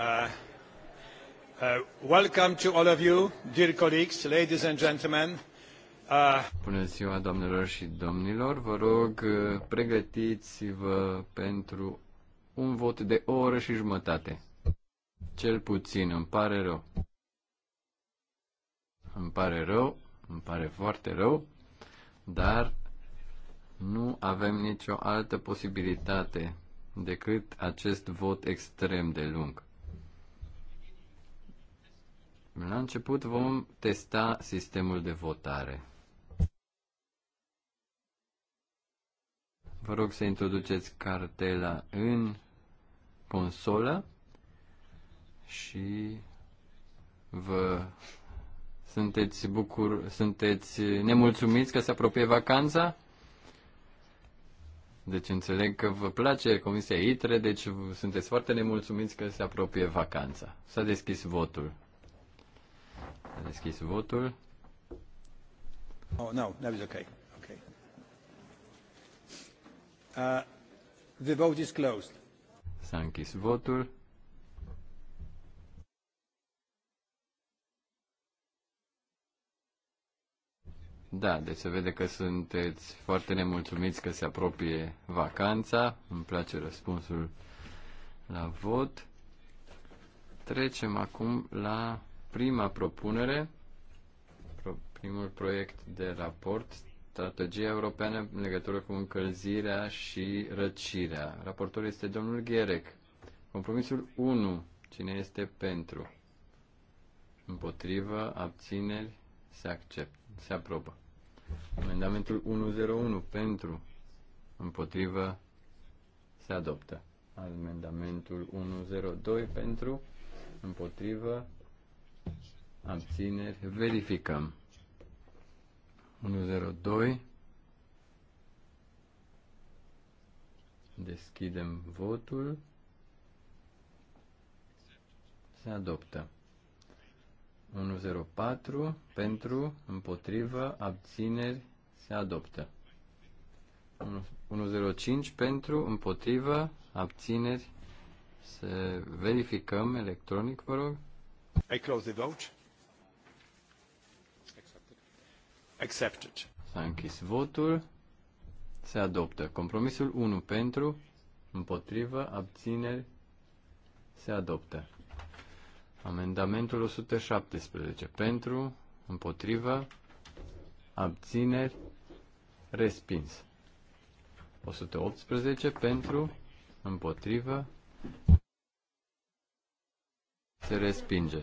Uh, uh, welcome to all of you, dear colleagues, ladies and gentlemen. Uh, Bună ziua, doamnelor și domnilor. Vă rog, pregătiți-vă pentru un vot de o oră și jumătate. Cel puțin, îmi pare rău. Îmi pare rău, îmi pare foarte rău, dar nu avem nicio altă posibilitate decât acest vot extrem de lung. La început vom testa sistemul de votare. Vă rog să introduceți cartela în consolă și vă sunteți bucur, sunteți nemulțumiți că se apropie vacanța? Deci înțeleg că vă place Comisia ITRE, deci sunteți foarte nemulțumiți că se apropie vacanța. S-a deschis votul. S-a deschis votul. Oh, no, that was okay. Okay. Uh, the vote is closed. S-a închis votul. Da, deci se vede că sunteți foarte nemulțumiți că se apropie vacanța. Îmi place răspunsul la vot. Trecem acum la prima propunere, primul proiect de raport, strategia europeană în legătură cu încălzirea și răcirea. Raportorul este domnul Gherec. Compromisul 1. Cine este pentru? Împotrivă, abțineri, se acceptă, se aprobă. Amendamentul 101 pentru, împotrivă, se adoptă. Amendamentul 102 pentru, împotrivă, abțineri, verificăm. 102. Deschidem votul. Se adoptă. 104 pentru, împotrivă, abțineri, se adoptă. 105 pentru, împotrivă, abțineri, să verificăm electronic, vă rog. I close the vote. Accepted. S-a închis votul. Se adoptă. Compromisul 1 pentru, împotrivă, abțineri, se adoptă. Amendamentul 117 pentru, împotrivă, abțineri, respins. 118 pentru, împotrivă, se respinge.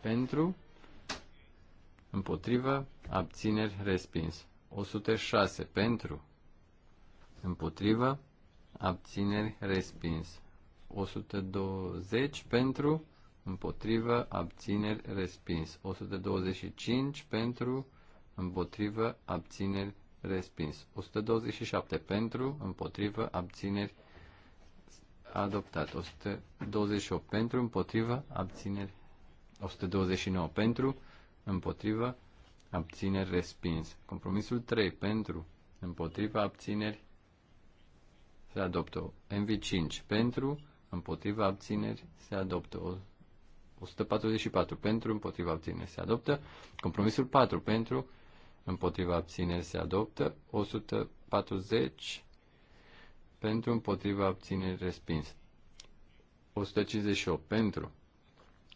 Pentru, împotrivă, abțineri, respins. 106 pentru, împotrivă, abțineri, respins. 120 pentru, împotrivă, abțineri, respins. 125 pentru, împotrivă, abțineri, respins. 127 pentru, împotrivă, abțineri, respins adoptat. 128 pentru, împotrivă, abțineri. 129 pentru, împotrivă, abțineri, respins. Compromisul 3 pentru, împotrivă, abțineri, se adoptă. MV5 pentru, împotrivă, abțineri, se adoptă. 144 pentru, împotriva abțineri se adoptă. Compromisul 4 pentru, împotriva abțineri se adoptă. 140 pentru, împotriva, abțineri, respins. 158 pentru,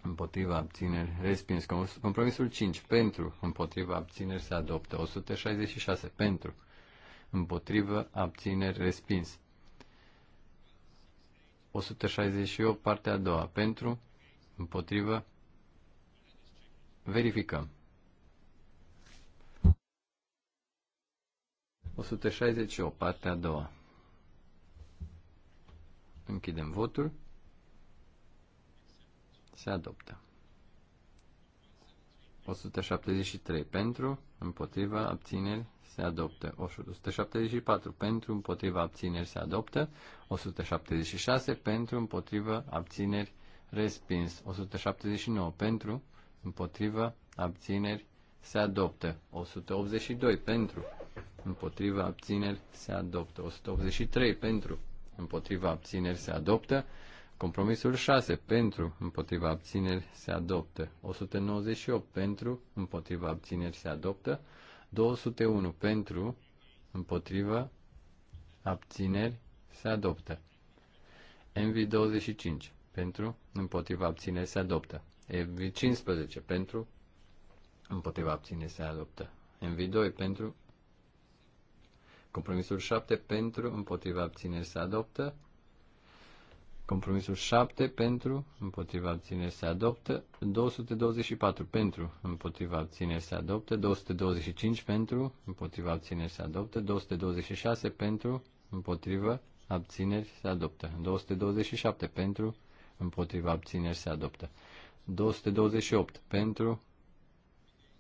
împotriva, abțineri, respins. Compromisul 5 pentru, împotriva, abțineri, se adoptă. 166 pentru, împotriva, abțineri, respins. 168, partea a doua, pentru, împotriva, verificăm. 168, partea a doua. Închidem votul. Se adoptă. 173 pentru, împotriva, abțineri, se adoptă. 174 pentru, împotriva, abțineri, se adoptă. 176 pentru, împotriva, abțineri, respins. 179 pentru, împotriva, abțineri, se adoptă. 182 pentru, împotriva, abțineri, se adoptă. 183 pentru, împotriva abțineri se adoptă. Compromisul 6 pentru împotriva abțineri se adoptă. 198 pentru împotriva abțineri se adoptă. 201 pentru împotriva abțineri se adoptă. MV25 pentru împotriva abțineri se adoptă. MV15 pentru împotriva abțineri se adoptă. MV2 pentru Compromisul 7 pentru, împotriva abțineri se adoptă. Compromisul 7 pentru, împotriva abțineri se adoptă. 224 pentru, împotriva abțineri se adoptă. 225 pentru, împotriva abțineri se adoptă. 226 pentru, împotriva abțineri se adoptă. 227 pentru, împotriva abțineri se adoptă. 228 pentru,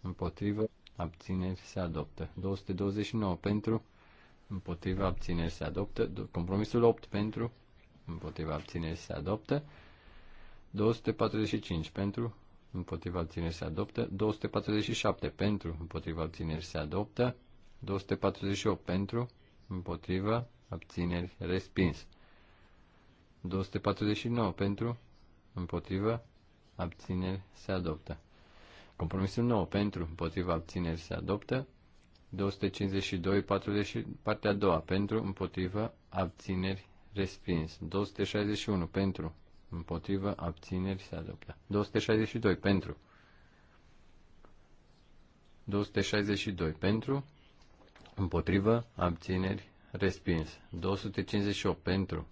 împotriva abțineri se adoptă. 229 pentru, împotriva abțineri se adoptă, compromisul 8 pentru, împotriva abțineri se adoptă, 245 pentru, împotriva abțineri se adoptă, 247 pentru, împotriva abțineri se adoptă, 248 pentru, împotriva abțineri respins, 249 pentru, împotriva abțineri se adoptă. Compromisul 9 pentru, împotriva abțineri se adoptă, 252, 40, partea a doua, pentru, împotrivă, abțineri, respins. 261, pentru, împotrivă, abțineri, se adoptă. 262, pentru. 262, pentru, împotrivă, abțineri, respins. 258, pentru,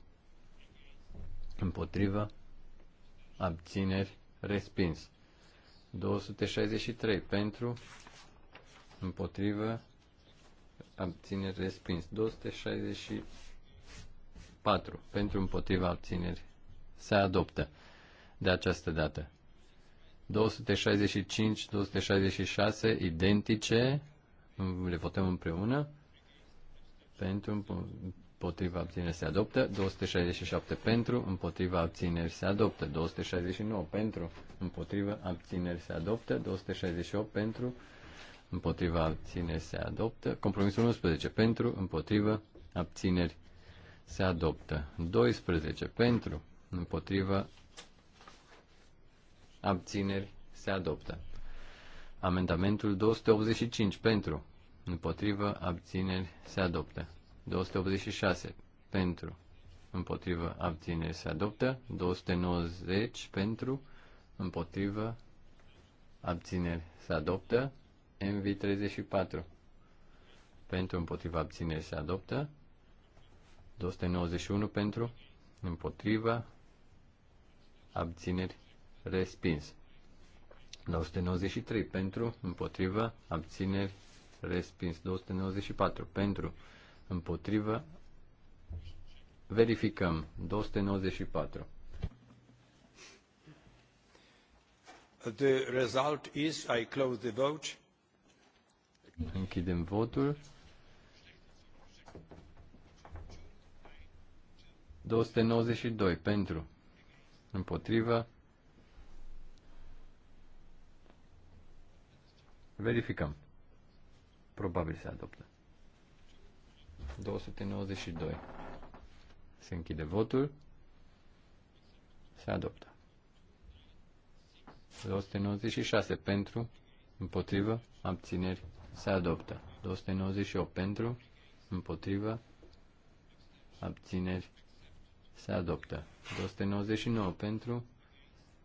împotrivă, abțineri, respins. 263, pentru, împotrivă, abțineri respins. 264 pentru împotriva abțineri se adoptă de această dată. 265, 266 identice, le votăm împreună. Pentru împotriva abțineri se adoptă, 267 pentru, împotriva abțineri se adoptă, 269 pentru, împotriva abțineri se adoptă, 268 pentru, împotriva abțineri se adoptă. Compromisul 11 pentru, împotriva abțineri se adoptă. 12 pentru, împotriva abțineri se adoptă. Amendamentul 285 pentru, împotriva abțineri se adoptă. 286 pentru, împotriva abțineri se adoptă, 290 pentru, împotriva abțineri se adoptă, MV34. Pentru împotriva abțineri se adoptă. 291 pentru împotriva abțineri respins. 293 pentru împotriva abțineri respins. 294 pentru împotriva verificăm 294. The result is I close the vote. Închidem votul. 292 pentru. Împotrivă. Verificăm. Probabil se adoptă. 292. Se închide votul. Se adoptă. 296 pentru, împotrivă, abțineri, se adoptă. 298 pentru, împotrivă, abțineri, se adoptă. 299 pentru,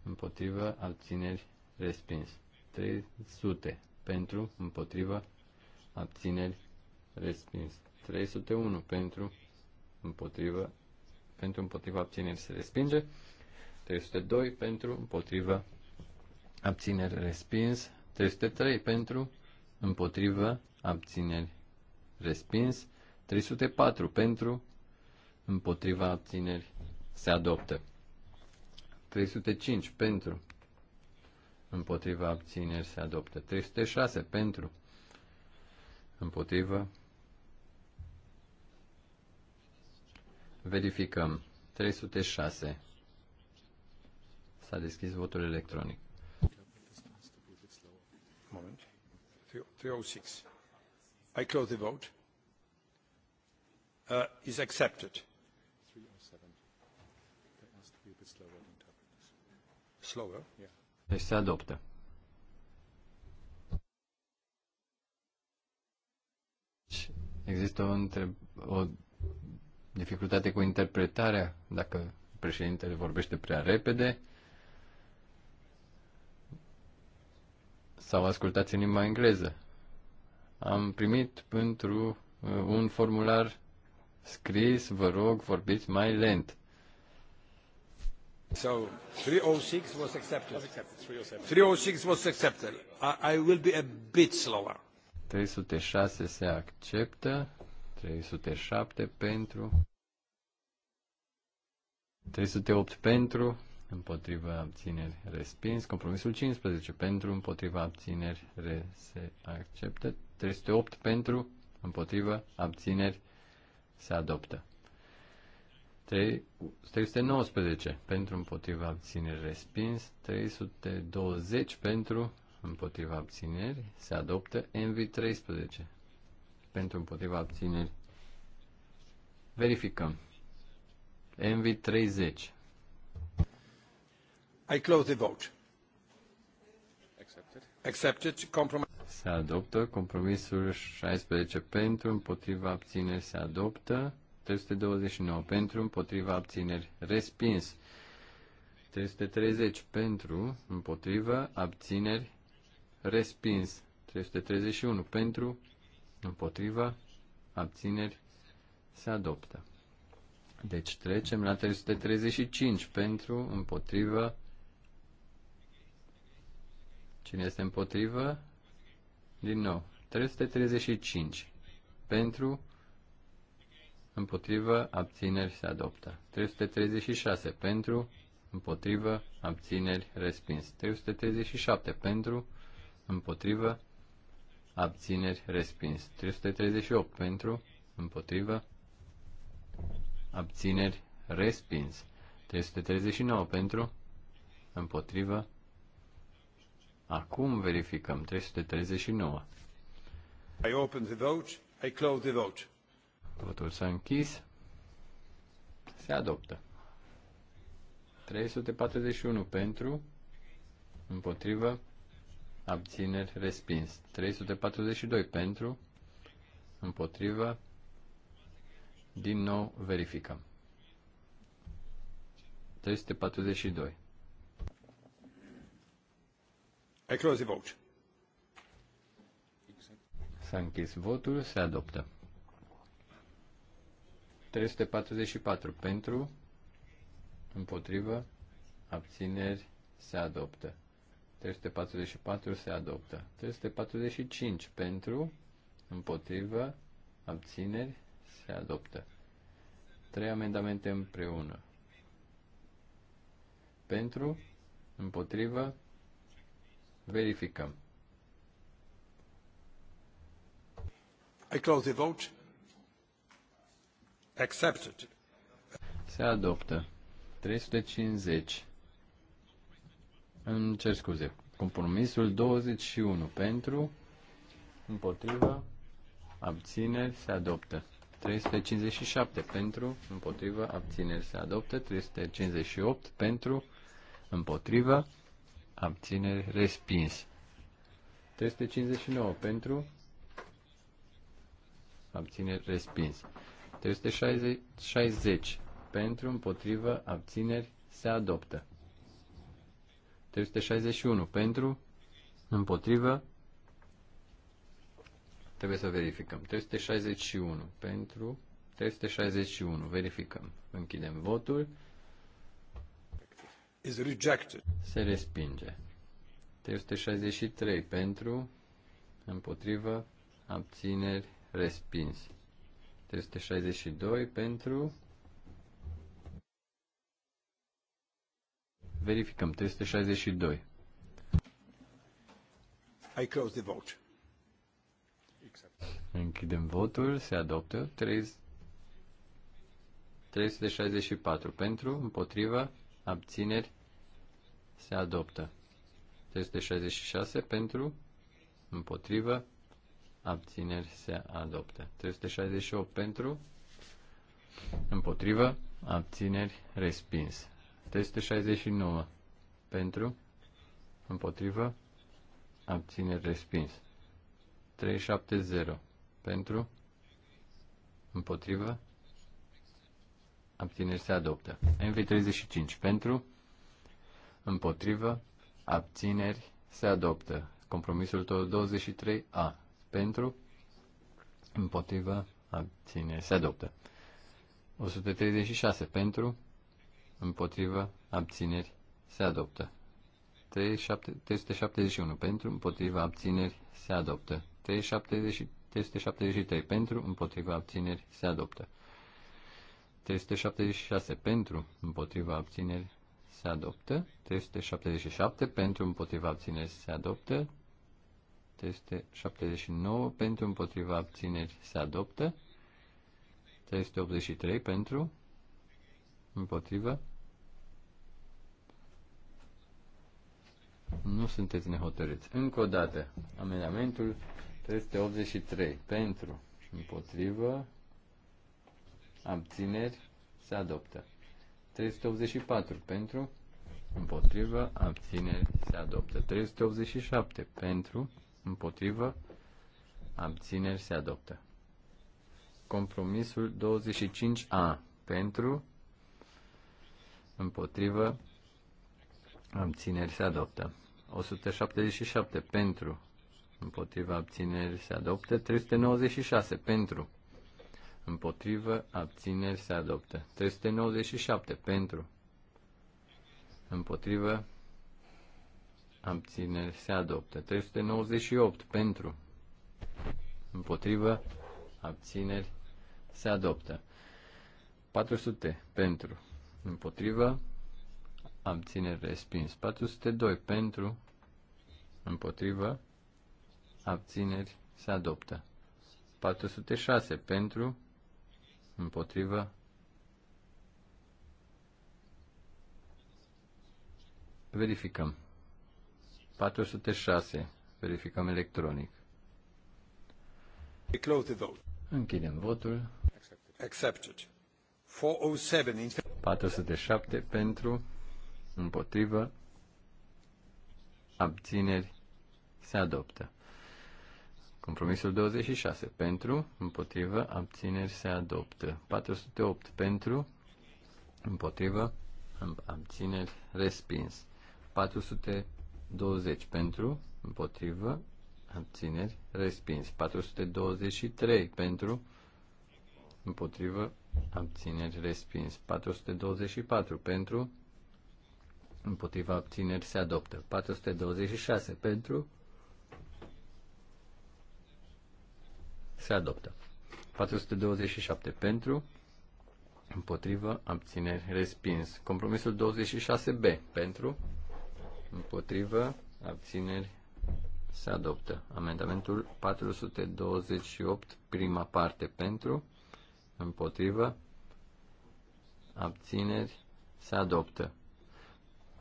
împotrivă, abțineri, respins. 300 pentru, împotrivă, abțineri, respins. 301 pentru, împotrivă, pentru împotriva abțineri se respinge. 302 pentru împotriva abțineri respins. 303 pentru împotrivă, abțineri, respins. 304 pentru, împotriva, abțineri, se adoptă. 305 pentru, împotriva, abțineri, se adoptă. 306 pentru, împotrivă, verificăm. 306. S-a deschis votul electronic. 306. I close the vote. Uh, is accepted. 307. That has to be a slower than Slower? Yeah. Deci se adoptă. Deci există o, întreb, o dificultate cu interpretarea, dacă președintele vorbește prea repede. sau ascultați în limba engleză. Am primit pentru uh, un formular scris, vă rog, vorbiți mai lent. So 306 was accepted. 306 was accepted. I, I will be a bit slower. 306 se acceptă, 307 pentru, 308 pentru, împotriva abțineri respins, compromisul 15 pentru, împotriva abțineri re, se acceptă, 308 pentru, împotriva abțineri se adoptă. 319 pentru împotriva abțineri respins, 320 pentru împotriva abțineri se adoptă, NV13 pentru împotriva abțineri verificăm. NV30 I close the vote. Accepted. Accepted. Compromise. Se adoptă compromisul 16 pentru, împotriva abțineri se adoptă. 329 pentru, împotriva abțineri respins. 330 pentru, împotriva abțineri respins. 331 pentru, împotriva abțineri se adoptă. Deci trecem la 335 pentru, împotriva Cine este împotrivă? Din nou. 335. Pentru, împotrivă, abțineri se adoptă. 336. Pentru, împotrivă, abțineri, respins. 337. Pentru, împotrivă, abțineri, respins. 338. Pentru, împotrivă, abțineri, respins. 339. Pentru, împotrivă, Acum verificăm 339. I open the vote. I close the vote. Votul s-a închis. Se adoptă. 341 pentru, împotrivă, abțineri, respins. 342 pentru, împotrivă, din nou verificăm. 342. I close the vote. S-a închis votul, se adoptă. 344 pentru, împotrivă, abțineri, se adoptă. 344 se adoptă. 345 pentru, împotrivă, abțineri, se adoptă. Trei amendamente împreună. Pentru, împotrivă, Verificăm. I close the vote. Accepted. Se adoptă. 350. Îmi cer scuze. Compromisul 21 pentru, împotriva, abțineri, se adoptă. 357 pentru, împotriva, abțineri, se adoptă. 358 pentru, împotriva, abțineri, respins. 359 pentru, abțineri, respins. 360 pentru, împotrivă, abțineri, se adoptă. 361 pentru, împotrivă, trebuie să verificăm. 361 pentru, 361, verificăm. Închidem votul is rejected. Se respinge. 363 pentru, împotrivă, abțineri, respins. 362 pentru, verificăm, 362. I close the vote. Închidem votul, se adoptă 364 pentru, împotrivă, abțineri, se adoptă. 366 pentru, împotrivă, abțineri, se adoptă. 368 pentru, împotrivă, abțineri, respins. 369 pentru, împotrivă, abțineri, respins. 370 pentru, împotrivă, abțineri se adoptă. MV35 pentru, împotrivă, abțineri se adoptă. Compromisul 23A pentru, împotrivă, abțineri se adoptă. 136 pentru, împotrivă, abțineri se adoptă. 371 pentru, împotriva abțineri, se adoptă. 373 pentru, împotriva abțineri, se adoptă. 376 pentru, împotriva abțineri se adoptă. 377 pentru, împotriva abțineri se adoptă. 379 pentru, împotriva abțineri se adoptă. 383 pentru, împotriva. Nu sunteți nehotărâți. Încă o dată, amendamentul 383 pentru, împotriva abțineri, se adoptă. 384 pentru, împotrivă, abțineri, se adoptă. 387 pentru, împotrivă, abțineri, se adoptă. Compromisul 25A pentru, împotrivă, abțineri, se adoptă. 177 pentru, împotriva abțineri se adoptă, 396 pentru, Împotrivă, abțineri se adoptă. 397 pentru. Împotrivă, abțineri se adoptă. 398 pentru. Împotrivă, abțineri se adoptă. 400 pentru. Împotrivă, abțineri respins. 402 pentru. Împotrivă, abțineri se adoptă. 406 pentru Împotrivă. Verificăm. 406. Verificăm electronic. We close the vote. Închidem votul. Accepted. 407, 407 pentru, împotrivă, abțineri, se adoptă. Compromisul 26 pentru, împotrivă, abțineri se adoptă. 408 pentru, împotrivă, abțineri respins. 420 pentru, împotrivă, abțineri respins. 423 pentru, împotrivă, abțineri respins. 424 pentru, împotriva abțineri se adoptă. 426 pentru, Se adoptă. 427 pentru, împotrivă, abțineri, respins. Compromisul 26B pentru, împotrivă, abțineri, se adoptă. Amendamentul 428, prima parte pentru, împotrivă, abțineri, se adoptă.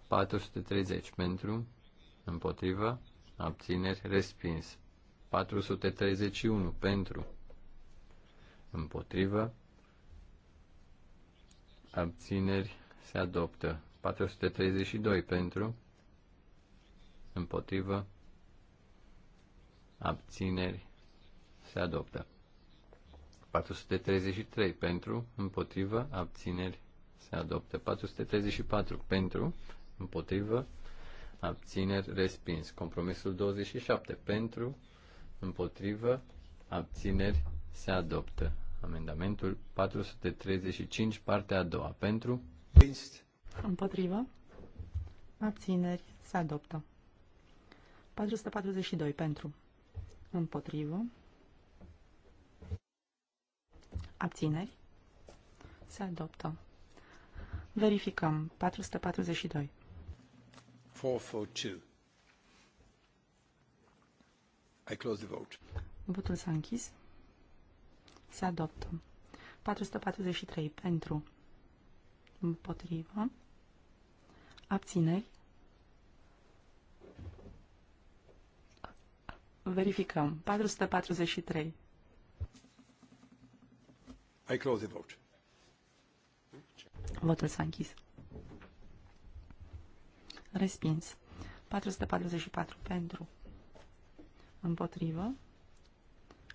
430 pentru, împotrivă, abțineri, respins. 431 pentru, împotrivă, abțineri se adoptă. 432 pentru, împotrivă, abțineri se adoptă. 433 pentru, împotrivă, abțineri se adoptă. 434 pentru, împotrivă, abțineri respins. Compromisul 27 pentru, împotrivă, abțineri, se adoptă. Amendamentul 435, partea a doua, pentru, împotrivă, abțineri, se adoptă. 442, pentru, împotrivă, abțineri, se adoptă. Verificăm. 442. 442. I close the vote. Votul s-a închis. Se adoptă. 443 pentru. Împotrivă. Abțineri. Verificăm. 443. I close the vote. Votul s-a închis. Respins. 444 pentru. Împotrivă.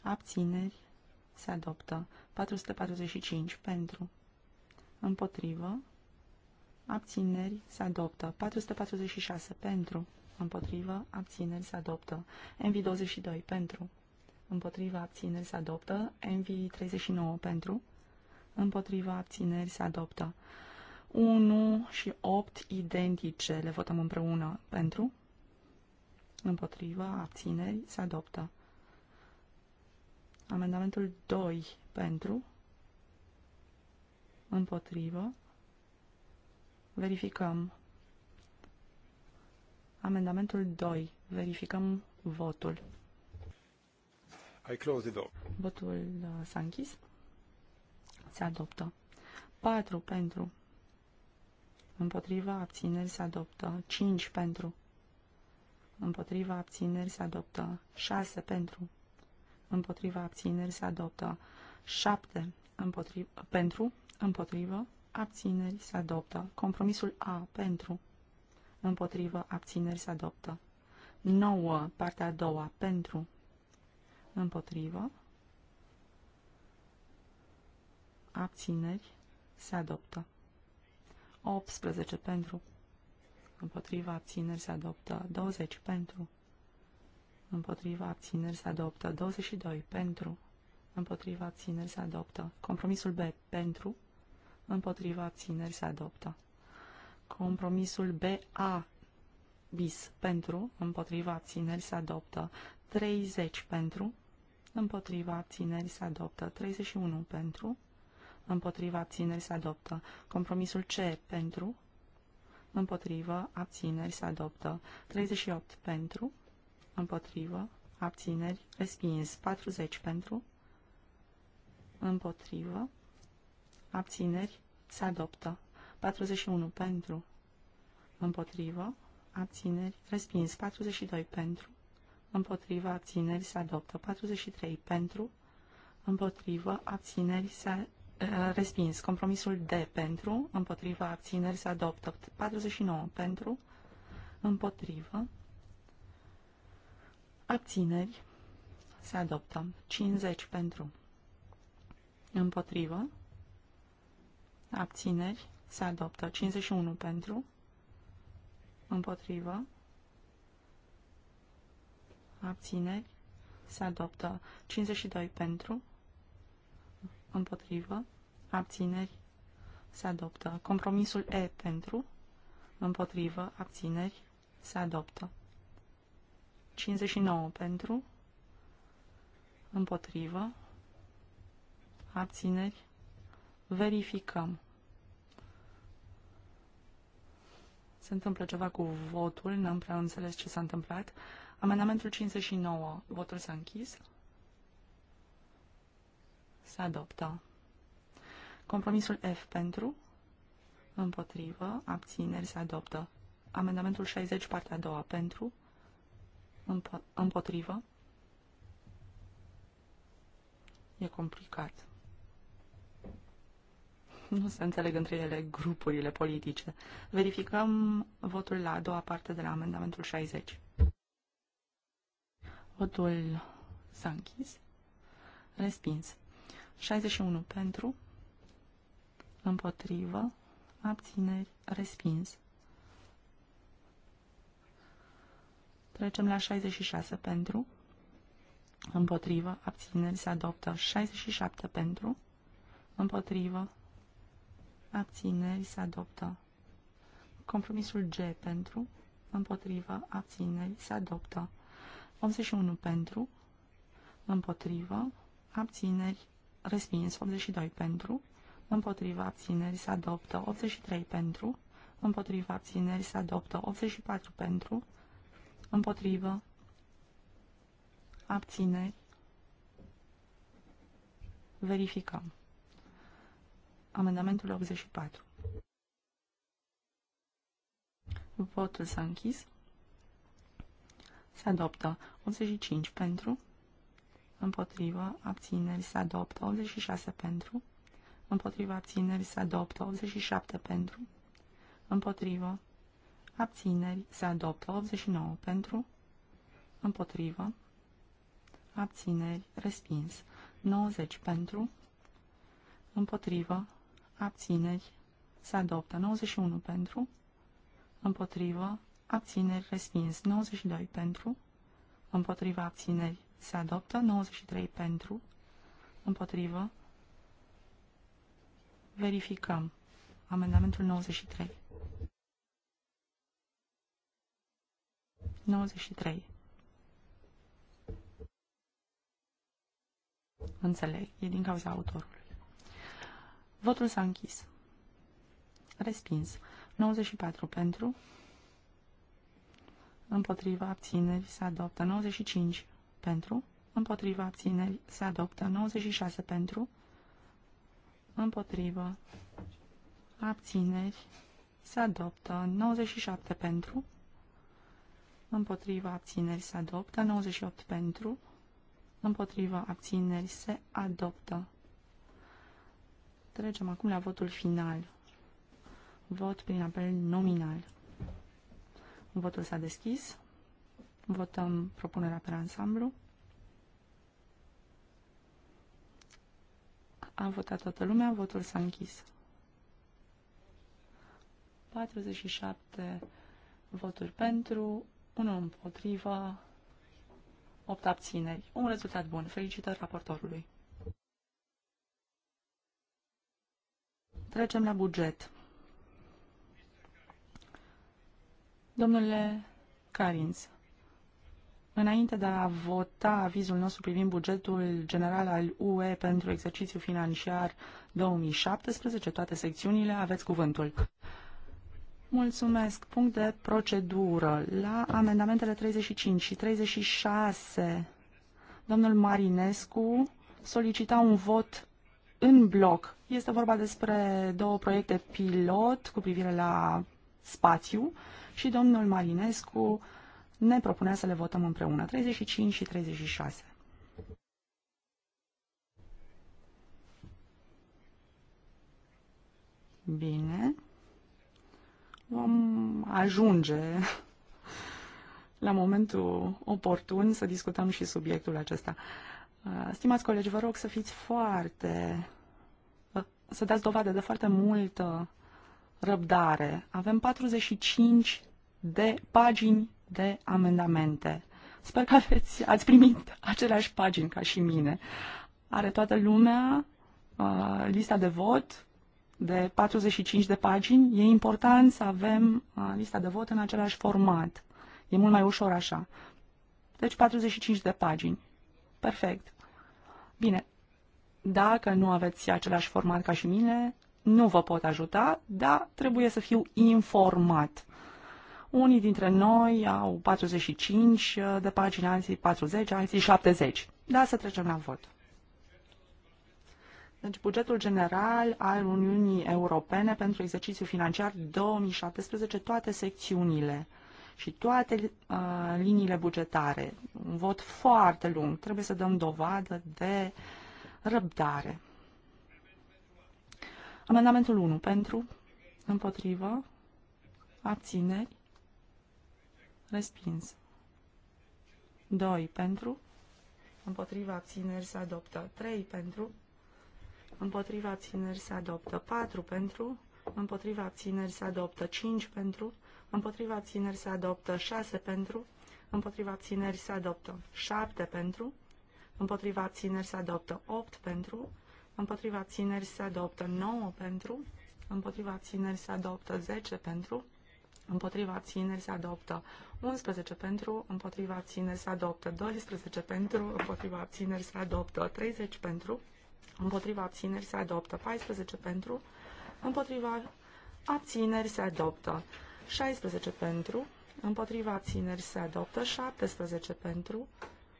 Abțineri. Se adoptă. 445 pentru. Împotrivă. Abțineri. Se adoptă. 446 pentru. Împotrivă. Abțineri. Se adoptă. MV22 pentru. împotrivă, abțineri se adoptă. mv 39 pentru. împotrivă, abțineri se adoptă. 1 și 8 identice le votăm împreună pentru împotriva, abțineri, se adoptă. Amendamentul 2 pentru, împotrivă, verificăm. Amendamentul 2, verificăm votul. I close the door. Votul uh, s-a închis. Se adoptă. 4 pentru. Împotriva abțineri se adoptă. 5 pentru împotriva abțineri se adoptă 6 pentru, împotriva abțineri se adoptă 7 împotriva, pentru, împotriva abțineri se adoptă compromisul A pentru, împotriva abțineri se adoptă 9 partea a doua pentru, împotriva abțineri se adoptă 18 pentru, împotriva abțineri se adoptă 20 pentru, împotriva abțineri se adoptă 22 pentru, împotriva abțineri se adoptă. Compromisul B pentru, împotriva abțineri se adoptă. Compromisul BA bis pentru, împotriva abțineri se adoptă. 30 pentru, împotriva abțineri se adoptă. 31 pentru, împotriva abțineri se adoptă. Compromisul C pentru, împotrivă, abțineri, se adoptă. 38 pentru, împotrivă, abțineri, respins. 40 pentru, împotrivă, abțineri, se adoptă. 41 pentru, împotrivă, abțineri, respins. 42 pentru, împotrivă, abțineri, se adoptă. 43 pentru, împotrivă, abțineri, se Eh, respins. Compromisul D pentru, împotriva abțineri se adoptă. 49 pentru, împotrivă, abțineri se adoptă. 50 pentru, împotrivă, abțineri se adoptă. 51 pentru, împotrivă, abțineri se adoptă. 52 pentru, împotrivă, abțineri, se adoptă. Compromisul E pentru, împotrivă, abțineri, se adoptă. 59 pentru, împotrivă, abțineri, verificăm. Se întâmplă ceva cu votul, n-am prea înțeles ce s-a întâmplat. Amendamentul 59, votul s-a închis se adoptă. Compromisul F pentru, împotrivă, abțineri se adoptă. Amendamentul 60, partea a doua, pentru, împo împotrivă. E complicat. Nu se înțeleg între ele grupurile politice. Verificăm votul la a doua parte de la amendamentul 60. Votul s-a închis. Respins. 61 pentru, împotrivă, abțineri, respins. Trecem la 66 pentru, împotrivă, abțineri, se adoptă 67 pentru, împotrivă, abțineri, se adoptă. Compromisul G pentru, împotrivă, abțineri, se adoptă. 81 pentru, împotrivă, abțineri, respins. 82 pentru, împotriva abțineri se adoptă. 83 pentru, împotriva abțineri se adoptă. 84 pentru, împotrivă, abțineri, verificăm. Amendamentul 84. Votul s-a închis. Se adoptă 85 pentru, împotrivă, abțineri se adoptă, 86 pentru, împotrivă, abțineri se adoptă, 87 pentru, împotrivă, abțineri se adoptă, 89 pentru, împotrivă, abțineri, respins, 90 pentru, împotrivă, abțineri, se adoptă, 91 pentru, împotrivă, abțineri, respins, 92 pentru, împotriva abțineri, se adoptă, 93 pentru, împotrivă, verificăm amendamentul 93. 93. Înțeleg, e din cauza autorului. Votul s-a închis. Respins. 94 pentru. Împotriva abțineri se adoptă. 95 pentru, împotriva abțineri se adoptă. 96 pentru, împotriva abțineri se adoptă. 97 pentru, împotriva abțineri se adoptă. 98 pentru, împotriva abțineri se adoptă. Trecem acum la votul final. Vot prin apel nominal. Votul s-a deschis. Votăm propunerea pe ansamblu. A votat toată lumea, votul s-a închis. 47 voturi pentru, 1 împotrivă, 8 abțineri. Un rezultat bun. Felicitări raportorului. Trecem la buget. Domnule Carinț, Înainte de a vota avizul nostru privind bugetul general al UE pentru exercițiul financiar 2017, toate secțiunile, aveți cuvântul. Mulțumesc. Punct de procedură. La amendamentele 35 și 36, domnul Marinescu solicita un vot în bloc. Este vorba despre două proiecte pilot cu privire la spațiu și domnul Marinescu uh, ne propunea să le votăm împreună, 35 și 36. Bine. Vom ajunge la momentul oportun să discutăm și subiectul acesta. Uh, stimați colegi, vă rog să fiți foarte... Uh, să dați dovadă de foarte multă răbdare. Avem 45 de pagini de amendamente. Sper că aveți, ați primit aceleași pagini ca și mine. Are toată lumea uh, lista de vot de 45 de pagini. E important să avem uh, lista de vot în același format. E mult mai ușor așa. Deci 45 de pagini. Perfect. Bine, dacă nu aveți același format ca și mine, nu vă pot ajuta, dar trebuie să fiu informat. Unii dintre noi au 45 de pagini, alții 40, alții 70. Da, să trecem la vot. Deci bugetul general al Uniunii Europene pentru exercițiul financiar 2017, toate secțiunile și toate uh, liniile bugetare. Un vot foarte lung. Trebuie să dăm dovadă de răbdare. Amendamentul 1 pentru, împotrivă, abțineri, Respins. 2 pentru. Împotriva abțineri se adoptă. 3 pentru. Împotriva abțineri se adoptă. 4 pentru. Împotriva abțineri se adoptă. 5 pentru. Împotriva abțineri se adoptă. 6 pentru. Împotriva abțineri se adoptă. 7 pentru. Împotriva abțineri se adoptă. 8 pentru. Împotriva abțineri se adoptă. 9 pentru. Împotriva abțineri se adoptă. 10 pentru împotriva țineri se adoptă. 11 pentru, împotriva țineri se adoptă. 12 pentru, împotriva țineri se adoptă. 30 pentru, împotriva țineri se adoptă. 14 pentru, împotriva abțineri se adoptă. 16 pentru, împotriva țineri se adoptă. 17 pentru,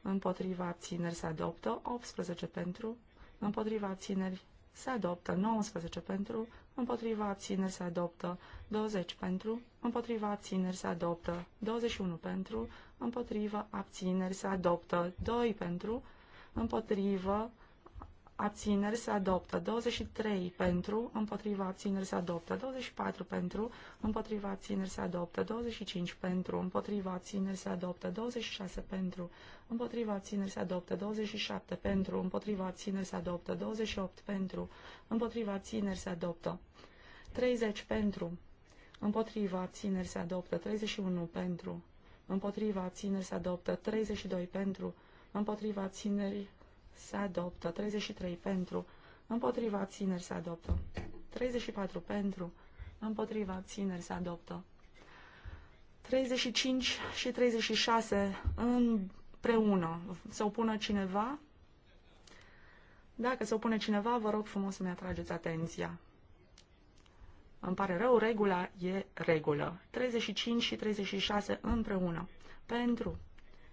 împotriva țineri se adoptă. 18 pentru, împotriva țineri se adoptă. 19 pentru, împotriva abțineri se adoptă, 20 pentru, împotriva abțineri se adoptă, 21 pentru, împotriva abțineri se adoptă, 2 pentru, împotriva abțineri se adoptă, 23 pentru, împotriva abțineri se adoptă, 24 pentru, împotriva abțineri se adoptă, 25 pentru, împotriva abțineri se adoptă, 26 pentru, împotriva abțineri se adoptă, 27 pentru, împotriva abțineri se adoptă, 28 pentru, împotriva abțineri se adoptă. 30 pentru, împotriva țineri se adoptă, 31 pentru, împotriva țineri se adoptă, 32 pentru, împotriva țineri se adoptă, 33 pentru, împotriva țineri se adoptă, 34 pentru, împotriva țineri se adoptă. 35 și 36 împreună. să opună cineva? Dacă se opune cineva, vă rog frumos să-mi atrageți atenția. Îmi pare rău, regula e regulă. 35 și 36 împreună. Pentru.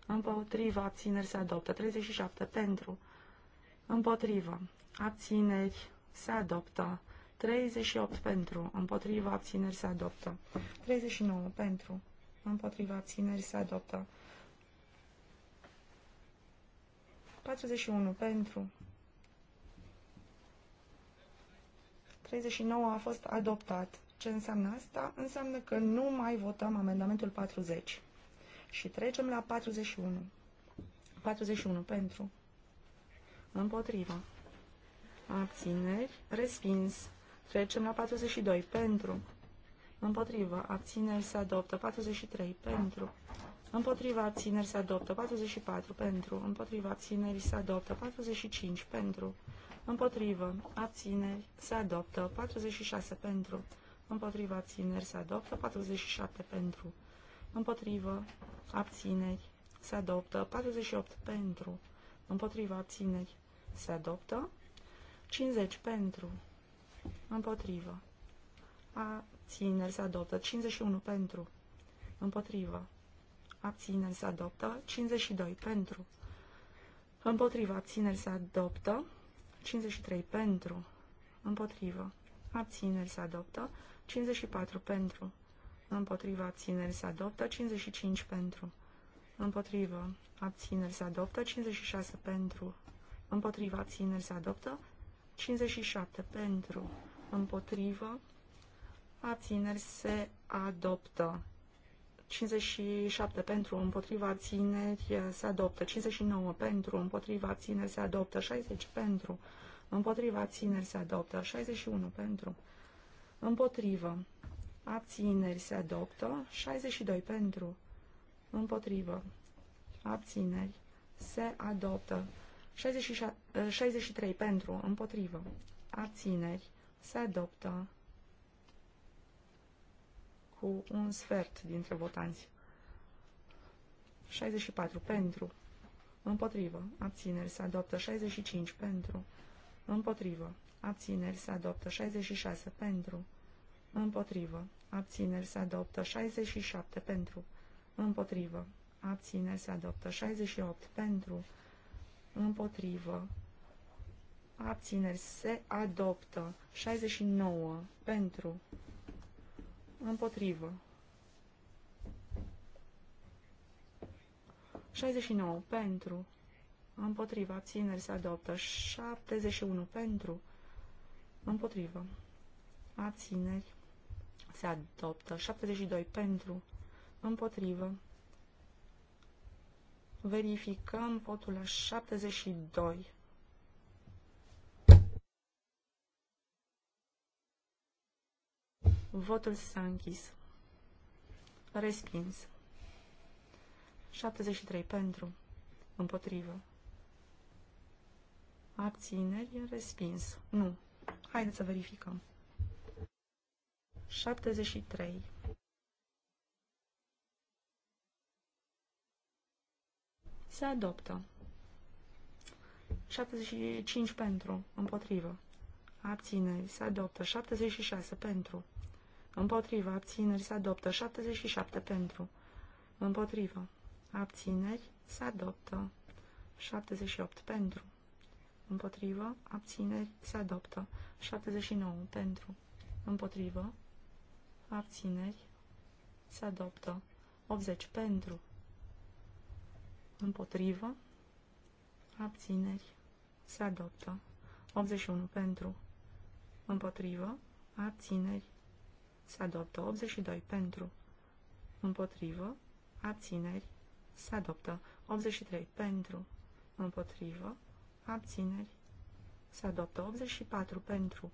Împotriva abțineri se adoptă. 37 pentru. Împotriva abțineri se adoptă. 38 pentru. Împotriva abțineri se adoptă. 39 pentru. Împotriva abțineri se adoptă. 41 pentru. 39 a fost adoptat. Ce înseamnă asta? Înseamnă că nu mai votăm amendamentul 40. Și trecem la 41. 41 pentru. Împotriva. Abțineri. Respins. Trecem la 42. Pentru. Împotriva. Abțineri se adoptă. 43. Pentru. Împotriva abțineri se adoptă 44 pentru. Împotriva abțineri se adoptă 45 pentru împotrivă, abțineri, se adoptă. 46 pentru, împotrivă, abțineri, se adoptă. 47 pentru, împotrivă, abțineri, se adoptă. 48 pentru, împotrivă, abțineri, se adoptă. 50 pentru, împotrivă, abțineri, se adoptă. 51 pentru, împotrivă, abțineri, se adoptă. 52 pentru, Împotriva abțineri se adoptă. 53 pentru, împotrivă, abțineri se adoptă, 54 pentru, împotrivă, abțineri se adoptă, 55 pentru, împotrivă, abțineri se adoptă, 56 pentru, împotrivă, abțineri se adoptă, 57 pentru, împotrivă, abțineri se adoptă. 57 pentru, împotriva țineri se adoptă, 59 pentru, împotriva țineri se adoptă, 60 pentru, împotriva țineri se adoptă, 61 pentru, împotriva abțineri se adoptă, 62 pentru, împotriva abțineri se adoptă, 63 pentru, împotriva abțineri se adoptă, cu un sfert dintre votanți. 64 pentru, împotrivă, abțineri se adoptă 65 pentru, împotrivă, abțineri se adoptă 66 pentru, împotrivă, abțineri se adoptă 67 pentru, împotrivă, abțineri se adoptă 68 pentru, împotrivă, abțineri se adoptă 69 pentru, Împotrivă. 69 pentru. Împotrivă. Abțineri se adoptă. 71 pentru. Împotrivă. Abțineri se adoptă. 72 pentru. Împotrivă. Verificăm votul la 72. Votul s-a închis. Respins. 73 pentru. Împotrivă. Abțineri. Respins. Nu. Haideți să verificăm. 73. Se adoptă. 75 pentru. Împotrivă. Abțineri. Se adoptă. 76 pentru. Împotriva. Abțineri se adoptă. 77 pentru. Împotriva. Abțineri se adoptă. 78 pentru. Împotrivă. Abțineri se adoptă. 79 pentru. Împotrivă. Abțineri se adoptă. 80 pentru. Împotrivă. Abțineri se adoptă. 81 pentru. Împotrivă. Abțineri se adoptă. 82 pentru, împotrivă, abțineri, se adoptă. 83 pentru, împotrivă, abțineri, se adoptă. 84 pentru,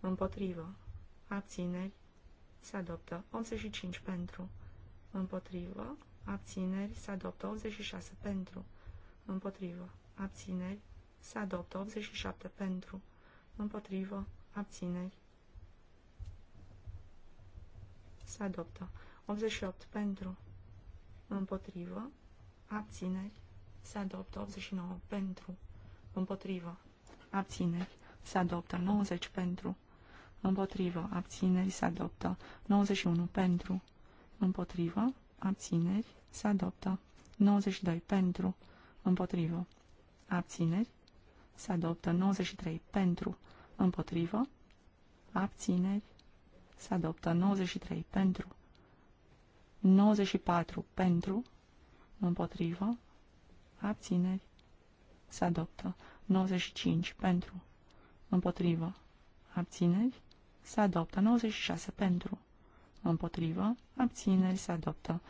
împotrivă, abțineri, se adoptă. 85 pentru, împotrivă, abțineri, se adoptă. 86 pentru, împotrivă, abțineri, se adoptă. 87 pentru, împotrivă, abțineri, se adoptă. 88 pentru, împotrivă, abțineri, se adoptă. 89 pentru, împotrivă, abțineri, se adoptă. 90 pentru, împotrivă, abțineri, se adoptă. 91 pentru, împotrivă, abțineri, se adoptă. 92 pentru, împotrivă, abțineri, se adoptă. 93 pentru, împotrivă, abțineri, se adoptă 93 pentru, 94 pentru, împotrivă, abțineri, se adoptă 95 pentru, împotrivă, abțineri, se adoptă 96 pentru, împotrivă, abțineri, se adoptă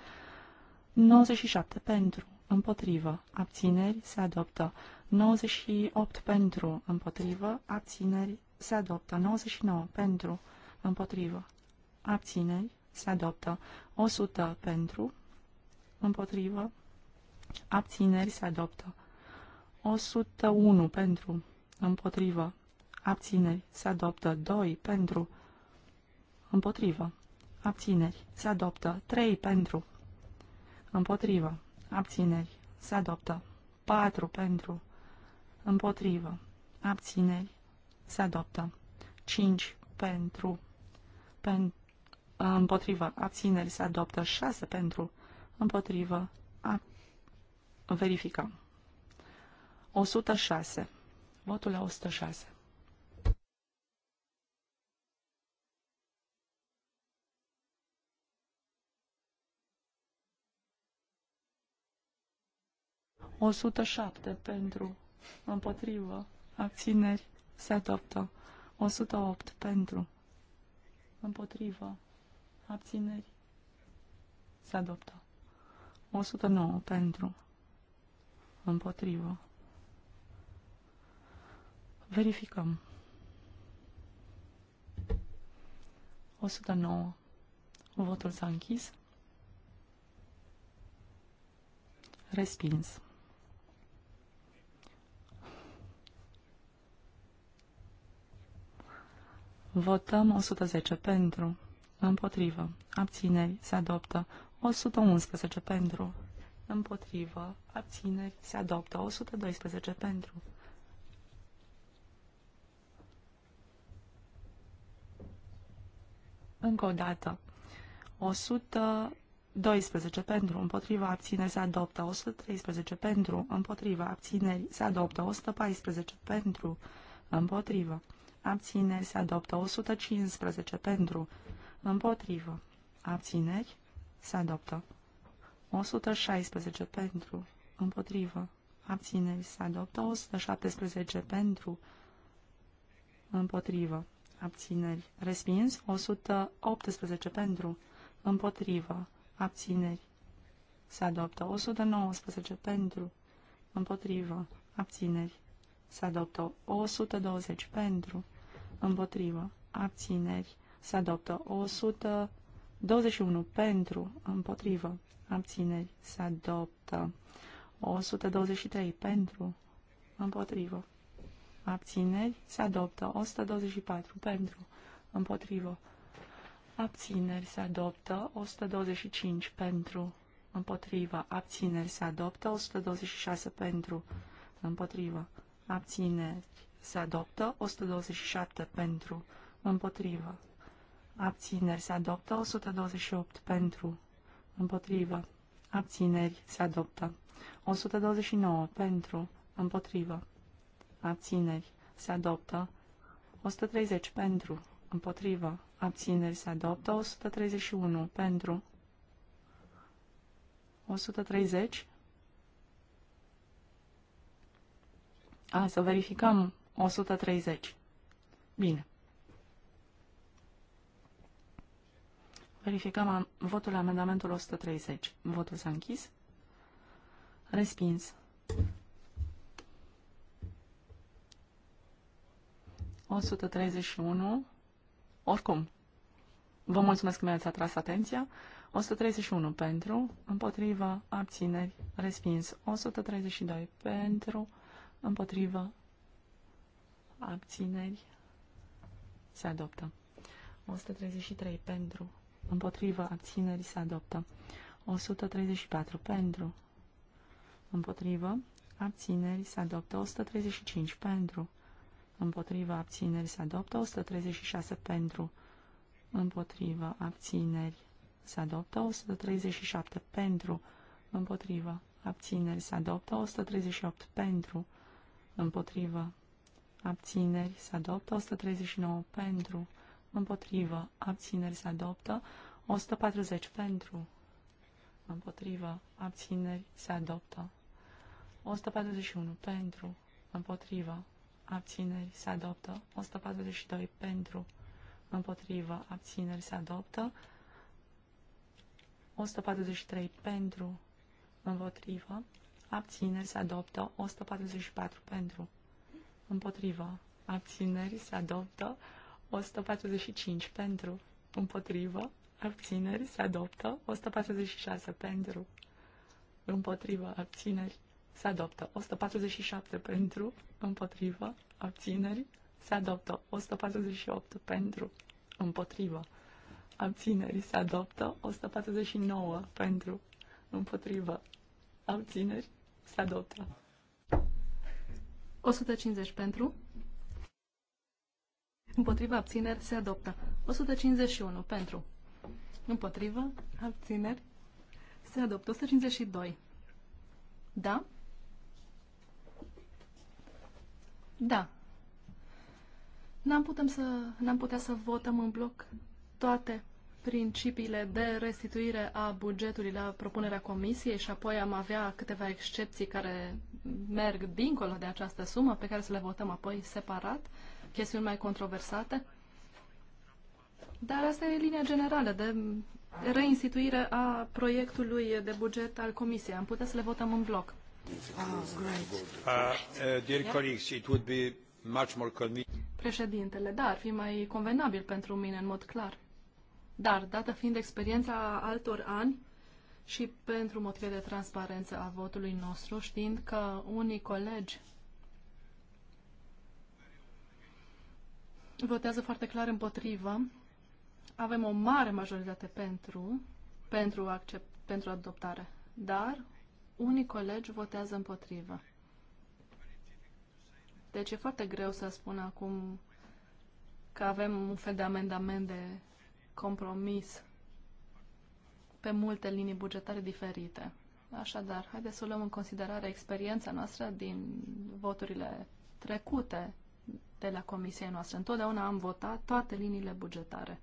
97 pentru, împotrivă, abțineri, se adoptă 98 pentru, împotrivă, abțineri, se adoptă 99 pentru, împotrivă, împotrivă, abțineri, se adoptă 100 pentru, împotrivă, abțineri, se adoptă 101 pentru, împotrivă, abțineri, se adoptă 2 pentru, împotrivă, abțineri, se adoptă 3 pentru, împotrivă, abțineri, se adoptă 4 pentru, împotrivă, abțineri, se adoptă 5 pentru, pen, împotrivă, abțineri se adoptă 6 pentru, împotrivă, a, verificăm. 106. Votul la 106. O sută șapte pentru, împotrivă, abțineri, se adoptă. O sută opt pentru, Împotrivă. Abțineri. Se adoptă. 109 pentru. Împotrivă. Verificăm. 109. Votul s-a închis. Respins. Votăm 110 pentru. Împotrivă. Abțineri. Se adoptă. 111 pentru. Împotrivă. Abțineri. Se adoptă. 112 pentru. Încă o dată. 112 pentru, împotriva abțineri se adoptă, 113 pentru, împotriva abțineri se adoptă, 114 pentru, împotriva abțineri se adoptă. 115 pentru, împotrivă, abțineri se adoptă. 116 pentru, împotrivă, abțineri se adoptă. 117 pentru, împotrivă, abțineri respins. 118 pentru, împotrivă, abțineri se adoptă. 119 pentru, împotrivă, abțineri se adoptă 120 pentru, împotrivă, abțineri, se adoptă 121 pentru, împotrivă, abțineri, se adoptă 123 pentru, împotrivă, abțineri, se adoptă 124 pentru, împotrivă, abțineri, se adoptă 125 pentru, împotrivă, abțineri, se adoptă 126 pentru, împotrivă, abțineri, se adoptă, 127 pentru, împotrivă. Abțineri se adoptă, 128 pentru, împotrivă. Abțineri se adoptă, 129 pentru, împotrivă. Abțineri se adoptă, 130 pentru, împotrivă. Abțineri se adoptă, 131 pentru, 130 a, să verificăm 130. Bine. Verificăm am, votul la amendamentul 130. Votul s-a închis. Respins. 131. Oricum, vă mulțumesc că mi-ați atras atenția. 131 pentru, împotriva, abțineri, respins. 132 pentru, împotriva, abțineri, se adoptă. 133 pentru, împotrivă, abțineri, se adoptă. 134 pentru, împotrivă, abțineri, se adoptă. 135 pentru, împotrivă, abțineri, se adoptă. 136 pentru, împotrivă, abțineri, se adoptă. 137 pentru, împotrivă, abțineri, se adoptă. 138 pentru, împotrivă, abțineri se adoptă, 139 pentru, împotrivă, abțineri se adoptă, 140 pentru, împotrivă, abțineri se adoptă, 141 pentru, împotrivă, abțineri se adoptă, 142 pentru, împotrivă, abțineri se adoptă, 143 pentru, împotrivă, abțineri se adoptă, 144 pentru, împotrivă, abțineri se adoptă, 145 pentru, împotrivă, abțineri se adoptă, 146 pentru, împotrivă, abțineri se adoptă, 147 pentru, împotrivă, abțineri se adoptă, 148 pentru, împotrivă, abțineri se adoptă, 149 pentru, împotrivă, abțineri se adoptă. 150 pentru. Împotriva abțineri se adoptă. 151 pentru. Împotriva abțineri se adoptă. 152. Da? Da. N-am putem să, n-am putea să votăm în bloc toate principiile de restituire a bugetului la propunerea comisiei și apoi am avea câteva excepții care merg dincolo de această sumă, pe care să le votăm apoi separat, chestiuni mai controversate. Dar asta e linia generală de reinstituire a proiectului de buget al comisiei. Am putea să le votăm în bloc. Oh, great. Președintele, da, ar fi mai convenabil pentru mine, în mod clar. Dar, dată fiind experiența altor ani și pentru motive de transparență a votului nostru, știind că unii colegi votează foarte clar împotrivă, avem o mare majoritate pentru, pentru, accept, pentru adoptare, dar unii colegi votează împotrivă. Deci e foarte greu să spun acum că avem un fel de amendament de compromis pe multe linii bugetare diferite. Așadar, haideți să luăm în considerare experiența noastră din voturile trecute de la comisia noastră. Întotdeauna am votat toate liniile bugetare.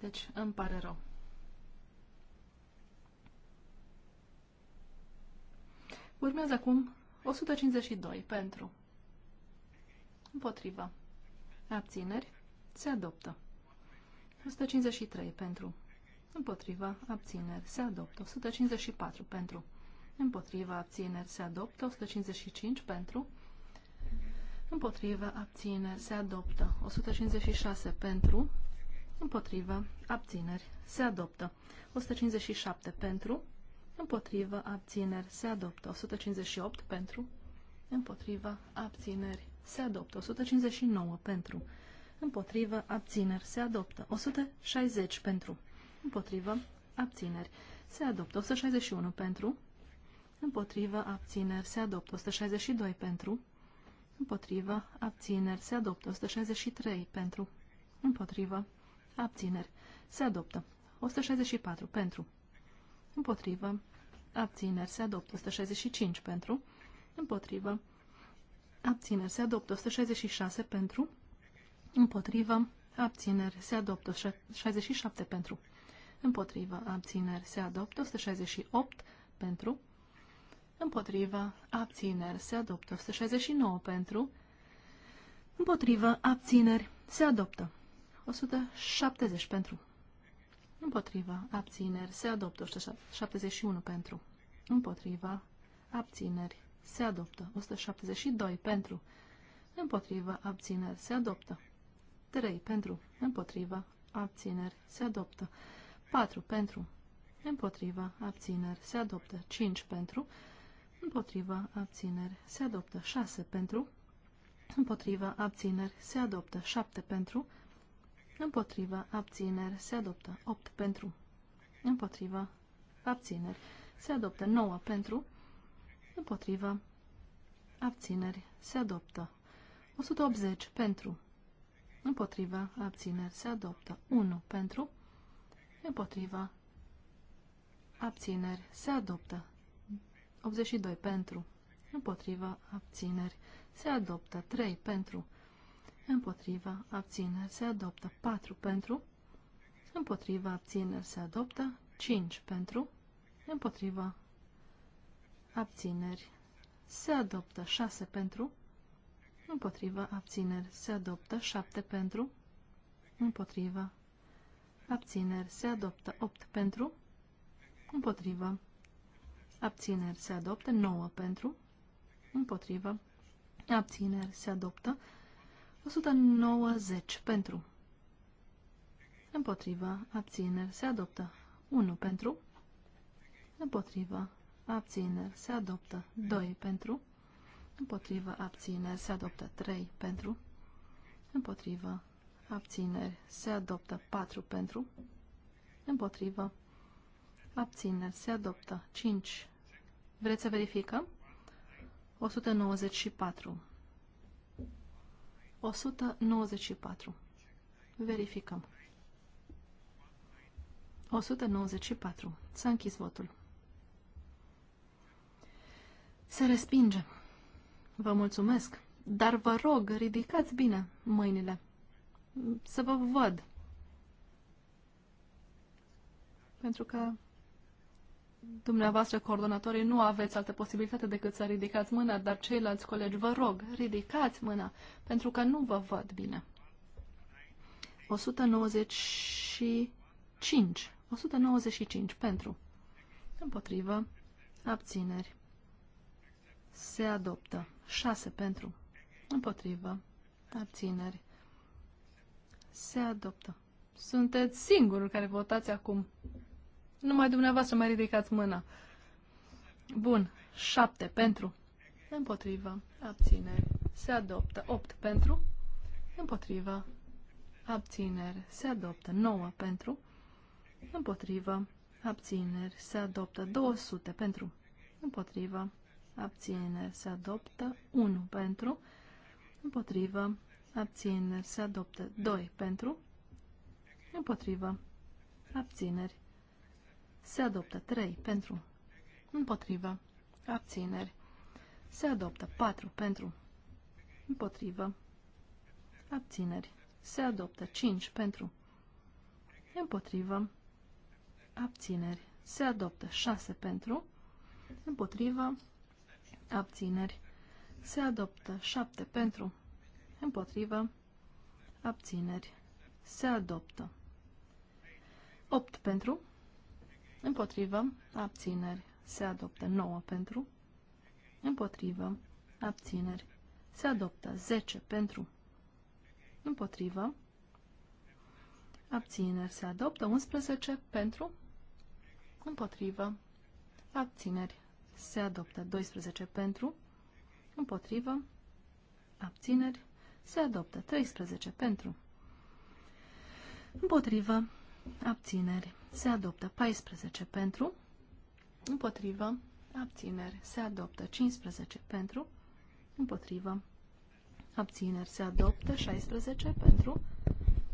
Deci, îmi pare rău. Urmează acum 152 pentru. Împotrivă. Abțineri. Se adoptă. 153 pentru. Împotriva abțineri se adoptă. 154 pentru. Împotriva abțineri se adoptă. 155 pentru. Împotriva abțineri se adoptă. 156 pentru. Împotriva abțineri se adoptă. 157 pentru. Împotriva abțineri se adoptă. 158 pentru. Împotriva abțineri se adoptă. 159 pentru împotrivă, abțineri, se adoptă. 160 pentru, împotrivă, abțineri, se adoptă. 161 pentru, împotrivă, abțineri, se adoptă. 162 pentru, împotrivă, abțineri, se adoptă. 163 pentru, împotrivă, abțineri, se adoptă. 164 pentru, împotrivă, abțineri, se adoptă. 165 pentru, împotrivă, abțineri, se adoptă. 166 pentru, Împotrivă. Abțineri. Se adoptă. 67 pentru. Împotrivă. Abțineri. Se adoptă. 168 pentru. Împotrivă. Abțineri. Se adoptă. 169 pentru. Împotrivă. Abțineri. Se adoptă. 170 pentru. Împotrivă, Abțineri. Se adoptă 171 pentru. Împotrivă, Abțineri. Se adoptă 172 pentru. Împotrivă, Abțineri. Se adoptă 3 pentru, împotriva, abțineri, se adoptă. 4 pentru, împotriva, abțineri, se adoptă. 5 pentru, împotriva, abțineri, se adoptă. 6 pentru, împotriva, abțineri, se adoptă. 7 pentru, împotriva, abțineri, se adoptă. 8 pentru, împotriva, abțineri, se adoptă. 9 pentru, împotriva, abțineri, se adoptă. 180 pentru, împotriva, abțineri, se adoptă. 1 pentru, împotriva, abțineri, se adoptă. 82 pentru, împotriva, abțineri, se adoptă. 3 pentru, împotriva, abțineri, se adoptă. 4 pentru, împotriva, abțineri, se adoptă. 5 pentru, împotriva, abțineri, se adoptă. 6 pentru, Împotrivă. Abțineri. Se adoptă. 7 pentru. Împotrivă. Abțineri. Se adoptă. 8 pentru. Împotrivă. Abțineri. Se adoptă. 9 pentru. Împotrivă. Abțineri. Se adoptă. 190 pentru. Împotrivă. Abțineri. Se adoptă. 1 pentru. Împotrivă. Abțineri. Se adoptă. 2 pentru împotrivă, abțineri, se adoptă 3 pentru, împotrivă, abțineri, se adoptă 4 pentru, împotrivă, abțineri, se adoptă 5. Vreți să verificăm? 194. 194. Verificăm. 194. S-a închis votul. Se respinge. Vă mulțumesc. Dar vă rog, ridicați bine mâinile. Să vă văd. Pentru că dumneavoastră, coordonatorii, nu aveți altă posibilitate decât să ridicați mâna, dar ceilalți colegi, vă rog, ridicați mâna, pentru că nu vă văd bine. 195. 195 pentru. Împotrivă. Abțineri. Se adoptă. 6 pentru, împotrivă, abțineri, se adoptă. Sunteți singurul care votați acum. Numai dumneavoastră mai ridicați mâna. Bun. 7 pentru. Împotrivă. Abțineri. Se adoptă. 8 pentru. Împotrivă. Abțineri. Se adoptă. 9 pentru. Împotrivă. Abțineri. Se adoptă. 200 pentru. Împotrivă abțineri se adoptă, 1 pentru, împotrivă, abțineri se adoptă, 2 pentru, împotrivă, abțineri se adoptă, 3 pentru, împotrivă, abțineri se adoptă, 4 pentru, împotrivă, abțineri se adoptă, 5 pentru, împotrivă, abțineri se adoptă, 6 pentru, împotrivă, abțineri, se adoptă. 7 pentru, împotrivă, abțineri, se adoptă. 8 pentru, împotrivă, abțineri, se adoptă. 9 pentru, împotrivă, abțineri, se adoptă. 10 pentru, împotrivă, abțineri, se adoptă. 11 pentru, împotrivă, abțineri, se adoptă. 12 pentru, împotrivă, abțineri, se adoptă. 13 pentru, împotrivă, abțineri, se adoptă. 14 pentru, împotrivă, abțineri, se adoptă. 15 pentru, împotrivă, abțineri, se adoptă. 16 pentru,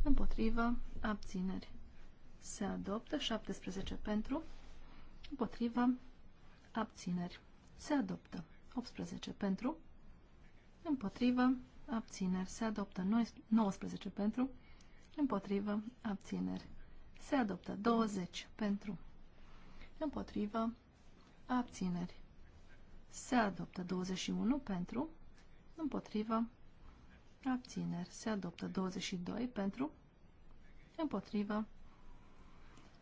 împotrivă, abțineri, se adoptă. 17 pentru, împotrivă, abțineri, se adoptă. 18 pentru, împotrivă, abțineri, se adoptă. 19 pentru, împotrivă, abțineri, se adoptă. 20 pentru, împotrivă, abțineri, se adoptă. 21 pentru, împotrivă, abțineri, se adoptă. 22 pentru, împotrivă,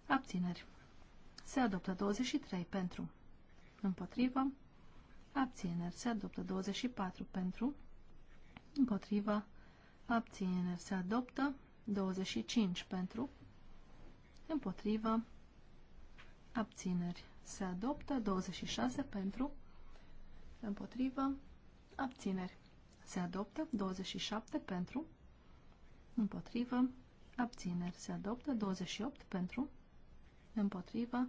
abțineri. Se adoptă 23 pentru împotrivă, abțineri se adoptă. 24 pentru, împotrivă, abțineri se adoptă. 25 pentru, împotrivă, abțineri se adoptă. 26 pentru, împotrivă, abțineri se adoptă. 27 pentru, împotrivă, abțineri se adoptă. 28 pentru, împotrivă,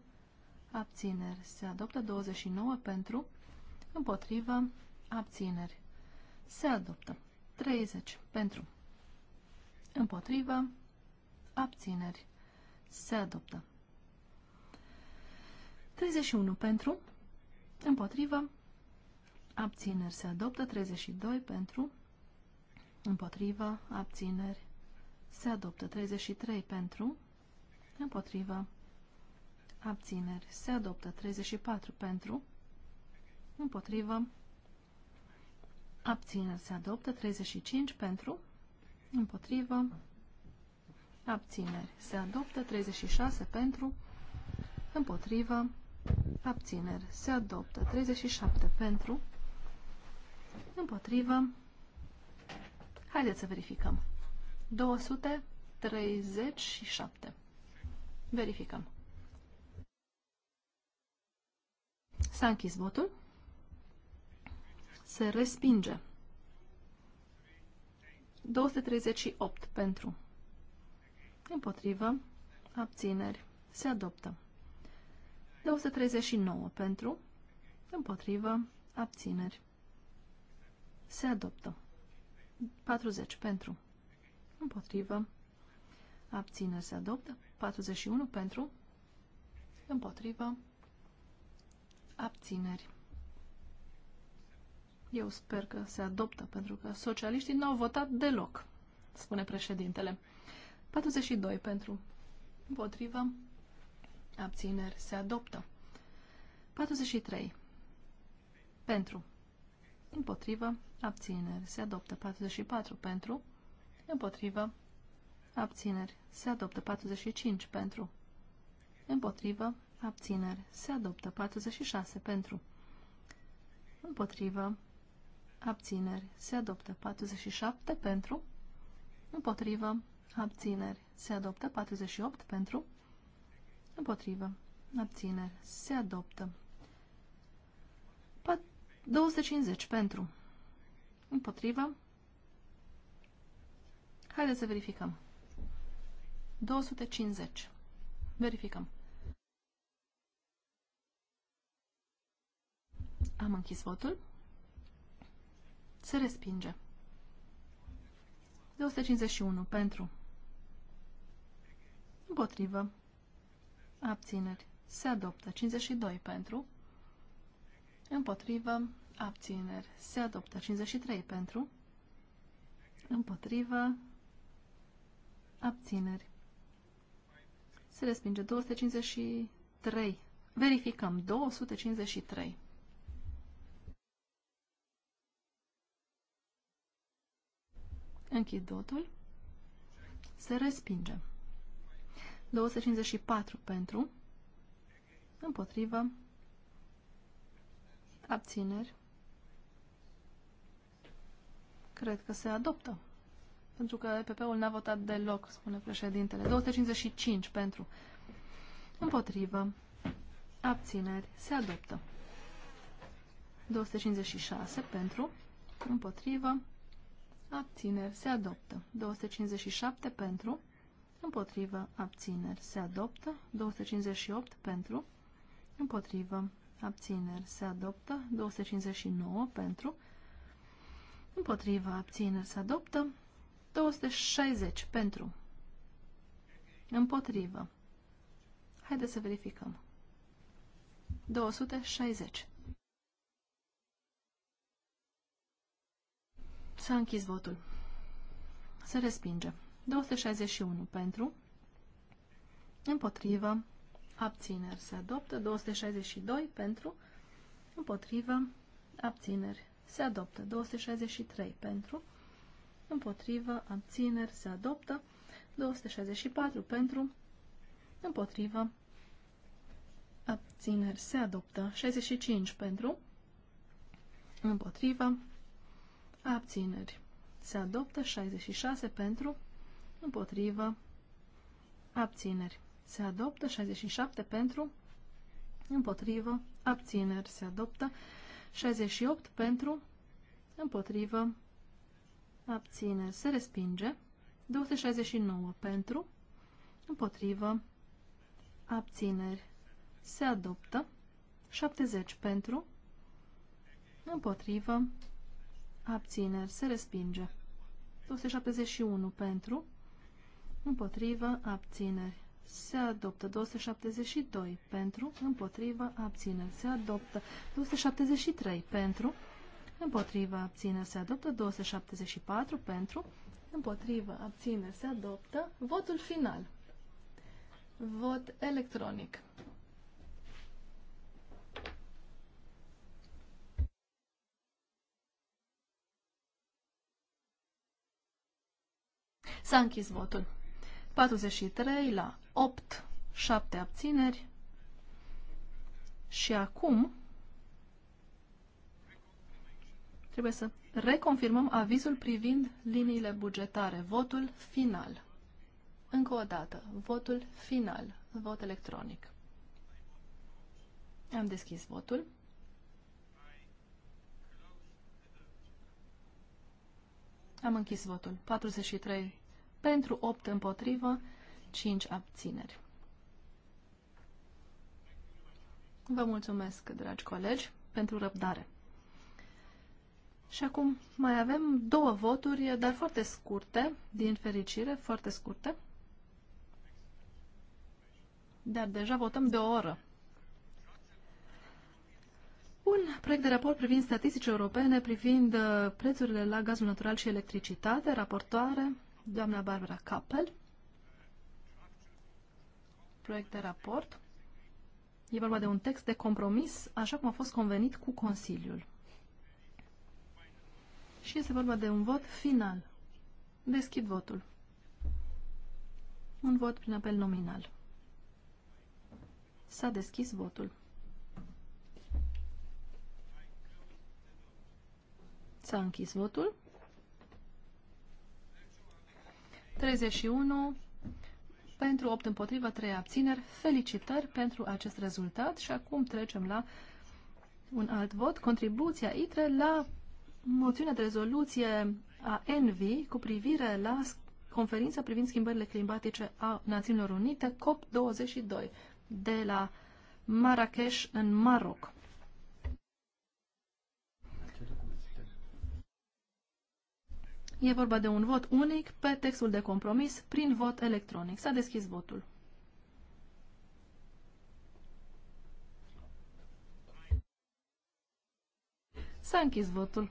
abțineri se adoptă, 29 pentru, împotrivă, abțineri se adoptă, 30 pentru, împotrivă, abțineri se adoptă, 31 pentru, împotrivă, abțineri se adoptă, 32 pentru, împotrivă, abțineri se adoptă, 33 pentru, împotrivă, abțineri, se adoptă. 34 pentru, împotrivă, abțineri, se adoptă. 35 pentru, împotrivă, abțineri, se adoptă. 36 pentru, împotrivă, abțineri, se adoptă. 37 pentru, împotrivă, haideți să verificăm. 237. Verificăm. S-a închis votul. Se respinge. 238 pentru. Împotrivă. Abțineri. Se adoptă. 239 pentru. Împotrivă. Abțineri. Se adoptă. 40 pentru. Împotrivă. Abțineri se adoptă. 41 pentru. Împotrivă abțineri. Eu sper că se adoptă, pentru că socialiștii n-au votat deloc, spune președintele. 42 pentru, împotrivă, abțineri, se adoptă. 43 pentru, împotrivă, abțineri, se adoptă. 44 pentru, împotrivă, abțineri, se adoptă. 45 pentru, împotrivă, abțineri, se adoptă. 46 pentru, împotrivă, abțineri, se adoptă. 47 pentru, împotrivă, abțineri, se adoptă. 48 pentru, împotrivă, abțineri, se adoptă. 250 pentru, împotrivă. Haideți să verificăm. 250. Verificăm. Am închis votul. Se respinge. 251 pentru. Împotrivă. Abțineri. Se adoptă. 52 pentru. Împotrivă. Abțineri. Se adoptă. 53 pentru. Împotrivă. Abțineri. Se respinge. 253. Verificăm. 253. Închid Se respinge. 254 pentru. Împotrivă. Abțineri. Cred că se adoptă. Pentru că EPP-ul n-a votat deloc, spune președintele. 255 pentru. Împotrivă. Abțineri. Se adoptă. 256 pentru. Împotrivă abțineri, se adoptă. 257 pentru, împotrivă, abțineri, se adoptă. 258 pentru, împotrivă, abțineri, se adoptă. 259 pentru, împotrivă, abțineri, se adoptă. 260 pentru, împotrivă. Haideți să verificăm. 260. S-a închis votul. Se respinge. 261 pentru, împotrivă, abțineri. Se adoptă. 262 pentru, împotrivă, abțineri. Se adoptă. 263 pentru, împotrivă, abțineri. Se adoptă. 264 pentru, împotrivă, abțineri. Se adoptă. 65 pentru, împotrivă, abțineri. Se adoptă 66 pentru, împotrivă, abțineri. Se adoptă 67 pentru, împotrivă, abțineri. Se adoptă 68 pentru, împotrivă, abțineri. Se respinge 269 pentru, împotrivă, abțineri. Se adoptă 70 pentru, împotrivă, abțineri abțineri, se respinge. 271 pentru, împotrivă, abțineri, se adoptă. 272 pentru, împotrivă, abțineri, se adoptă. 273 pentru, împotrivă, abțineri, se adoptă. 274 pentru, împotrivă, abțineri, se adoptă. Votul final. Vot electronic. S-a închis votul. 43 la 8, 7 abțineri. Și acum trebuie să reconfirmăm avizul privind liniile bugetare. Votul final. Încă o dată, votul final, vot electronic. Am deschis votul. Am închis votul. 43 pentru 8 împotrivă, 5 abțineri. Vă mulțumesc, dragi colegi, pentru răbdare. Și acum mai avem două voturi, dar foarte scurte, din fericire, foarte scurte. Dar deja votăm de o oră. Un proiect de raport privind statistici europene, privind uh, prețurile la gazul natural și electricitate, raportoare doamna Barbara Kappel, proiect de raport. E vorba de un text de compromis, așa cum a fost convenit cu Consiliul. Și este vorba de un vot final. Deschid votul. Un vot prin apel nominal. S-a deschis votul. S-a închis votul. 31 pentru 8 împotrivă, 3 abțineri. Felicitări pentru acest rezultat și acum trecem la un alt vot. Contribuția ITRE la moțiunea de rezoluție a ENVI cu privire la conferința privind schimbările climatice a Națiunilor Unite, COP22, de la Marrakesh în Maroc. E vorba de un vot unic pe textul de compromis prin vot electronic. S-a deschis votul. S-a închis votul.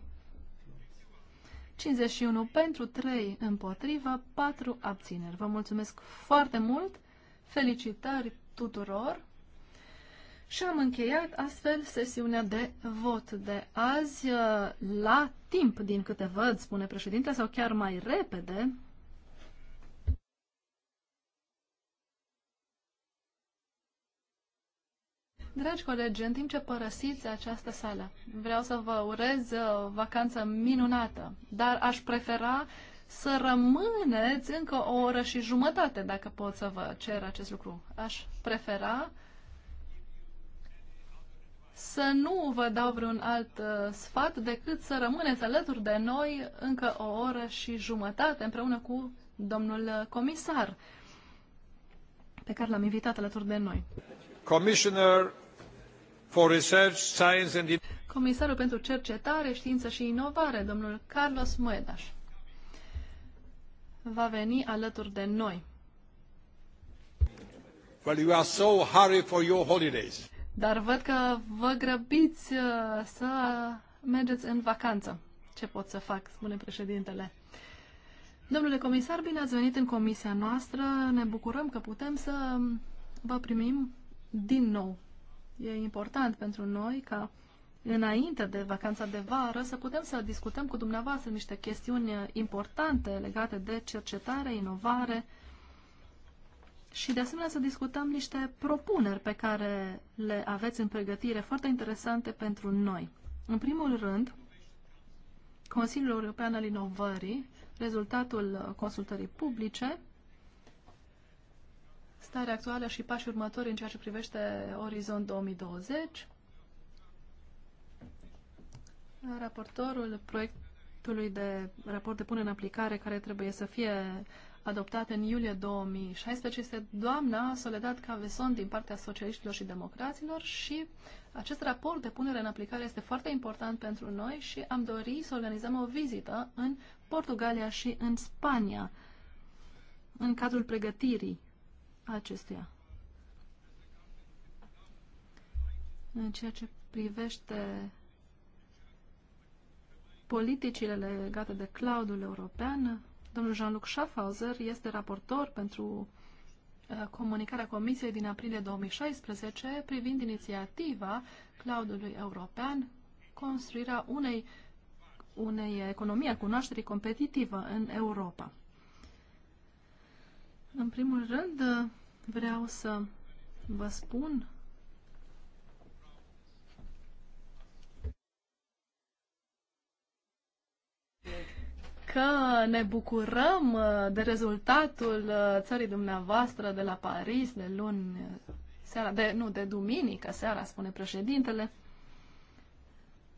51 pentru, 3 împotriva, 4 abțineri. Vă mulțumesc foarte mult! Felicitări tuturor! Și am încheiat astfel sesiunea de vot de azi uh, la timp, din câte văd, spune președintele, sau chiar mai repede. Dragi colegi, în timp ce părăsiți această sală, vreau să vă urez o uh, vacanță minunată, dar aș prefera să rămâneți încă o oră și jumătate, dacă pot să vă cer acest lucru. Aș prefera să nu vă dau vreun alt uh, sfat decât să rămâneți alături de noi încă o oră și jumătate împreună cu domnul comisar pe care l-am invitat alături de noi. Commissioner for Research, Science and Comisarul pentru Cercetare, Știință și Inovare, domnul Carlos Moedas, va veni alături de noi. Well, you are so hurry for your holidays. Dar văd că vă grăbiți uh, să mergeți în vacanță. Ce pot să fac, spune președintele. Domnule comisar, bine ați venit în comisia noastră. Ne bucurăm că putem să vă primim din nou. E important pentru noi ca înainte de vacanța de vară să putem să discutăm cu dumneavoastră niște chestiuni importante legate de cercetare, inovare, și de asemenea să discutăm niște propuneri pe care le aveți în pregătire foarte interesante pentru noi. În primul rând, Consiliul European al Inovării, rezultatul consultării publice, starea actuală și pașii următori în ceea ce privește Orizont 2020, raportorul proiectului de raport de pune în aplicare care trebuie să fie adoptat în iulie 2016 este doamna Soledad Caveson din partea socialiștilor și democraților și acest raport de punere în aplicare este foarte important pentru noi și am dori să organizăm o vizită în Portugalia și în Spania în cadrul pregătirii acestuia. În ceea ce privește politicile legate de cloudul european, Domnul Jean-Luc Schaffhauser este raportor pentru uh, comunicarea Comisiei din aprilie 2016 privind inițiativa Cloudului European construirea unei, unei economii a cunoașterii competitivă în Europa. În primul rând, uh, vreau să vă spun că ne bucurăm uh, de rezultatul uh, țării dumneavoastră de la Paris de luni uh, seara, de, nu, de duminică seara, spune președintele.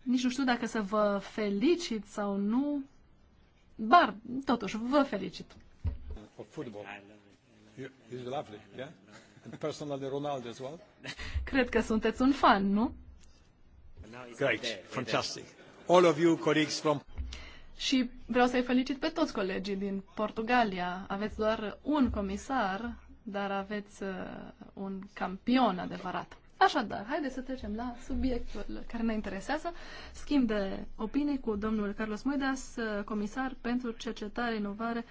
Nici nu știu dacă să vă felicit sau nu. Bar, totuși, vă felicit. Cred că sunteți un fan, nu? Great, fantastic. All of you colleagues from și vreau să-i felicit pe toți colegii din Portugalia. Aveți doar un comisar, dar aveți uh, un campion adevărat. Așadar, haideți să trecem la subiectul care ne interesează. Schimb de opinii cu domnul Carlos Moidas, uh, comisar pentru cercetare, inovare, uh,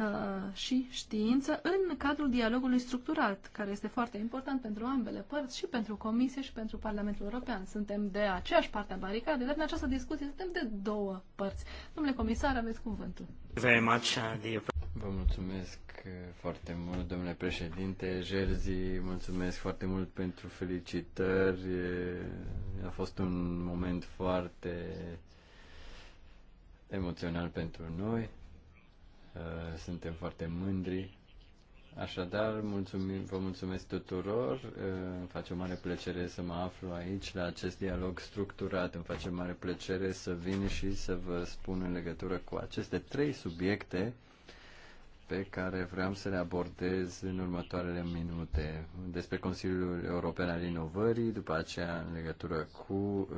Uh, și știință în cadrul dialogului structurat, care este foarte important pentru ambele părți, și pentru Comisie și pentru Parlamentul European. Suntem de aceeași parte a baricadei, dar în această discuție suntem de două părți. Domnule comisar, aveți cuvântul. Very much, uh, Vă mulțumesc uh, foarte mult, domnule președinte Jerzi, mulțumesc foarte mult pentru felicitări. A fost un moment foarte emoțional pentru noi Uh, suntem foarte mândri. Așadar, mulțumim, vă mulțumesc tuturor. Uh, îmi face o mare plăcere să mă aflu aici la acest dialog structurat. Îmi face mare plăcere să vin și să vă spun în legătură cu aceste trei subiecte pe care vreau să le abordez în următoarele minute. Despre Consiliul European al Inovării, după aceea în legătură cu uh,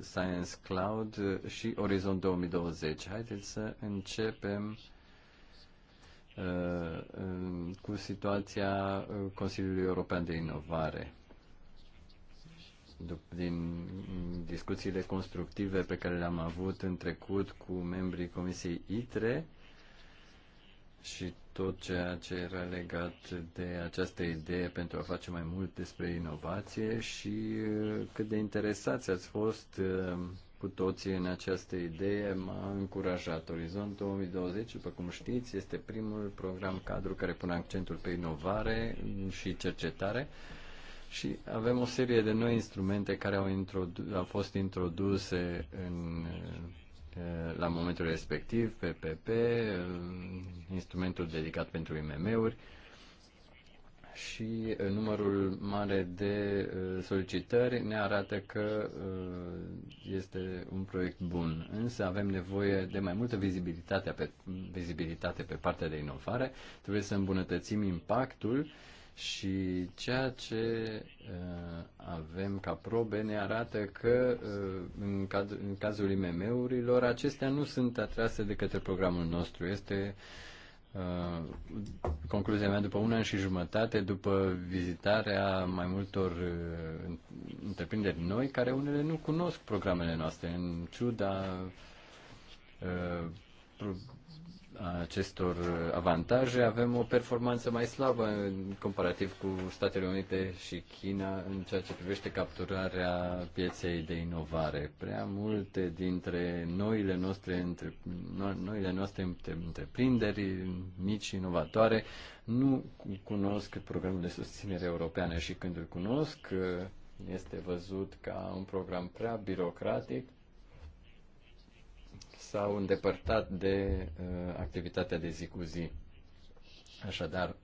Science Cloud și Orizont 2020. Haideți să începem uh, cu situația uh, Consiliului European de Inovare din mm, discuțiile constructive pe care le-am avut în trecut cu membrii Comisiei ITRE, și tot ceea ce era legat de această idee pentru a face mai mult despre inovație și uh, cât de interesați ați fost uh, cu toții în această idee m-a încurajat. Orizont 2020, după cum știți, este primul program cadru care pune accentul pe inovare și cercetare și avem o serie de noi instrumente care au, introdu- au fost introduse în uh, Eh, la momentul respectiv, PPP, eh, instrumentul dedicat pentru IMM-uri și eh, numărul mare de solicitări ne arată că este un proiect bun. Însă avem nevoie de mai multă vizibilitate pe, vizibilitate pe partea de inovare, trebuie să îmbunătățim impactul și ceea ce uh, avem ca probe ne arată că uh, în, caz, în cazul IMM-urilor acestea nu sunt atrase de către programul nostru. Este uh, concluzia mea după un an și jumătate, după vizitarea mai multor uh, întreprinderi noi, care unele nu cunosc programele noastre, în ciuda uh, acestor avantaje, avem o performanță mai slabă în comparativ cu Statele Unite și China în ceea ce privește capturarea pieței de inovare. Prea multe dintre noile noastre, între, noile noastre întreprinderi mici și inovatoare nu cunosc programul de susținere europeană și când îl cunosc este văzut ca un program prea birocratic s-au îndepărtat de uh, activitatea de zi cu zi. Așadar,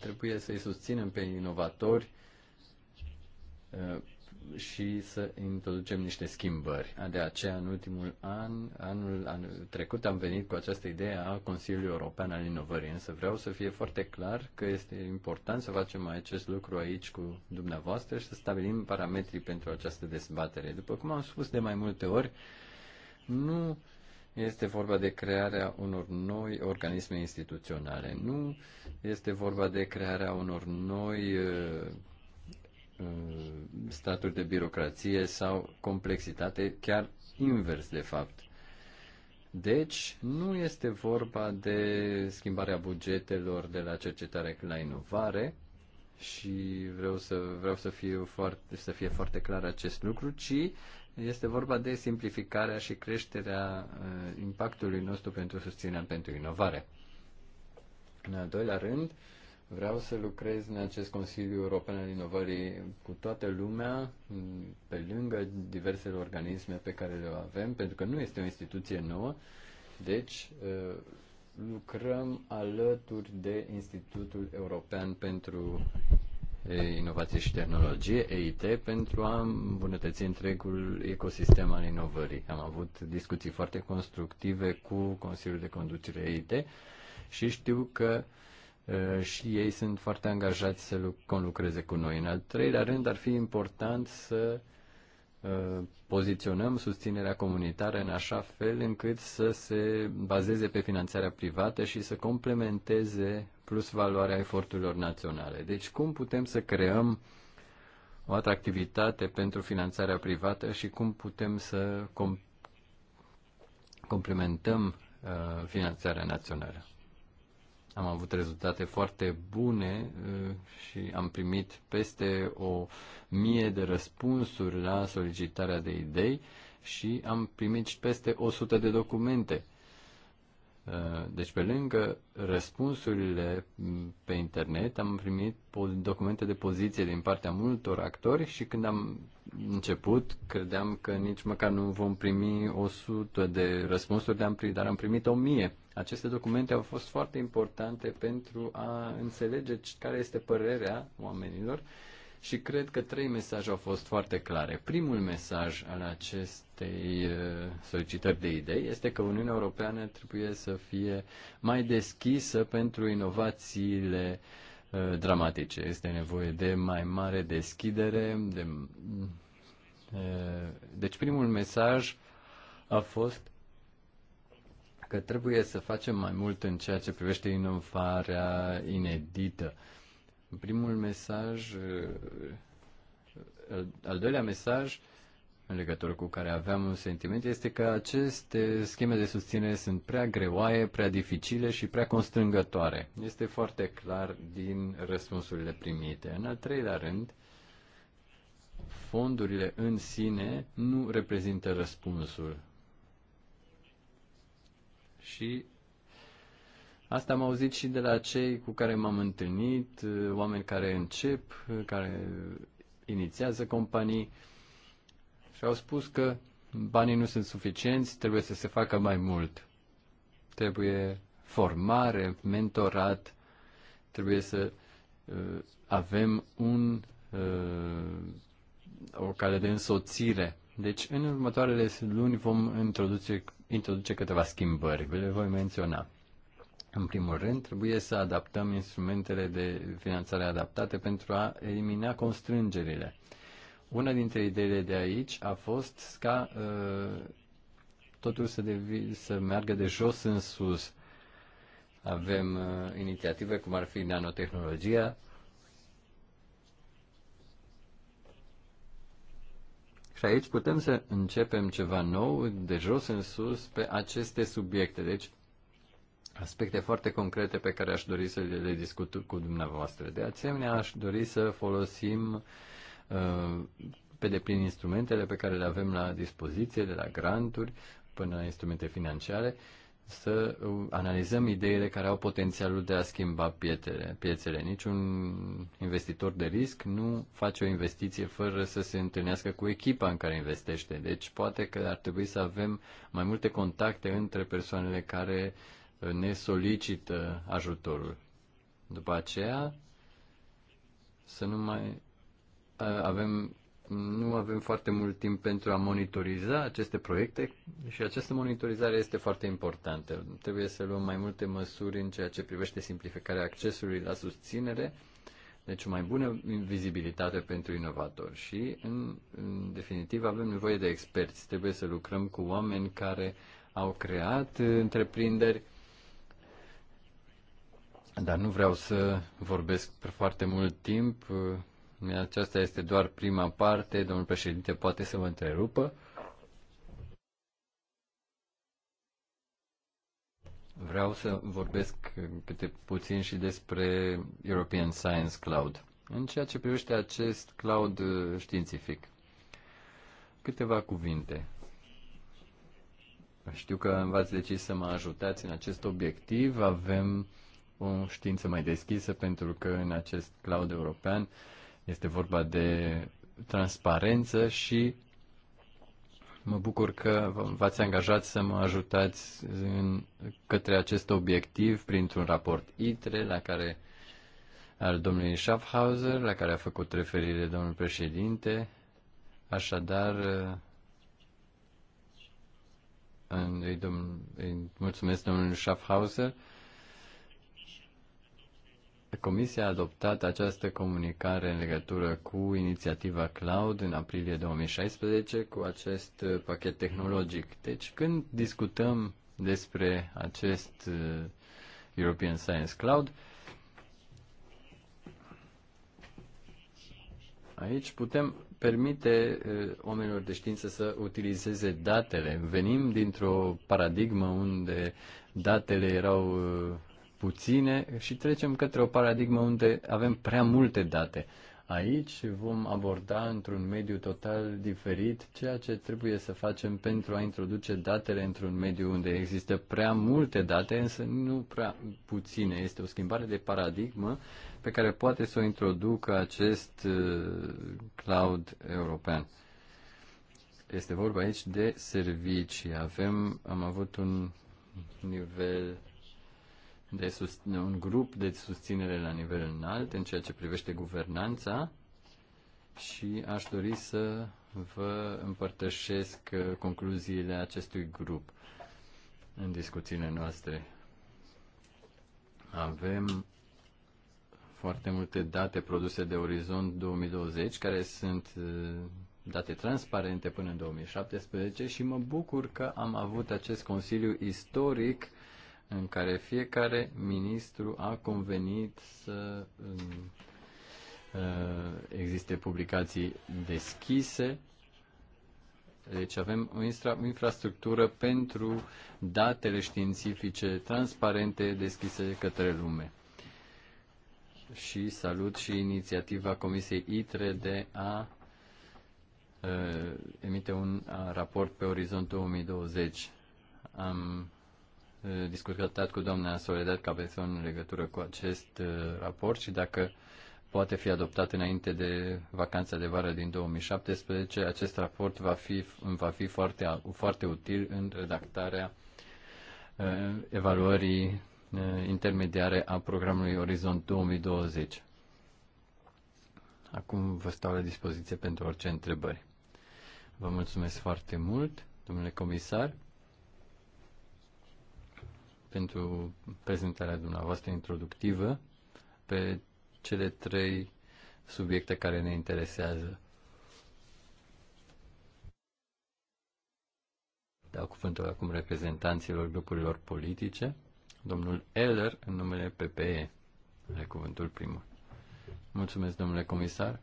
trebuie să-i susținem pe inovatori uh, și să introducem niște schimbări. De aceea, în ultimul an, anul, anul trecut, am venit cu această idee a Consiliului European al Inovării, însă vreau să fie foarte clar că este important să facem acest lucru aici cu dumneavoastră și să stabilim parametrii pentru această dezbatere. După cum am spus de mai multe ori, nu este vorba de crearea unor noi organisme instituționale. Nu este vorba de crearea unor noi uh, uh, staturi de birocrație sau complexitate, chiar invers, de fapt. Deci, nu este vorba de schimbarea bugetelor de la cercetare la inovare și vreau să, vreau să, fiu foarte, să fie foarte clar acest lucru, ci este vorba de simplificarea și creșterea uh, impactului nostru pentru susținerea pentru inovare. În al doilea rând, vreau să lucrez în acest Consiliu European al Inovării cu toată lumea, pe lângă diversele organisme pe care le avem, pentru că nu este o instituție nouă, deci uh, lucrăm alături de Institutul European pentru Inovație și Tehnologie, EIT, pentru a îmbunătăți întregul ecosistem al inovării. Am avut discuții foarte constructive cu Consiliul de Conducere EIT și știu că și ei sunt foarte angajați să conlucreze cu noi. În al treilea rând, ar fi important să poziționăm susținerea comunitară în așa fel încât să se bazeze pe finanțarea privată și să complementeze plus valoarea eforturilor naționale. Deci cum putem să creăm o atractivitate pentru finanțarea privată și cum putem să com- complementăm uh, finanțarea națională. Am avut rezultate foarte bune uh, și am primit peste o mie de răspunsuri la solicitarea de idei și am primit peste 100 de documente Uh, deci, pe lângă răspunsurile pe internet, am primit documente de poziție din partea multor actori și când am început, credeam că nici măcar nu vom primi 100 de răspunsuri, dar am primit 1000. Aceste documente au fost foarte importante pentru a înțelege care este părerea oamenilor și cred că trei mesaje au fost foarte clare. Primul mesaj al acestei uh, solicitări de idei este că Uniunea Europeană trebuie să fie mai deschisă pentru inovațiile uh, dramatice. Este nevoie de mai mare deschidere. De... Uh, deci primul mesaj a fost că trebuie să facem mai mult în ceea ce privește inovarea inedită. Uh, primul mesaj, uh, uh, al doilea mesaj în legătură cu care aveam un sentiment este că aceste scheme de susținere sunt prea greoaie, prea dificile și prea constrângătoare. Este foarte clar din răspunsurile primite. În al treilea rând, fondurile în sine nu reprezintă răspunsul. Și Asta am auzit și de la cei cu care m-am întâlnit, eh, oameni care încep, eh, care inițiază companii și au spus că banii nu sunt suficienți, trebuie să se facă mai mult. Trebuie formare, mentorat, trebuie să uh, avem un, uh, o cale de însoțire. Deci, în următoarele luni vom introduce, introduce câteva schimbări, le voi menționa. În primul rând, trebuie să adaptăm instrumentele de finanțare adaptate pentru a elimina constrângerile. Una dintre ideile de aici a fost ca uh, totul să, devi, să meargă de jos în sus. Avem uh, inițiative cum ar fi nanotehnologia și aici putem să începem ceva nou de jos în sus pe aceste subiecte. Deci aspecte foarte concrete pe care aș dori să le discut cu dumneavoastră. De asemenea, aș dori să folosim uh, pe deplin instrumentele pe care le avem la dispoziție, de la granturi până la instrumente financiare, să uh, analizăm ideile care au potențialul de a schimba pietele, piețele. Niciun investitor de risc nu face o investiție fără să se întâlnească cu echipa în care investește. Deci poate că ar trebui să avem mai multe contacte între persoanele care uh, ne solicită ajutorul. După aceea, să nu mai avem nu avem foarte mult timp pentru a monitoriza aceste proiecte și această monitorizare este foarte importantă. Trebuie să luăm mai multe măsuri în ceea ce privește simplificarea accesului la susținere, deci o mai bună vizibilitate pentru inovatori și, în, în definitiv, avem nevoie de experți. Trebuie să lucrăm cu oameni care au creat întreprinderi dar nu vreau să vorbesc foarte mult timp. Aceasta este doar prima parte. Domnul președinte poate să mă întrerupă. Vreau să vorbesc câte puțin și despre European Science Cloud. În ceea ce privește acest cloud uh, științific, câteva cuvinte. Știu că v-ați decis să mă ajutați în acest obiectiv. Avem o știință mai deschisă, pentru că în acest cloud european este vorba de transparență și mă bucur că v-ați angajat să mă ajutați în, către acest obiectiv printr-un raport ITRE la care al domnului Schaffhauser, la care a făcut referire domnul președinte. Așadar, îi, domn, îi mulțumesc domnului Schaffhauser Comisia a adoptat această comunicare în legătură cu inițiativa Cloud în aprilie 2016 cu acest uh, pachet tehnologic. Deci când discutăm despre acest uh, European Science Cloud, aici putem permite uh, oamenilor de știință să utilizeze datele. Venim dintr-o paradigmă unde datele erau puține și trecem către o paradigmă unde avem prea multe date. Aici vom aborda într-un mediu total diferit ceea ce trebuie să facem pentru a introduce datele într-un mediu unde există prea multe date, însă nu prea puține. Este o schimbare de paradigmă pe care poate să o introducă acest uh, cloud european. Este vorba aici de servicii. Avem, am avut un nivel de sus, un grup de susținere la nivel înalt în ceea ce privește guvernanța și aș dori să vă împărtășesc uh, concluziile acestui grup în discuțiile noastre. Avem foarte multe date produse de Orizont 2020, care sunt uh, date transparente până în 2017 și mă bucur că am avut acest consiliu istoric în care fiecare ministru a convenit să uh, existe publicații deschise. Deci avem o infrastructură pentru datele științifice transparente deschise către lume. Și salut și inițiativa Comisiei ITRE de a uh, emite un raport pe orizont 2020. Am Eh, discutat cu doamna Soledad Cabezon în legătură cu acest eh, raport și dacă poate fi adoptat înainte de vacanța de vară din 2017. Acest raport va fi, va fi foarte, foarte util în redactarea eh, evaluării intermediare a programului Orizont 2020. Acum vă stau la dispoziție pentru orice întrebări. Vă mulțumesc foarte mult, domnule comisar pentru prezentarea dumneavoastră introductivă pe cele trei subiecte care ne interesează. Dau cuvântul acum reprezentanților grupurilor politice. Domnul Eller, în numele PPE, are cuvântul primul. Mulțumesc, domnule comisar.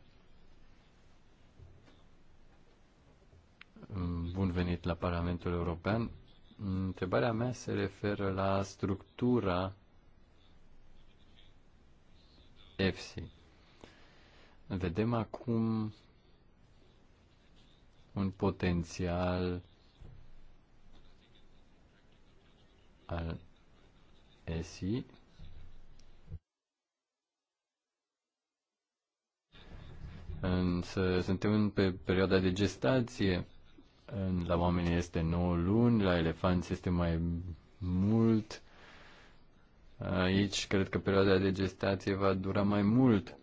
Bun venit la Parlamentul European. Întrebarea mea se referă la structura EFSI. Vedem acum un potențial al ESI însă suntem pe perioada de gestație la oameni este 9 luni, la elefanți este mai mult. Aici cred că perioada de gestație va dura mai mult.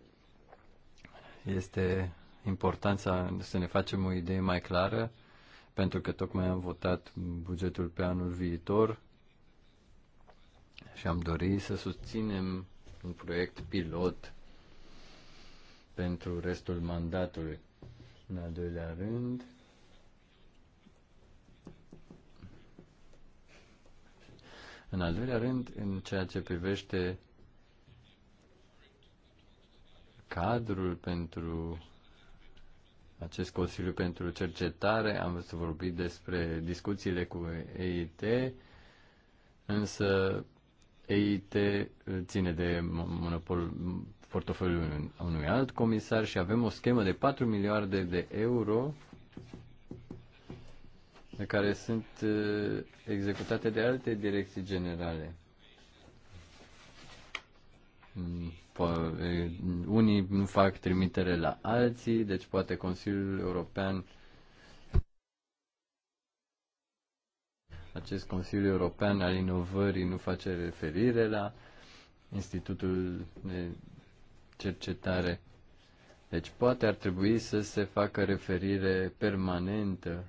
Este important să, ne facem o idee mai clară, pentru că tocmai am votat bugetul pe anul viitor și am dorit să susținem un proiect pilot pentru restul mandatului. În al doilea rând, În al doilea rând, în ceea ce privește cadrul pentru acest Consiliu pentru Cercetare, am vorbit despre discuțiile cu EIT, însă EIT ține de monopol portofoliul unui alt comisar și avem o schemă de 4 miliarde de euro care sunt uh, executate de alte direcții generale. Mm, unii nu fac trimitere la alții, deci poate Consiliul European acest Consiliu European al Inovării nu face referire la Institutul de Cercetare. Deci poate ar trebui să se facă referire permanentă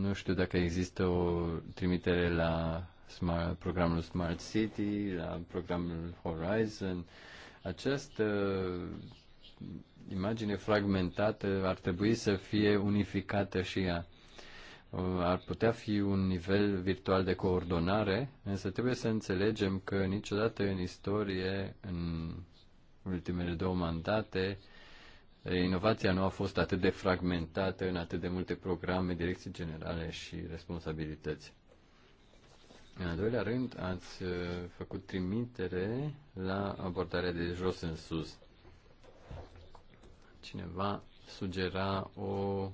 nu știu dacă există o trimitere la smart, programul Smart City, la programul Horizon. Această imagine fragmentată ar trebui să fie unificată și ea. Ar putea fi un nivel virtual de coordonare, însă trebuie să înțelegem că niciodată în istorie, în ultimele două mandate, inovația nu a fost atât de fragmentată în atât de multe programe, direcții generale și responsabilități. În al doilea rând, ați uh, făcut trimitere la abordarea de jos în sus. Cineva sugera o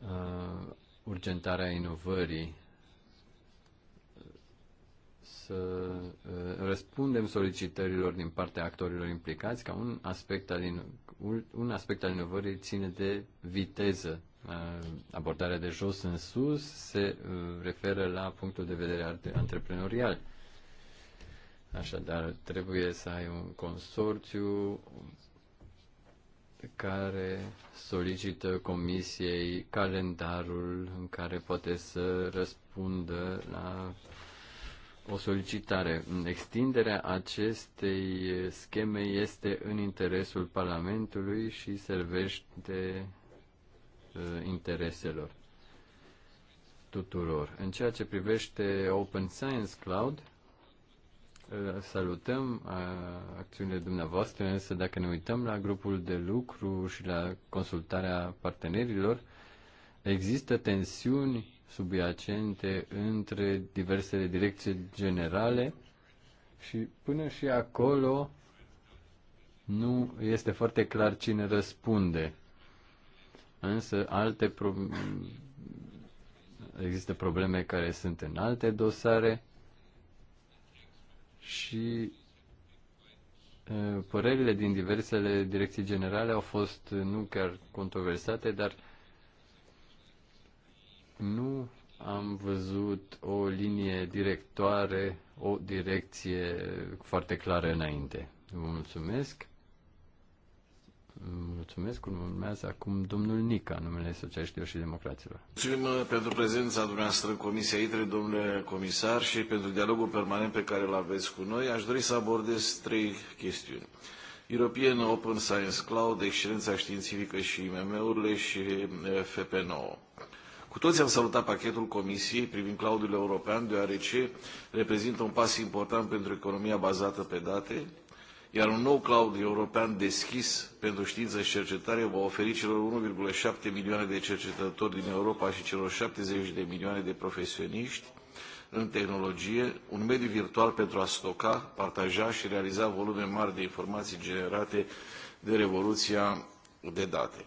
uh, urgentare a inovării să uh, răspundem solicitărilor din partea actorilor implicați, ca un aspect al, un aspect al inovării ține de viteză. Uh, abordarea de jos în sus se uh, referă la punctul de vedere antreprenorial. Așadar, trebuie să ai un consorțiu care solicită comisiei calendarul în care poate să răspundă la o solicitare. Extinderea acestei scheme este în interesul Parlamentului și servește uh, intereselor tuturor. În ceea ce privește Open Science Cloud, uh, salutăm uh, acțiunile dumneavoastră, însă dacă ne uităm la grupul de lucru și la consultarea partenerilor, există tensiuni subiacente între diversele direcții generale și până și acolo nu este foarte clar cine răspunde. Însă alte pro... există probleme care sunt în alte dosare și uh, părerile din diversele direcții generale au fost uh, nu chiar controversate, dar nu am văzut o linie directoare, o direcție foarte clară înainte. Vă mulțumesc. Mulțumesc. Urmează acum domnul Nica, numele Socialiștilor și Democraților. Mulțumim uh, pentru prezența dumneavoastră în Comisia ITRE, domnule comisar, și pentru dialogul permanent pe care îl aveți cu noi. Aș dori să abordez trei chestiuni. European Open Science Cloud, excelența științifică și IMM-urile și uh, FP9. Cu toții am salutat pachetul Comisiei privind cloudul european, deoarece reprezintă un pas important pentru economia bazată pe date, iar un nou cloud european deschis pentru știință și cercetare va oferi celor 1,7 milioane de cercetători din Europa și celor 70 de milioane de profesioniști în tehnologie, un mediu virtual pentru a stoca, partaja și realiza volume mari de informații generate de revoluția de date.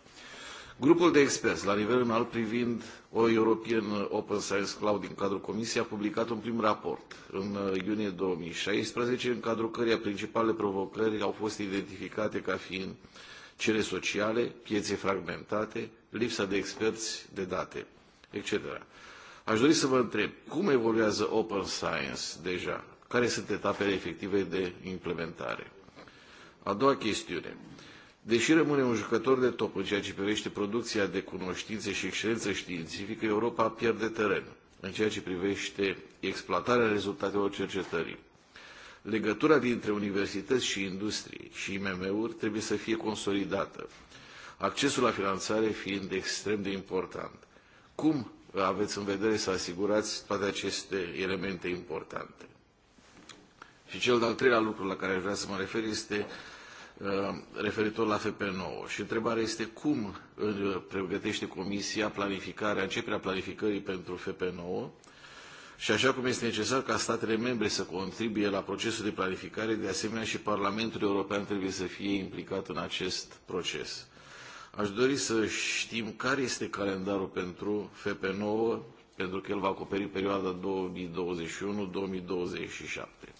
Grupul de experți la nivel înalt privind o European Open Science Cloud din cadrul Comisiei a publicat un prim raport în uh, iunie 2016, în cadrul căreia principalele provocări au fost identificate ca fiind cele sociale, piețe fragmentate, lipsa de experți de date, etc. Aș dori să vă întreb, cum evoluează Open Science deja? Care sunt etapele efective de implementare? A doua chestiune. Uh, Deși rămâne un jucător de top în ceea ce privește producția de cunoștințe și excelență științifică, Europa pierde teren în ceea ce privește exploatarea rezultatelor cercetării. Legătura dintre universități și industrie și IMM-uri trebuie să fie consolidată, accesul la finanțare fiind extrem de important. Cum aveți în vedere să asigurați toate aceste elemente importante? Și cel de-al treilea lucru la care aș vrea să mă refer este Uh, referitor la FP9. Și întrebarea este cum uh, pregătește Comisia planificarea, începerea planificării pentru FP9 și așa cum este necesar ca statele membre să contribuie la procesul de planificare, de asemenea și Parlamentul European trebuie să fie implicat în acest proces. Aș dori să știm care este calendarul pentru FP9, pentru că el va acoperi perioada 2021-2027.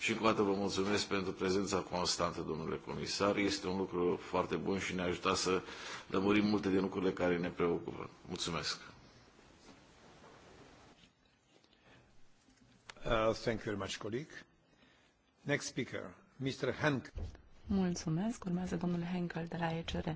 Și încă o dată vă mulțumesc pentru prezența constantă, domnule comisar. Este un lucru foarte bun și ne-a ajutat să lămurim multe din lucrurile care ne preocupă. Mulțumesc! Uh, thank you very much, colleague. Next speaker, Mr. Henkel. Mulțumesc. Urmează domnul Henkel de la ECR.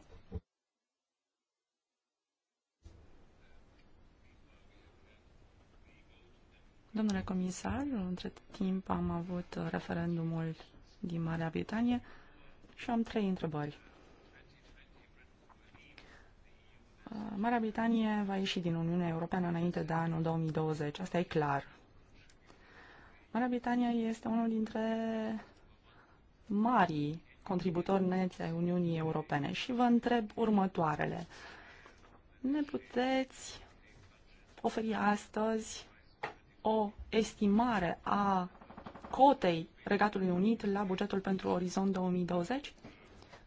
Domnule comisar, între timp am avut referendumul din Marea Britanie și am trei întrebări. Marea Britanie va ieși din Uniunea Europeană înainte de anul 2020, asta e clar. Marea Britanie este unul dintre marii contributori neți ai Uniunii Europene și vă întreb următoarele. Ne puteți oferi astăzi o estimare a cotei Regatului Unit la bugetul pentru Orizont 2020?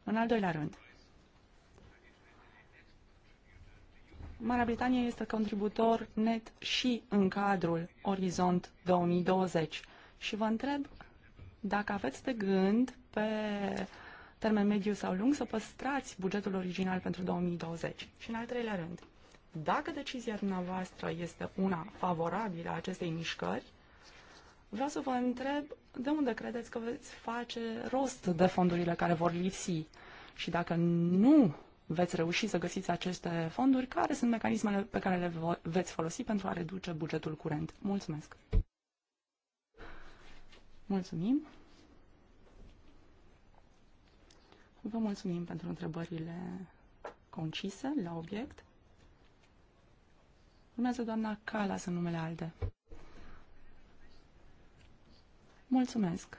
În al doilea rând, Marea Britanie este contributor net și în cadrul Orizont 2020 și vă întreb dacă aveți de gând pe termen mediu sau lung să păstrați bugetul original pentru 2020. Și în al treilea rând, dacă decizia dumneavoastră este una favorabilă acestei mișcări, vreau să vă întreb de unde credeți că veți face rost de fondurile care vor lipsi și dacă nu veți reuși să găsiți aceste fonduri, care sunt mecanismele pe care le veți folosi pentru a reduce bugetul curent. Mulțumesc! Mulțumim! Vă mulțumim pentru întrebările concise, la obiect. Urmează doamna Calas în numele ALDE. Mulțumesc.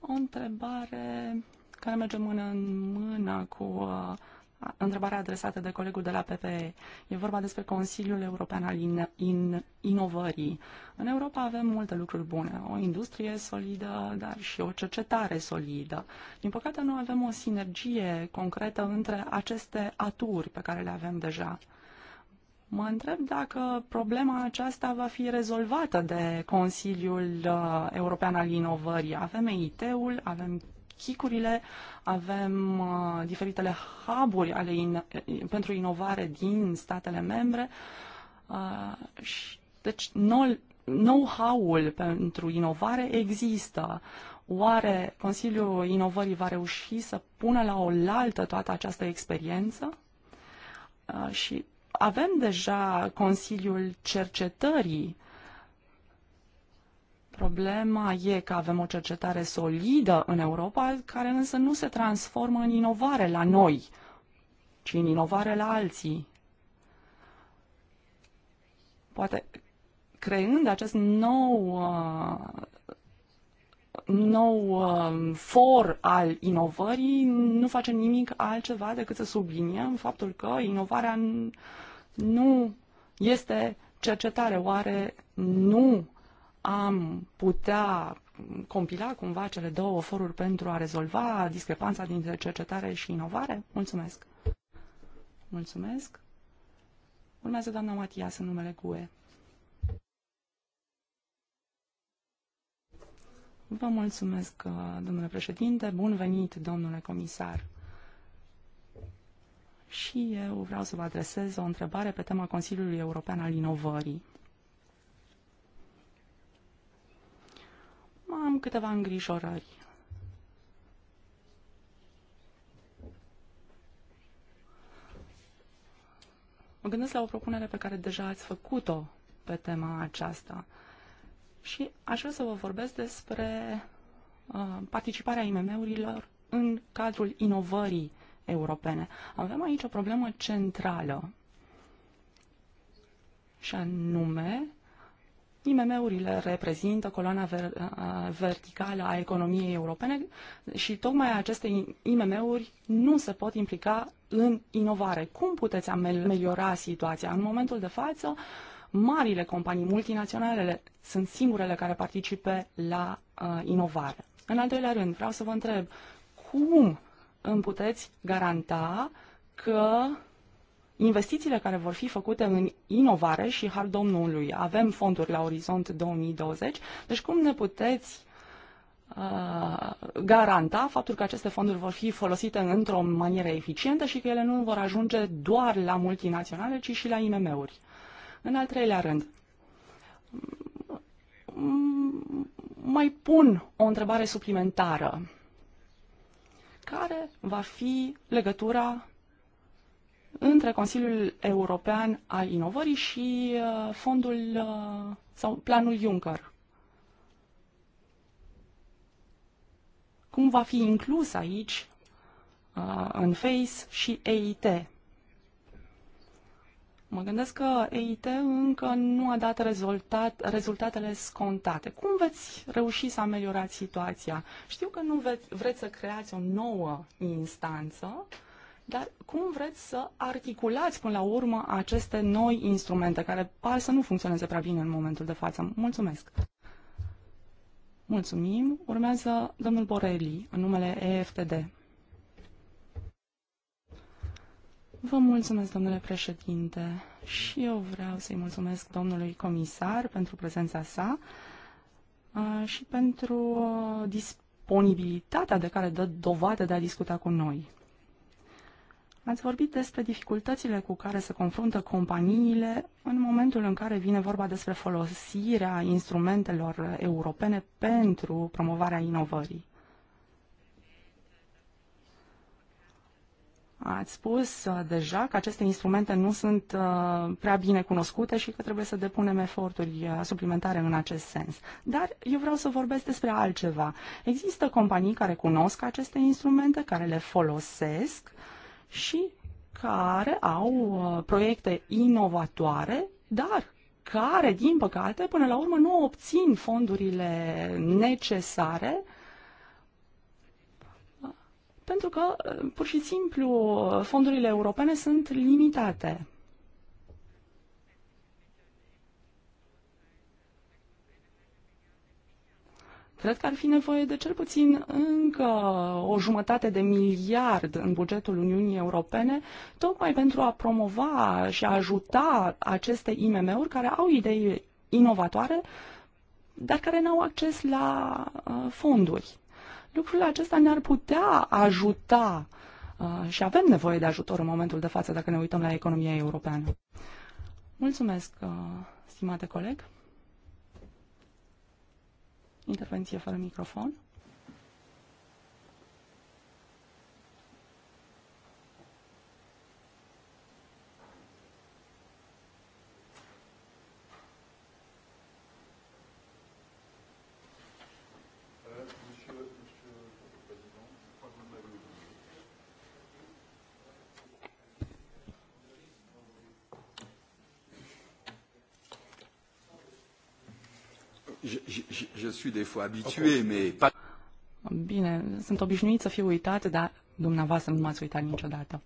O întrebare care merge mână în mână cu uh, întrebarea adresată de colegul de la PPE. E vorba despre Consiliul European al in, in, Inovării. În Europa avem multe lucruri bune. O industrie solidă, dar și o cercetare solidă. Din păcate, nu avem o sinergie concretă între aceste aturi pe care le avem deja. Mă întreb dacă problema aceasta va fi rezolvată de Consiliul uh, European al Inovării. Avem EIT-ul, avem chicurile avem uh, diferitele hub-uri ale in, eh, pentru inovare din statele membre uh, și deci know-how-ul pentru inovare există. Oare Consiliul Inovării va reuși să pună la oaltă toată această experiență? Uh, și avem deja Consiliul Cercetării Problema e că avem o cercetare solidă în Europa, care însă nu se transformă în inovare la noi, ci în inovare la alții. Poate creând acest nou uh, nou uh, for al inovării nu face nimic altceva decât să subliniem faptul că inovarea nu este cercetare. Oare nu am putea compila cumva cele două foruri pentru a rezolva discrepanța dintre cercetare și inovare? Mulțumesc! Mulțumesc! Urmează doamna Matias în numele GUE. Vă mulțumesc, uh, domnule președinte. Bun venit, domnule comisar. Și eu vreau să vă adresez o întrebare pe tema Consiliului European al Inovării. am câteva îngrijorări. Mă gândesc la o propunere pe care deja ați făcut-o pe tema aceasta și aș vrea să vă vorbesc despre uh, participarea IMM-urilor în cadrul inovării europene. Avem aici o problemă centrală și anume IMM-urile reprezintă coloana ver- verticală a economiei europene și tocmai aceste IMM-uri nu se pot implica în inovare. Cum puteți ameliora situația? În momentul de față, marile companii multinaționale sunt singurele care participe la uh, inovare. În al doilea rând, vreau să vă întreb cum îmi puteți garanta că investițiile care vor fi făcute în inovare și har domnului. Avem fonduri la Orizont 2020, deci cum ne puteți uh, garanta faptul că aceste fonduri vor fi folosite într-o manieră eficientă și că ele nu vor ajunge doar la multinaționale, ci și la IMM-uri. În al treilea rând, mai pun o întrebare suplimentară. Care va fi legătura între Consiliul European al Inovării și uh, fondul uh, sau planul Juncker. Cum va fi inclus aici uh, în FACE și EIT? Mă gândesc că EIT încă nu a dat rezultat, rezultatele scontate. Cum veți reuși să ameliorați situația? Știu că nu veți, vreți să creați o nouă instanță, uh, dar cum vreți să articulați până la urmă aceste noi instrumente care par să nu funcționeze prea bine în momentul de față? Mulțumesc! Mulțumim. Urmează domnul Borelli, în numele EFTD. Vă mulțumesc, domnule președinte, și eu vreau să-i mulțumesc domnului comisar pentru prezența sa și pentru uh, disponibilitatea de care dă dovadă de a discuta cu noi. Ați vorbit despre dificultățile cu care se confruntă companiile în momentul în care vine vorba despre folosirea instrumentelor europene pentru promovarea inovării. Ați spus uh, deja că aceste instrumente nu sunt uh, prea bine cunoscute și că trebuie să depunem eforturi uh, suplimentare în acest sens. Dar eu vreau să vorbesc despre altceva. Există companii care cunosc aceste instrumente, care le folosesc, și care au uh, proiecte inovatoare, dar care, din păcate, până la urmă nu obțin fondurile necesare uh, pentru că, uh, pur și simplu, fondurile europene sunt limitate. Cred că ar fi nevoie de cel puțin încă o jumătate de miliard în bugetul Uniunii Europene, tocmai pentru a promova și a ajuta aceste IMM-uri care au idei inovatoare, dar care n-au acces la uh, fonduri. Lucrul acesta ne-ar putea ajuta uh, și avem nevoie de ajutor în momentul de față dacă ne uităm la economia europeană. Mulțumesc, uh, stimate coleg. Intervenție fără microfon. suis des fois habitué, mais pas... Bine, sunt obișnuit să fiu uitat, dar dumneavoastră nu m-ați uitat niciodată.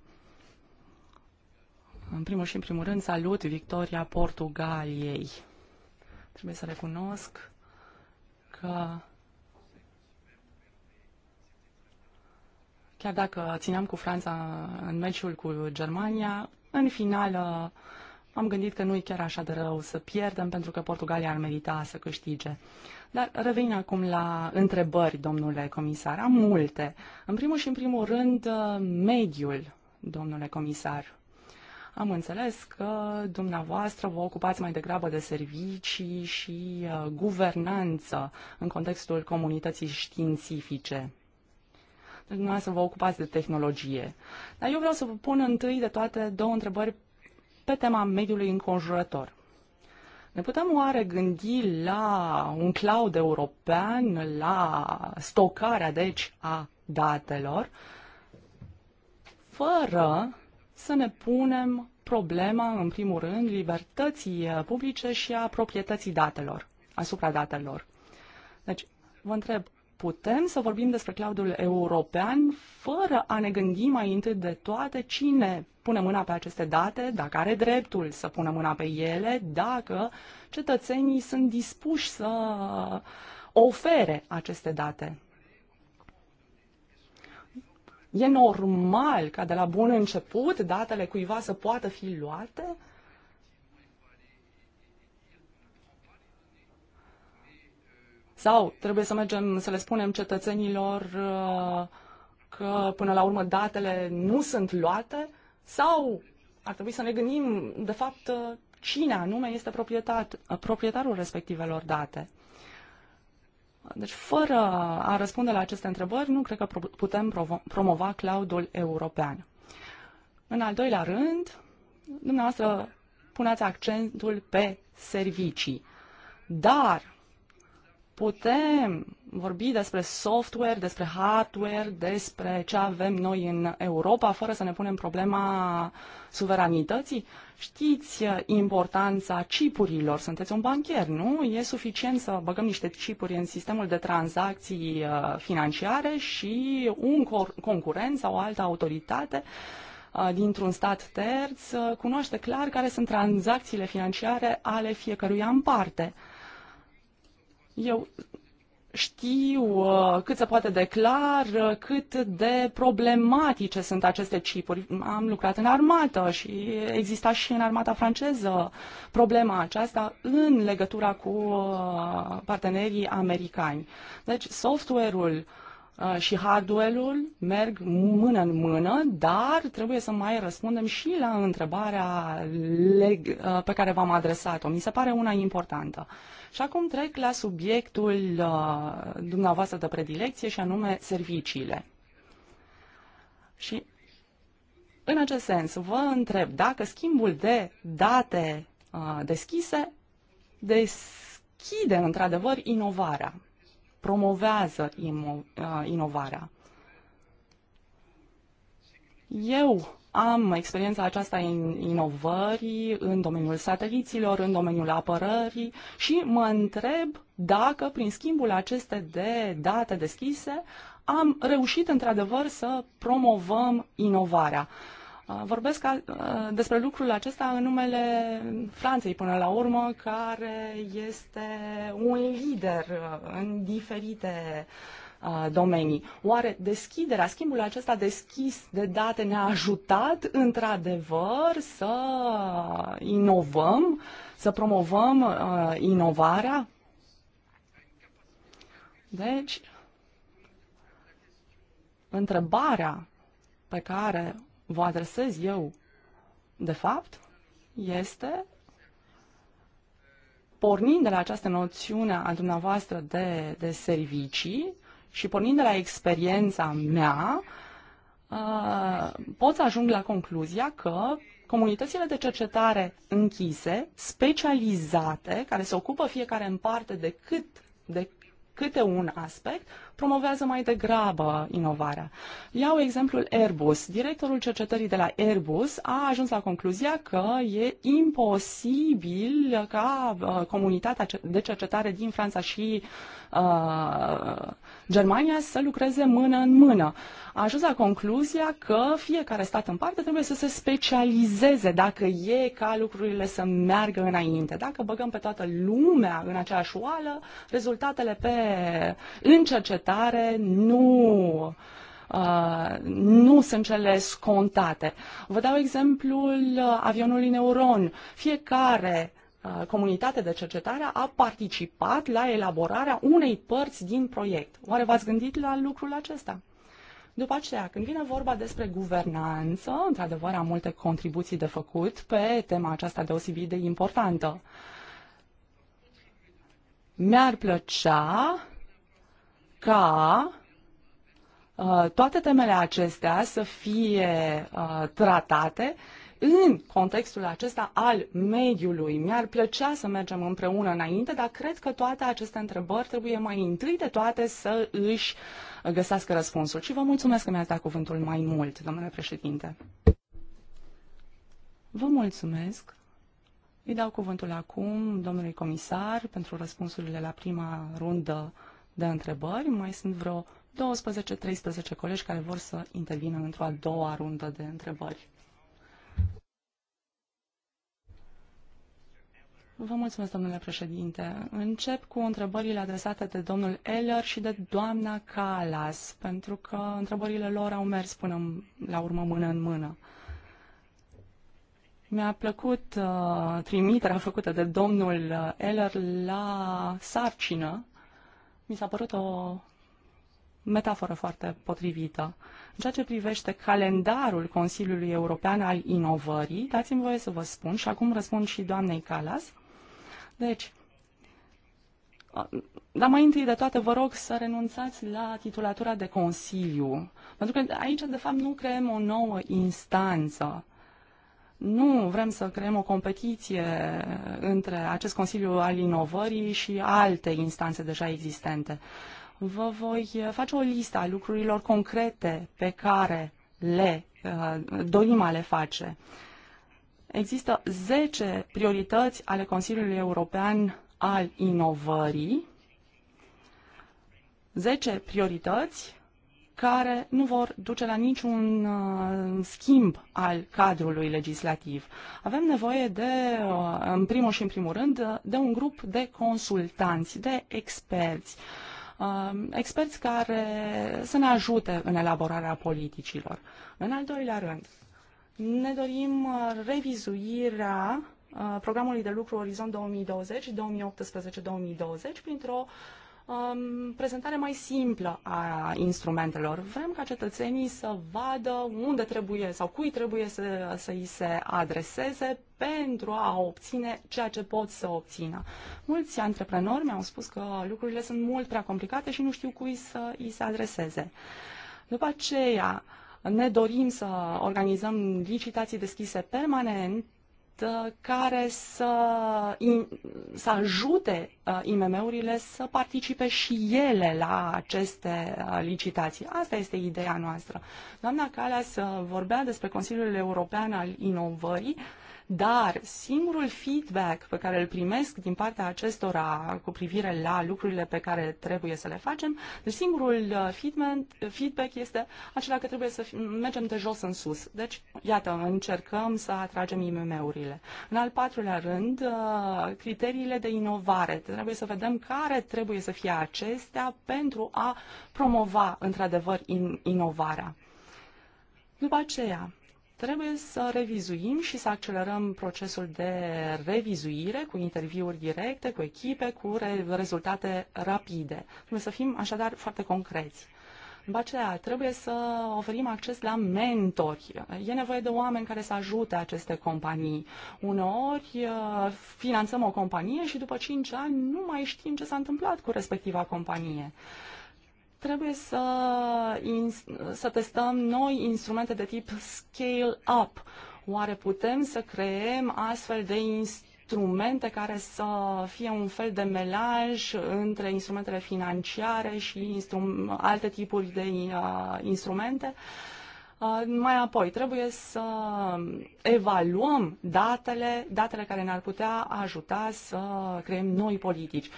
În primul și în primul rând salut victoria Portugaliei. Trebuie să recunosc că chiar dacă țineam cu Franța în meciul cu Germania, în final am gândit că nu e chiar așa de rău să pierdem, pentru că Portugalia ar merita să câștige. Dar revin acum la întrebări, domnule comisar. Am multe. În primul și în primul rând, uh, mediul, domnule comisar. Am înțeles că dumneavoastră vă ocupați mai degrabă de servicii și uh, guvernanță în contextul comunității științifice. dumneavoastră vă ocupați de tehnologie. Dar eu vreau să vă pun întâi de toate două întrebări pe tema mediului înconjurător. Ne putem oare gândi la un cloud european, la stocarea, deci, a datelor, fără să ne punem problema, în primul rând, libertății publice și a proprietății datelor, asupra datelor. Deci, vă întreb, putem să vorbim despre cloudul european fără a ne gândi mai întâi de toate cine pune mâna pe aceste date, dacă are dreptul să pună mâna pe ele, dacă cetățenii sunt dispuși să ofere aceste date. E normal ca de la bun început datele cuiva să poată fi luate? Sau trebuie să mergem să le spunem cetățenilor uh, că până la urmă datele nu sunt luate? Sau ar trebui să ne gândim, de fapt, cine anume este proprietat, proprietarul respectivelor date. Deci, fără a răspunde la aceste întrebări, nu cred că putem promova cloudul european. În al doilea rând, dumneavoastră puneți accentul pe servicii. Dar putem vorbi despre software, despre hardware, despre ce avem noi în Europa, fără să ne punem problema suveranității? Știți uh, importanța chipurilor, sunteți un bancher, nu? E suficient să băgăm niște chipuri în sistemul de tranzacții uh, financiare și un concurent sau o altă autoritate uh, dintr-un stat terț cunoaște clar care sunt tranzacțiile financiare ale fiecăruia în parte. Eu știu uh, cât se poate de clar uh, cât de problematice sunt aceste chipuri. Am lucrat în armată și exista și în armata franceză problema aceasta în legătura cu uh, partenerii americani. Deci software-ul uh, Uh, și hardware-ul merg mână în mână, dar trebuie să mai răspundem și la întrebarea uh, pe care v-am adresat-o. Mi se pare una importantă. Și acum trec la subiectul uh, dumneavoastră de predilecție și anume serviciile. Și în acest sens, vă întreb dacă schimbul de date deschise deschide într-adevăr inovarea promovează uh, inovarea. Eu am experiența aceasta în inovării, în domeniul sateliților, în domeniul apărării și mă întreb dacă prin schimbul aceste de date deschise am reușit într-adevăr să promovăm inovarea. Vorbesc uh, despre lucrul acesta în numele Franței, până la urmă, care este un lider uh, în diferite uh, domenii. Oare deschiderea, schimbul acesta deschis de date ne-a ajutat într-adevăr să inovăm, să promovăm uh, inovarea? Deci, întrebarea pe care vă adresez eu, de fapt, este pornind de la această noțiune a dumneavoastră de, de servicii și pornind de la experiența mea, uh, pot să ajung la concluzia că comunitățile de cercetare închise, specializate, care se ocupă fiecare în parte de cât de câte un aspect, promovează mai degrabă inovarea. Iau exemplul Airbus. Directorul cercetării de la Airbus a ajuns la concluzia că e imposibil ca uh, comunitatea de cercetare din Franța și uh, Germania să lucreze mână în mână. A ajuns la concluzia că fiecare stat în parte trebuie să se specializeze dacă e ca lucrurile să meargă înainte. Dacă băgăm pe toată lumea în aceeași oală, rezultatele pe în cercetare nu Uh, nu sunt cele scontate. Vă dau exemplul uh, avionului Neuron. Fiecare uh, comunitate de cercetare a participat la elaborarea unei părți din proiect. Oare v-ați gândit la lucrul acesta? După aceea, când vine vorba despre guvernanță, într-adevăr am multe contribuții de făcut pe tema aceasta deosebit de importantă. Uh, mi-ar plăcea ca uh, toate temele acestea să fie uh, tratate în contextul acesta al mediului. Mi-ar plăcea să mergem împreună înainte, dar cred că toate aceste întrebări trebuie mai întâi de toate să își găsească răspunsul. Și vă mulțumesc că mi-ați dat cuvântul mai mult, domnule președinte. Vă mulțumesc. Îi dau cuvântul acum domnului comisar pentru răspunsurile la prima rundă de întrebări. Mai sunt vreo 12-13 colegi care vor să intervină într-o a doua rundă de întrebări. Vă mulțumesc, domnule președinte. Încep cu întrebările adresate de domnul Eller și de doamna Calas, pentru că întrebările lor au mers până la urmă mână în mână. Mi-a plăcut uh, trimiterea făcută de domnul uh, Eller la sarcină. Mi s-a părut o metaforă foarte potrivită. În ceea ce privește calendarul Consiliului European al Inovării, dați-mi voie să vă spun și acum răspund și doamnei Calas. Deci, dar mai întâi de toate vă rog să renunțați la titulatura de Consiliu, pentru că aici, de fapt, nu creăm o nouă instanță. Nu vrem să creăm o competiție între acest Consiliu al Inovării și alte instanțe deja existente. Vă voi face o listă a lucrurilor concrete pe care le uh, dorim a le face. Există 10 priorități ale Consiliului European al Inovării, 10 priorități care nu vor duce la niciun uh, schimb al cadrului legislativ. Avem nevoie de, uh, în primul și în primul rând, de un grup de consultanți, de experți, uh, experți care să ne ajute în elaborarea politicilor. În al doilea rând, ne dorim revizuirea programului de lucru Orizont 2020, 2018-2020, printr-o uh, um, prezentare mai simplă a instrumentelor. Vrem ca cetățenii să vadă unde trebuie sau cui trebuie să, să îi se adreseze pentru a obține ceea ce pot să obțină. Mulți antreprenori mi-au spus că lucrurile sunt mult prea complicate și nu știu cui să îi se adreseze. După aceea, ne dorim să organizăm licitații deschise permanent Uh, care să, in, să ajute uh, IMM-urile să participe și ele la aceste uh, licitații. Asta este ideea noastră. Doamna să vorbea despre Consiliul European al Inovării, dar singurul feedback pe care îl primesc din partea acestora cu privire la lucrurile pe care trebuie să le facem, deci singurul uh, feedback este acela că trebuie să mergem de jos în sus. Deci, iată, încercăm să atragem IMM-urile. În al patrulea rând, uh, criteriile de inovare. Trebuie să vedem care trebuie să fie acestea pentru a promova, într-adevăr, inovarea. După aceea, Trebuie să revizuim și să accelerăm procesul de revizuire cu interviuri directe, cu echipe, cu re- rezultate rapide. Trebuie să fim așadar foarte concreți. După aceea, trebuie să oferim acces la mentori. E nevoie de oameni care să ajute aceste companii. Uneori uh, finanțăm o companie și după 5 ani nu mai știm ce s-a întâmplat cu respectiva companie. Trebuie să, să testăm noi instrumente de tip scale-up. Oare putem să creăm astfel de instrumente care să fie un fel de melaj între instrumentele financiare și instrum- alte tipuri de uh, instrumente? Uh, mai apoi, trebuie să evaluăm datele, datele care ne-ar putea ajuta să creăm noi politici.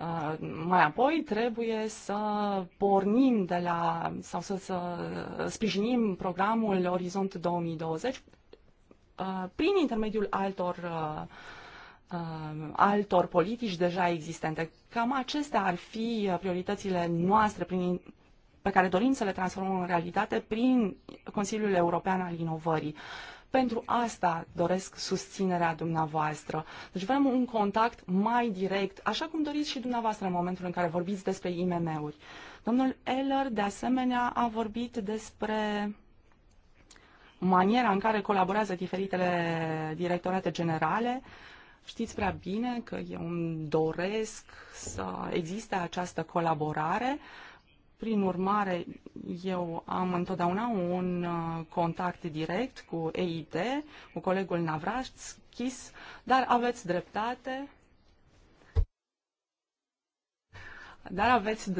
Uh, mai apoi trebuie să pornim de la sau să, să sprijinim programul Orizont 2020 uh, prin intermediul altor uh, altor politici deja existente. Cam acestea ar fi prioritățile noastre prin, pe care dorim să le transformăm în realitate prin Consiliul European al Inovării. Pentru asta doresc susținerea dumneavoastră. Deci vrem un contact mai direct, așa cum doriți și dumneavoastră în momentul în care vorbiți despre IMM-uri. Domnul Eller, de asemenea, a vorbit despre maniera în care colaborează diferitele directorate generale. Știți prea bine că eu îmi doresc să existe această colaborare. Uh, prin urmare, eu am întotdeauna un uh, contact direct cu EIT, cu colegul Navrașchis, dar aveți dreptate. Dar aveți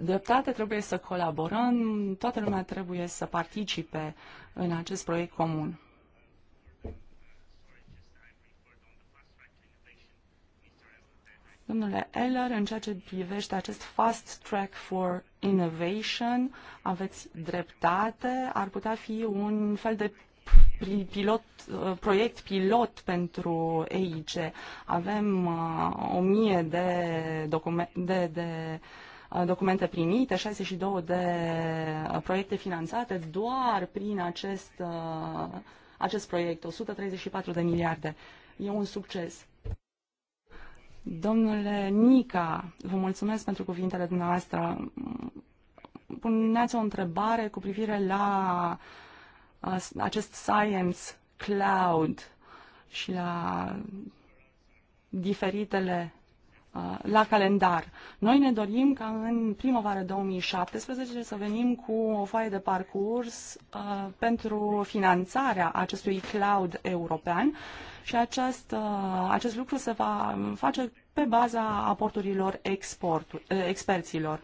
dreptate, trebuie să colaborăm, toată lumea trebuie să participe în acest proiect comun. Domnule Eller, în ceea ce privește acest fast track for innovation, aveți dreptate, ar putea fi un fel de pilot, uh, proiect pilot pentru EIC. Avem uh, o mie de, documente, de, de uh, documente primite, 62 de uh, proiecte finanțate doar prin acest, acest proiect, 134 de miliarde. E un succes. Domnule Nica, vă mulțumesc pentru cuvintele dumneavoastră. Puneați o întrebare cu privire la uh, acest Science Cloud și la diferitele Uh, la calendar. Noi ne dorim ca în primăvară 2017 să venim cu o foaie de parcurs uh, pentru finanțarea acestui cloud european și acest, uh, acest lucru se va face pe baza aporturilor uh, experților.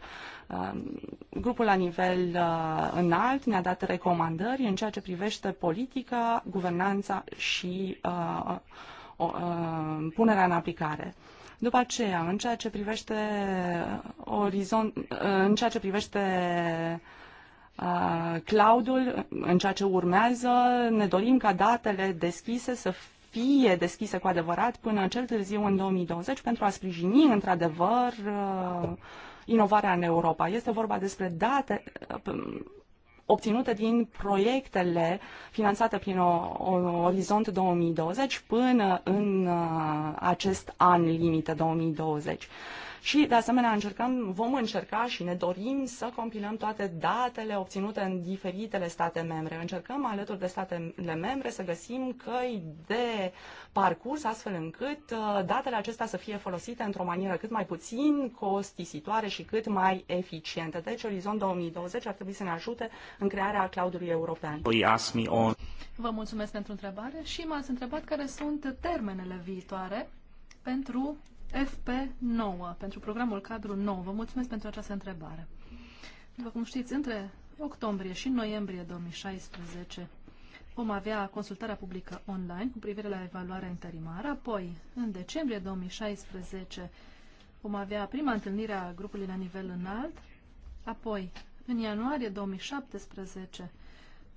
Uh, grupul la nivel uh, înalt ne-a dat recomandări în ceea ce privește politica, guvernanța și uh, punerea în aplicare. După aceea, în ceea ce privește orizont, în ceea ce privește cloudul, în ceea ce urmează, ne dorim ca datele deschise să fie deschise cu adevărat până cel târziu în 2020 pentru a sprijini într-adevăr inovarea în Europa. Este vorba despre date obținute din proiectele finanțate prin Orizont 2020 până în uh, acest an limită 2020 și, de asemenea, încercăm, vom încerca și ne dorim să compilăm toate datele obținute în diferitele state membre. Încercăm, alături de statele membre, să găsim căi de parcurs, astfel încât uh, datele acestea să fie folosite într-o manieră cât mai puțin costisitoare și cât mai eficientă. Deci, Orizont 2020 ar trebui să ne ajute în crearea cloudului european. Vă mulțumesc pentru întrebare și m-ați întrebat care sunt termenele viitoare pentru FP9, pentru programul cadru 9. Vă mulțumesc pentru această întrebare. După cum știți, între octombrie și noiembrie 2016 vom avea consultarea publică online cu privire la evaluarea interimară, apoi în decembrie 2016 vom avea prima întâlnire a grupului la nivel înalt, apoi în ianuarie 2017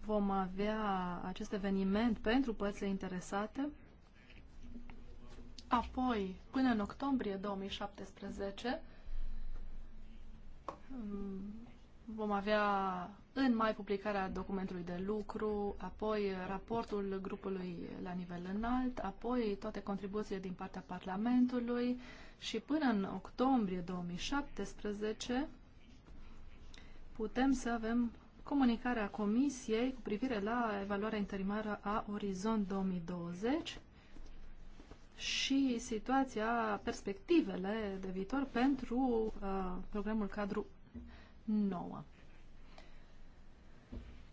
vom avea acest eveniment pentru părțile interesate Apoi, până în octombrie 2017, mm, vom avea în mai publicarea documentului de lucru, apoi raportul grupului la nivel înalt, apoi toate contribuțiile din partea Parlamentului și până în octombrie 2017 putem să avem comunicarea Comisiei cu privire la evaluarea interimară a Orizont 2020 și situația, perspectivele de viitor pentru uh, programul cadru 9.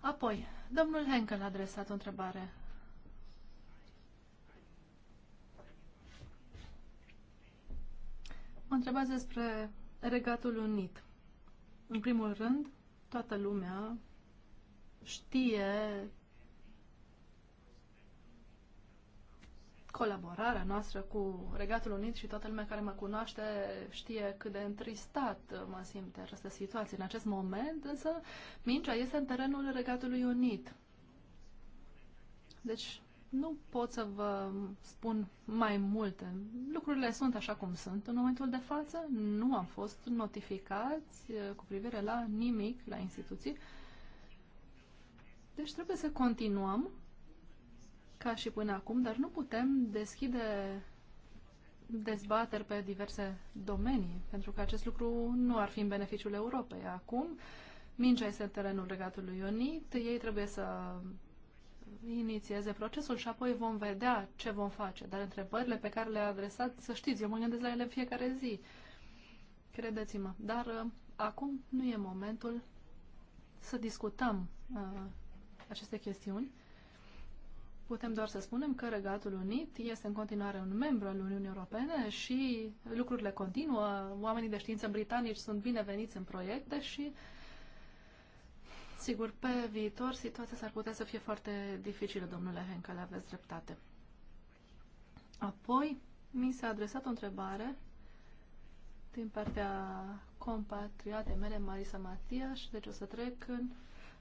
Apoi, domnul Henkel a adresat o întrebare. Mă întrebați despre Regatul Unit. În primul rând, toată lumea știe colaborarea noastră cu Regatul Unit și toată lumea care mă cunoaște știe cât de întristat mă simt această situație în acest moment, însă mingea este în terenul Regatului Unit. Deci nu pot să vă spun mai multe. Lucrurile sunt așa cum sunt în momentul de față. Nu am fost notificați eh, cu privire la nimic la instituții. Deci trebuie să continuăm ca și până acum, dar nu putem deschide dezbateri pe diverse domenii, pentru că acest lucru nu ar fi în beneficiul Europei. Acum, mingea este în terenul Regatului Unit, ei trebuie să inițieze procesul și apoi vom vedea ce vom face. Dar întrebările pe care le-a adresat, să știți, eu mă gândesc la ele în fiecare zi. Credeți-mă. Dar uh, acum nu e momentul să discutăm uh, aceste chestiuni. Putem doar să spunem că Regatul Unit este în continuare un membru al Uniunii Europene și lucrurile continuă. Oamenii de știință britanici sunt bineveniți în proiecte și, sigur, pe viitor situația s-ar putea să fie foarte dificilă, domnule Henkel, aveți dreptate. Apoi, mi s-a adresat o întrebare din partea compatriate mele, Marisa Matias, deci o să trec în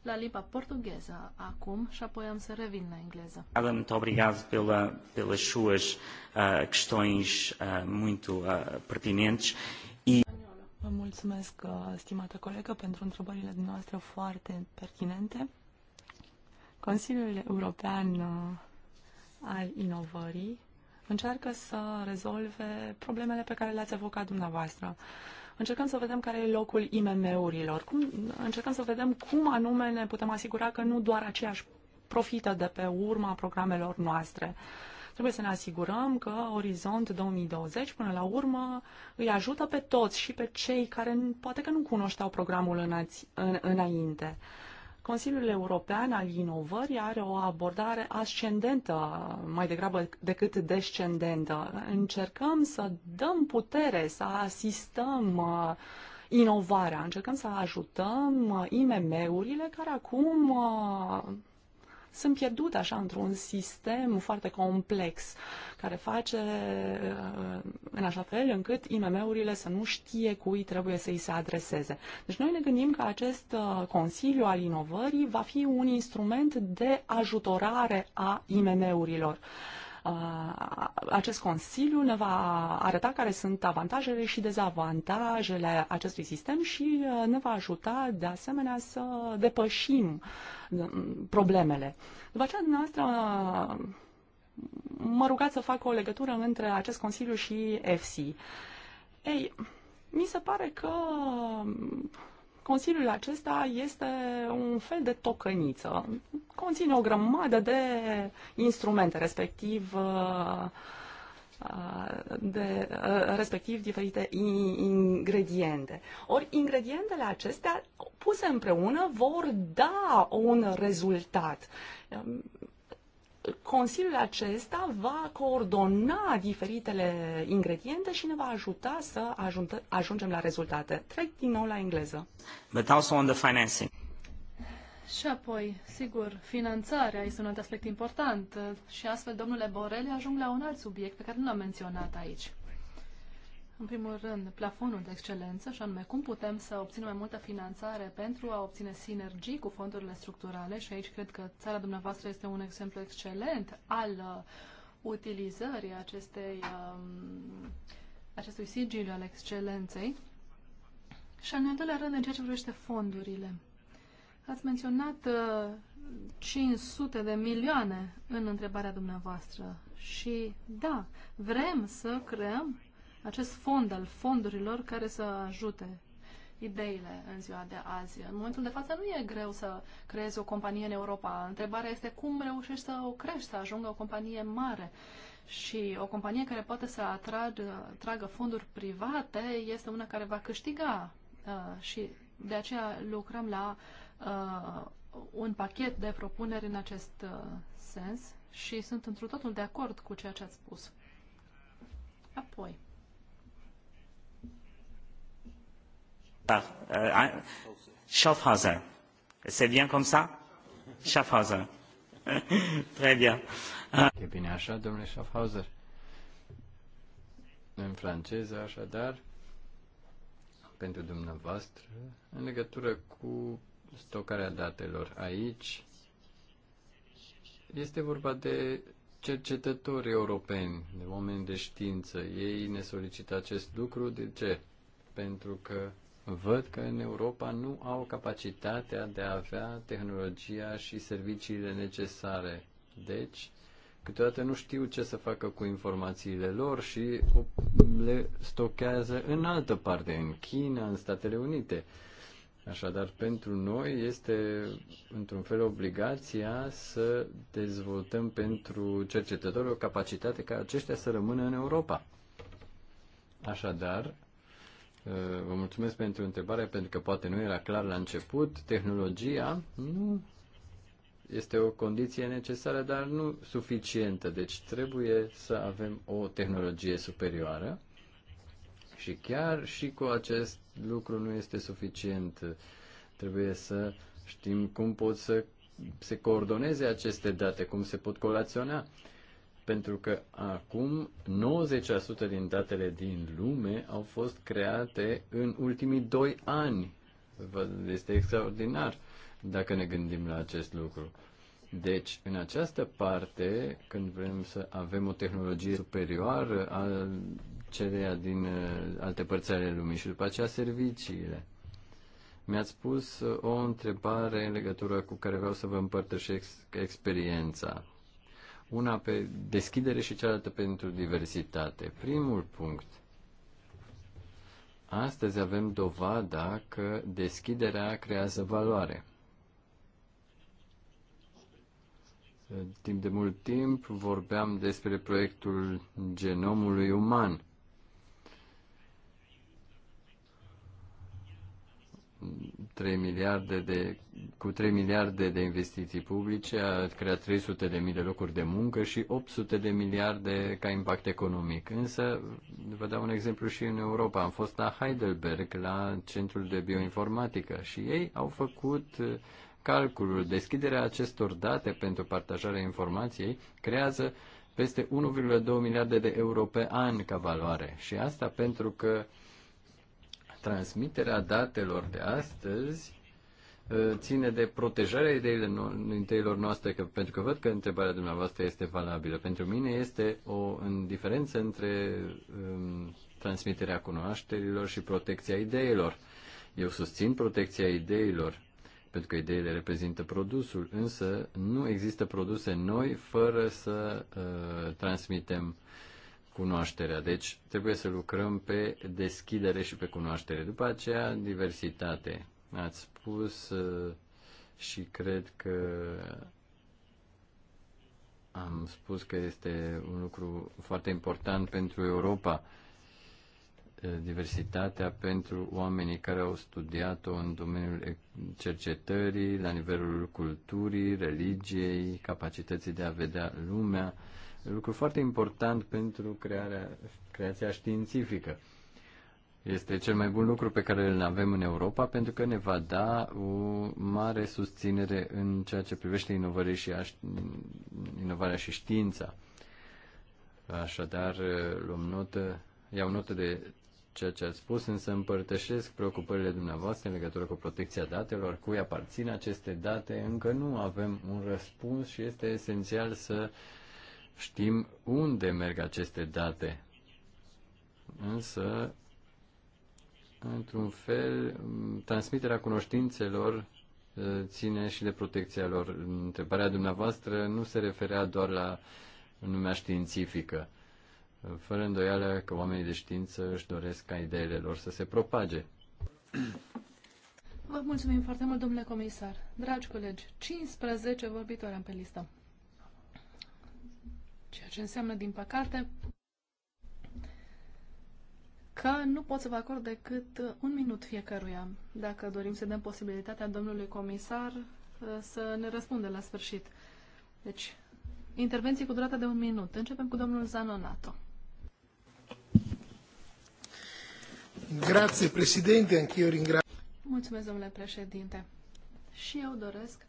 la limba portugheză acum și apoi am să revin la engleză. Ela, muito obrigado pela, pelas suas uh, questões uh, muito uh, pertinentes. Vă mulțumesc, stimată colegă, pentru întrebările noastre foarte pertinente. Consiliul European al Inovării încearcă să rezolve problemele pe care le-ați evocat dumneavoastră. Încercăm să vedem care e locul IMM-urilor. Cum, încercăm să vedem cum anume ne putem asigura că nu doar aceiași profită de pe urma programelor noastre. Trebuie să ne asigurăm că Orizont 2020, până la urmă, îi ajută pe toți și pe cei care poate că nu cunoșteau programul în, înainte. Uh, Consiliul European al Inovării are o abordare ascendentă mai degrabă decât descendentă. Încercăm să dăm putere, să asistăm uh, inovarea, încercăm să ajutăm uh, IMM-urile care acum uh, sunt pierdute așa într-un sistem foarte complex care face uh, în așa fel încât IMM-urile să nu știe cui trebuie să îi se adreseze. Deci noi ne gândim că acest uh, Consiliu al Inovării va fi un instrument de ajutorare a IMM-urilor. Uh, acest Consiliu ne va arăta care sunt avantajele și dezavantajele acestui sistem și uh, ne va ajuta de asemenea să depășim uh, problemele. După aceea, dumneavoastră, mă rugați să fac o legătură între acest Consiliu și FC. Ei, mi se pare că Consiliul acesta este un fel de tocăniță. Conține o grămadă de instrumente, respectiv uh, uh, de, uh, respectiv diferite ingrediente. Ori ingredientele acestea puse împreună vor da un rezultat. Um, Consiliul acesta va coordona diferitele ingrediente și ne va ajuta să ajuntă, ajungem la rezultate. Trec din nou la engleză. But also on the financing. Și apoi, sigur, finanțarea este un alt aspect important și astfel, domnule Borele, ajung la un alt subiect pe care nu l-am menționat aici în primul rând, plafonul de excelență, și anume cum putem să obținem mai multă finanțare pentru a obține sinergii cu fondurile structurale și aici cred că țara dumneavoastră este un exemplu excelent al uh, utilizării acestei, uh, acestui sigiliu al excelenței. Și în al doilea rând, în ceea ce privește fondurile. Ați menționat uh, 500 de milioane în întrebarea dumneavoastră și da, vrem să creăm acest fond al fondurilor care să ajute ideile în ziua de azi. În momentul de față nu e greu să creezi o companie în Europa. Întrebarea este cum reușești să o crești, să ajungă o companie mare. Și o companie care poate să atragă, atragă fonduri private este una care va câștiga. Uh, și de aceea lucrăm la uh, un pachet de propuneri în acest uh, sens și sunt într totul de acord cu ceea ce ați spus. Apoi, Da, eh, Schaffhauser. C'est bien comme ça Schaffhauser. Très bien. Eh. E bine așa, domnule Schaffhauser. În franceză, așadar, pentru dumneavoastră, în legătură cu stocarea datelor aici, este vorba de cercetători europeni, de oameni de știință. Ei ne solicită acest lucru de ce? Pentru că văd că în Europa nu au capacitatea de a avea tehnologia și serviciile necesare. Deci, câteodată nu știu ce să facă cu informațiile lor și le stochează în altă parte, în China, în Statele Unite. Așadar, pentru noi este, într-un fel, obligația să dezvoltăm pentru cercetători o capacitate ca aceștia să rămână în Europa. Așadar, Vă mulțumesc pentru întrebare, pentru că poate nu era clar la început. Tehnologia nu este o condiție necesară, dar nu suficientă. Deci trebuie să avem o tehnologie superioară și chiar și cu acest lucru nu este suficient. Trebuie să știm cum pot să se coordoneze aceste date, cum se pot colaționa. Uh, pentru că acum 90% din datele din lume au fost create în ultimii 2 ani. Este extraordinar dacă ne gândim la acest lucru. Deci, în această parte, când vrem să avem o tehnologie superioară al celeia din uh, alte părți ale lumii și după aceea serviciile. Mi-ați spus uh, o întrebare în legătură cu care vreau să vă împărtășesc experiența una pe deschidere și cealaltă pentru diversitate. Primul punct. Astăzi avem dovada că deschiderea creează valoare. Timp de mult timp vorbeam despre proiectul genomului uman. 3 miliarde de, cu 3 miliarde de investiții publice, a creat 300 de mii de locuri de muncă și 800 de miliarde ca impact economic. Însă, vă dau un exemplu și în Europa. Am fost la Heidelberg, la Centrul de Bioinformatică și ei au făcut uh, calculul. Deschiderea acestor date pentru partajarea informației creează peste 1,2 miliarde de euro pe an ca valoare. Și asta pentru că uh, transmiterea datelor de astăzi uh, ține de protejarea ideilor noastre, că, pentru că văd că întrebarea dumneavoastră este valabilă. Pentru mine este o diferență între um, transmiterea cunoașterilor și protecția ideilor. Eu susțin protecția ideilor, pentru că ideile reprezintă produsul, însă nu există produse noi fără să uh, transmitem uh, cunoașterea. Deci trebuie să lucrăm pe deschidere și pe cunoaștere. După aceea, diversitate. Ați spus uh, și cred că am spus că este un lucru foarte important pentru Europa. Uh, diversitatea pentru oamenii care au studiat-o în domeniul cercetării, la nivelul culturii, religiei, capacității de a vedea lumea, lucru foarte important pentru crearea, creația științifică. Este cel mai bun lucru pe care îl avem în Europa pentru că ne va da o mare susținere în ceea ce privește inovarea și, inovarea și știința. Așadar, luăm notă, iau notă de ceea ce ați spus, însă împărtășesc preocupările dumneavoastră în legătură cu protecția datelor, cui aparțin aceste date, încă nu avem un răspuns și este esențial să uh, Știm unde merg aceste date. Însă, într-un fel, transmiterea cunoștințelor uh, ține și de protecția lor. Întrebarea dumneavoastră nu se referea doar la lumea științifică. Uh, fără îndoială că oamenii de știință își doresc ca ideile lor să se propage. Vă mulțumim foarte mult, domnule comisar. Dragi colegi, 15 vorbitoare am pe listă. Ceea ce înseamnă, din păcate, că nu pot să vă acord decât un minut fiecăruia, dacă dorim să dăm posibilitatea domnului comisar uh, să ne răspundă la sfârșit. Deci, intervenții cu durata de un minut. Începem cu domnul Zanonato. Grazie, președinte, anch'io ringrazio. Mulțumesc, domnule președinte. Și eu doresc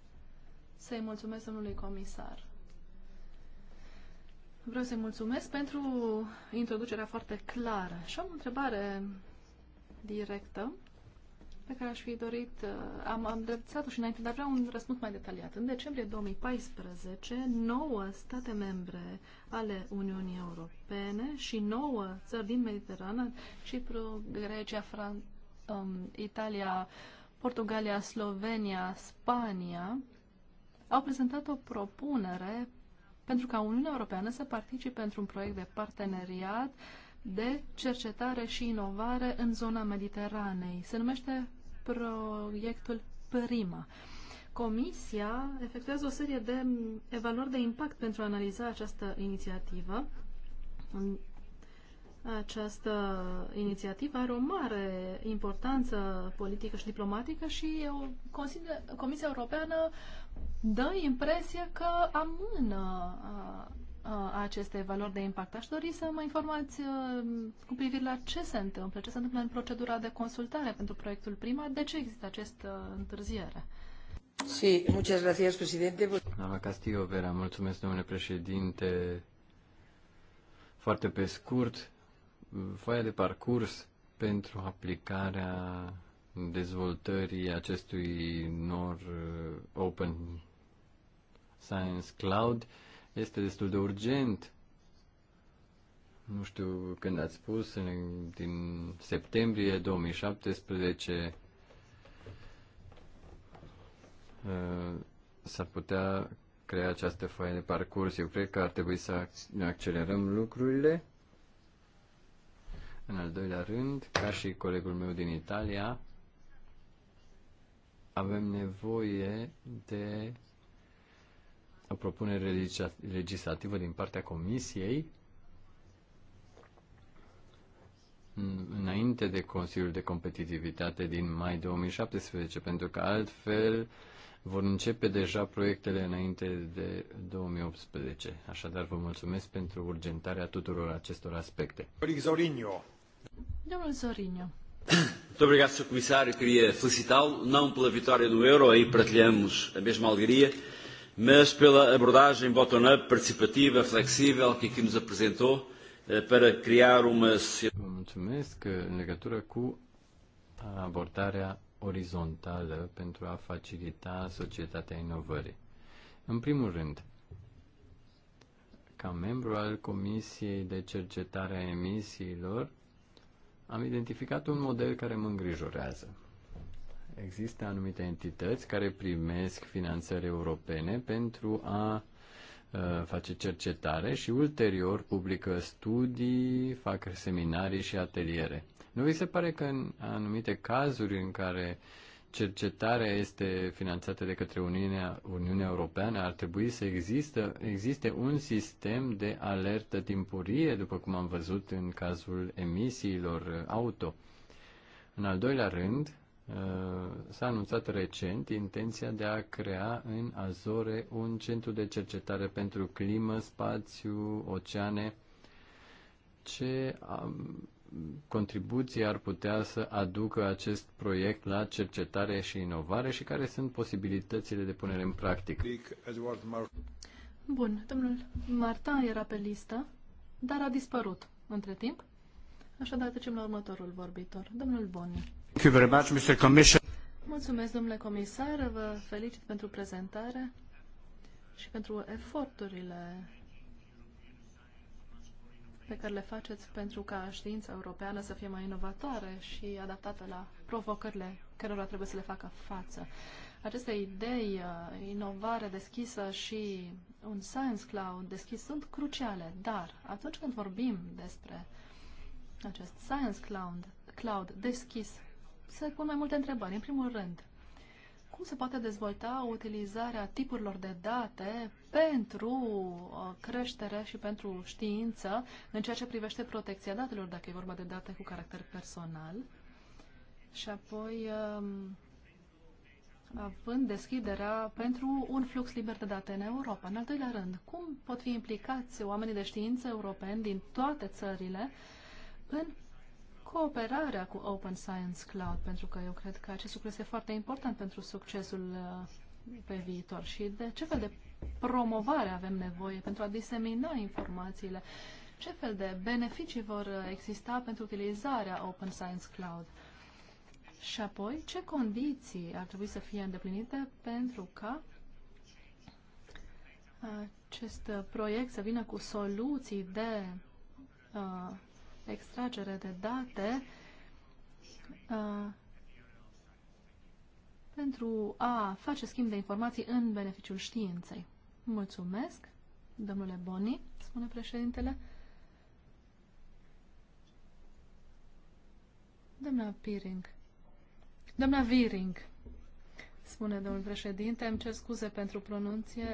să-i mulțumesc domnului comisar Vreau să-i mulțumesc pentru introducerea foarte clară. Și am o întrebare directă pe care aș fi dorit, uh, am, am dreptat-o și înainte, dar vreau un răspuns mai detaliat. În decembrie 2014, nouă state membre ale Uniunii Europene și nouă țări din Mediterană, Cipru, Grecia, Fran- um, Italia, Portugalia, Slovenia, Spania, au prezentat o propunere pentru ca Uniunea Europeană să participe într-un proiect de parteneriat de cercetare și inovare în zona Mediteranei. Se numește proiectul PRIMA. Comisia efectuează o serie de evaluări de impact pentru a analiza această inițiativă această inițiativă are o mare importanță politică și diplomatică și eu consider, Comisia Europeană dă impresia că amână a aceste valori de impact. Aș dori să mă informați cu privire la ce se întâmplă, ce se întâmplă în procedura de consultare pentru proiectul prima, de ce există această întârziere. Sí, muchas gracias, presidente. Doamna Castillo Vera, mulțumesc, domnule președinte. Foarte pe scurt, foaia de parcurs pentru aplicarea dezvoltării acestui NOR uh, Open Science Cloud este destul de urgent. Nu știu când ați spus, din septembrie 2017 uh, s-ar putea crea această foaie de parcurs. Eu cred că ar trebui să accelerăm lucrurile în al doilea rând, ca și colegul meu din Italia, avem nevoie de o propunere legislativă din partea Comisiei înainte de Consiliul de Competitivitate din mai 2017, pentru că altfel vor începe deja proiectele înainte de 2018. Așadar, vă mulțumesc pentru urgentarea tuturor acestor aspecte. Zorinio. Domnul Zorinio. Muito obrigado, Sr. Comissário. Queria felicitá-lo, não pela vitória do euro, aí partilhamos a mesma alegria, mas pela abordagem bottom-up, participativa, flexível, que aqui nos apresentou, eh, para criar uma sociedade. Vă mulțumesc eh, în legătură cu abordarea orizontală pentru a facilita societatea inovării. În primul rând, ca membru al Comisiei de Cercetare a Emisiilor, am identificat un model care mă îngrijorează. Există anumite entități care primesc finanțări europene pentru a uh, face cercetare și ulterior publică studii, fac seminarii și ateliere. Nu vi se pare că în anumite cazuri în care uh, cercetarea este finanțată de către Uniunea, Uniunea Europeană, ar trebui să există, existe un sistem de alertă timpurie, după cum am văzut în cazul emisiilor auto. În al doilea rând, uh, s-a anunțat recent intenția de a crea în Azore un centru de cercetare pentru climă, spațiu, oceane, ce contribuții ar putea să aducă acest proiect la cercetare și inovare și care sunt posibilitățile de punere în practică. Bun, domnul Marta era pe listă, dar a dispărut între timp. Așadar, trecem la următorul vorbitor, domnul Boni. Mulțumesc, domnule comisar, vă felicit pentru prezentare și pentru eforturile pe care le faceți pentru ca știința europeană să fie mai inovatoare și adaptată la provocările cărora trebuie să le facă față. Aceste idei, uh, inovare deschisă și un science cloud deschis sunt cruciale, dar atunci când vorbim despre acest science cloud, cloud deschis, se pun mai multe întrebări. În primul rând, cum se poate dezvolta utilizarea tipurilor de date pentru uh, creștere și pentru știință în ceea ce privește protecția datelor, dacă e vorba de date cu caracter personal. Și apoi, um, având deschiderea pentru un flux liber de date în Europa. În al doilea rând, cum pot fi implicați oamenii de știință europeni din toate țările în cooperarea cu Open Science Cloud, pentru că eu cred că acest lucru este foarte important pentru succesul uh, pe viitor și de ce fel de promovare avem nevoie pentru a disemina informațiile, ce fel de beneficii vor uh, exista pentru utilizarea Open Science Cloud. Și apoi, ce condiții ar trebui să fie îndeplinite pentru ca acest uh, proiect să vină cu soluții de uh, extragere de date uh, pentru a face schimb de informații în beneficiul științei. Mulțumesc, domnule Boni, spune președintele. Doamna Piring. Doamna Viring, spune domnul președinte, îmi cer scuze pentru pronunție.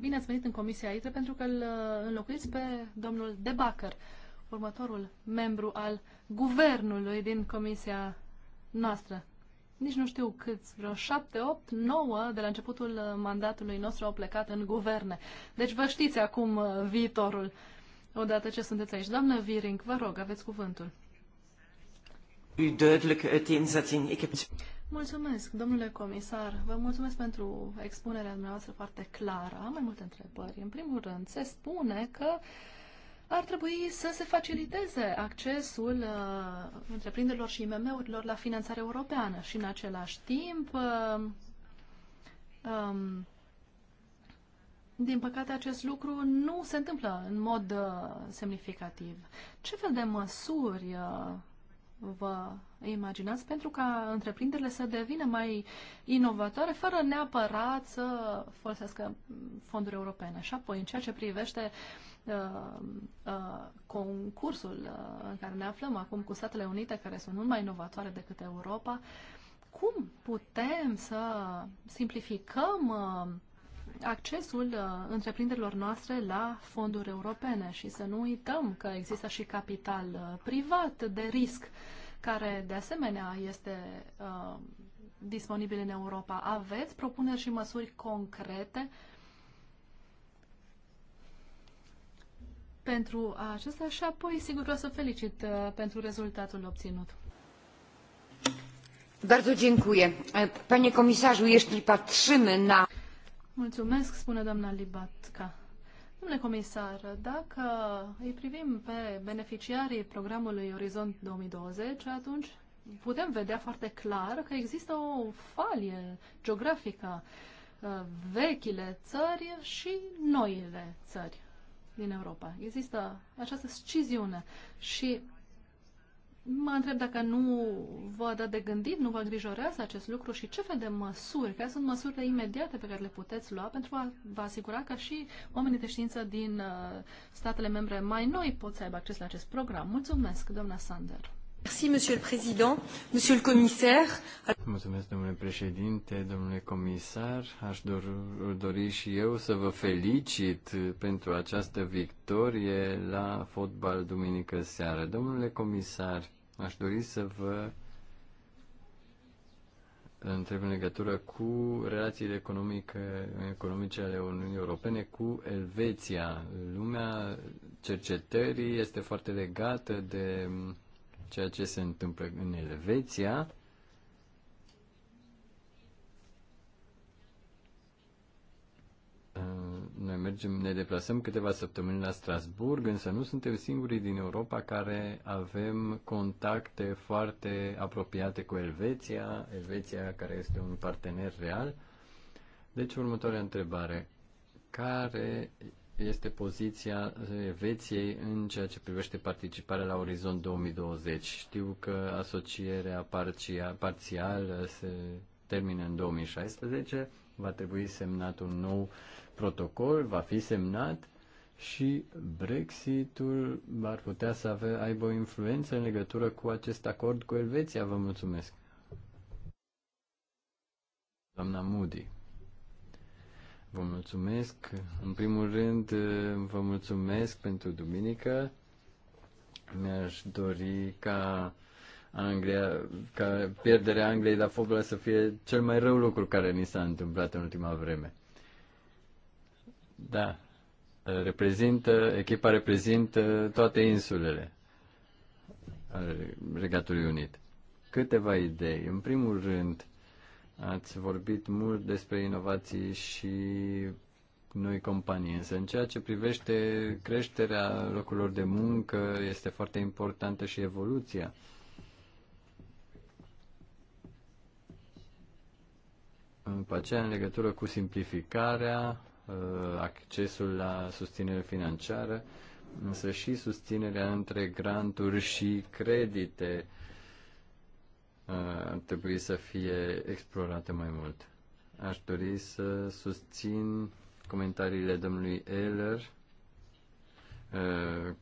Bine ați venit în Comisia ITRE pentru că îl uh, înlocuiți pe domnul Debacăr următorul membru al guvernului din comisia noastră. Nici nu știu câți, vreo șapte, opt, nouă de la începutul mandatului nostru au plecat în guverne. Deci vă știți acum uh, viitorul. Odată ce sunteți aici. Doamnă Viring, vă rog, aveți cuvântul. Mulțumesc, domnule comisar. Vă mulțumesc pentru expunerea dumneavoastră foarte clară. Am mai multe întrebări. În primul rând, se spune că uh, ar trebui să se faciliteze accesul uh, întreprinderilor și IMM-urilor la finanțare europeană și în același timp uh, um, din păcate, acest lucru nu se întâmplă în mod uh, semnificativ. Ce fel de măsuri uh, vă imaginați pentru ca întreprinderile să devină mai inovatoare fără neapărat să folosească fonduri europene? Și apoi, în ceea ce privește uh, Uh, uh, concursul uh, în care ne aflăm acum cu Statele Unite, care sunt mult mai inovatoare decât Europa, cum putem să simplificăm uh, accesul uh, întreprinderilor noastre la fonduri europene și să nu uităm că există și capital uh, privat de risc, care de asemenea este uh, disponibil în Europa. Aveți propuneri și măsuri concrete uh, pentru acesta și apoi, sigur, o să felicit uh, pentru rezultatul obținut. Bardzo dziękuję. Panie komisarzu, jeśli patrzymy na... Mulțumesc, spune doamna Libatka. Domnule comisar, dacă îi privim pe beneficiarii programului Orizont 2020, atunci putem vedea foarte clar că există o falie geografică, uh, vechile țări și noile țări din Europa. Există această sciziune și mă întreb dacă nu vă dă de gândit, nu vă îngrijorează acest lucru și ce fel de măsuri, care sunt măsurile imediate pe care le puteți lua pentru a vă asigura că și oamenii de știință din uh, statele membre mai noi pot să aibă acces la acest program. Mulțumesc, doamna Sander. Mulțumesc, domnule președinte, domnule comisar. Aș dori și eu să vă felicit pentru această victorie la fotbal duminică seară. Domnule comisar, aș dori să vă întreb în legătură cu relațiile economice, economice ale Uniunii Europene cu Elveția. Lumea cercetării este foarte legată de ceea ce se întâmplă în Elveția, uh, noi mergem, ne deplasăm câteva săptămâni la Strasburg, însă nu suntem singurii din Europa care avem contacte foarte apropiate cu Elveția, Elveția care este un partener real. Deci, următoarea întrebare. Care este poziția Elveției în ceea ce privește participarea la Orizont 2020. Știu că asocierea parțială se termină în 2016, va trebui semnat un nou protocol, va fi semnat și Brexitul ar putea să ave, aibă o influență în legătură cu acest acord cu Elveția. Vă mulțumesc. Doamna Moody. Vă mulțumesc. În primul rând, vă mulțumesc pentru duminică. Mi-aș dori ca Anglia, ca pierderea Angliei la fotbal să fie cel mai rău lucru care ni s-a întâmplat în ultima vreme. Da, reprezintă, echipa reprezintă toate insulele al Regatului Unit. Câteva idei. În primul rând, Ați vorbit mult despre inovații și noi companii, însă în ceea ce privește creșterea locurilor de muncă este foarte importantă și evoluția. În aceea, în legătură cu simplificarea, uh, accesul la susținere financiară, însă și susținerea între granturi și credite, ar trebui să fie explorate mai mult. Aș dori să susțin comentariile domnului Eller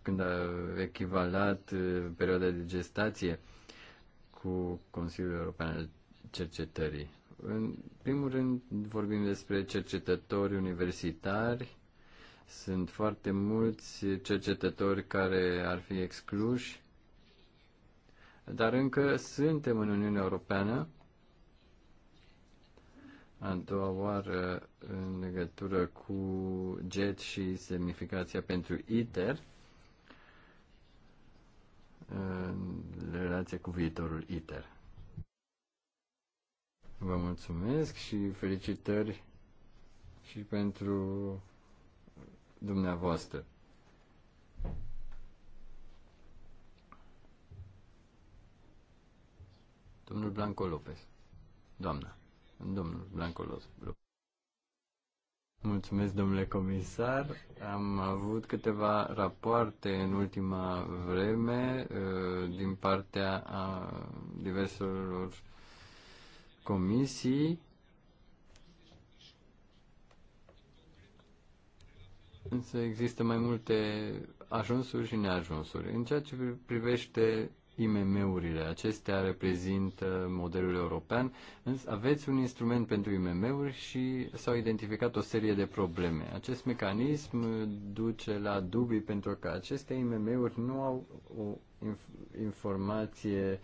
când a echivalat perioada de gestație cu Consiliul European al Cercetării. În primul rând vorbim despre cercetători universitari. Sunt foarte mulți cercetători care ar fi excluși dar încă suntem în Uniunea Europeană. A doua oară în legătură cu JET și semnificația pentru ITER în relație cu viitorul ITER. Vă mulțumesc și felicitări și pentru dumneavoastră. Domnul Blanco Lopez. Doamna. Domnul Blanco Lopez. Mulțumesc, domnule comisar. Am avut câteva rapoarte în ultima vreme uh, din partea a diverselor comisii. Însă există mai multe ajunsuri și neajunsuri. În ceea ce privește IMM-urile. Acestea reprezintă modelul european, însă aveți un instrument pentru IMM-uri și s-au identificat o serie de probleme. Acest mecanism duce la dubii pentru că aceste IMM-uri nu au o informație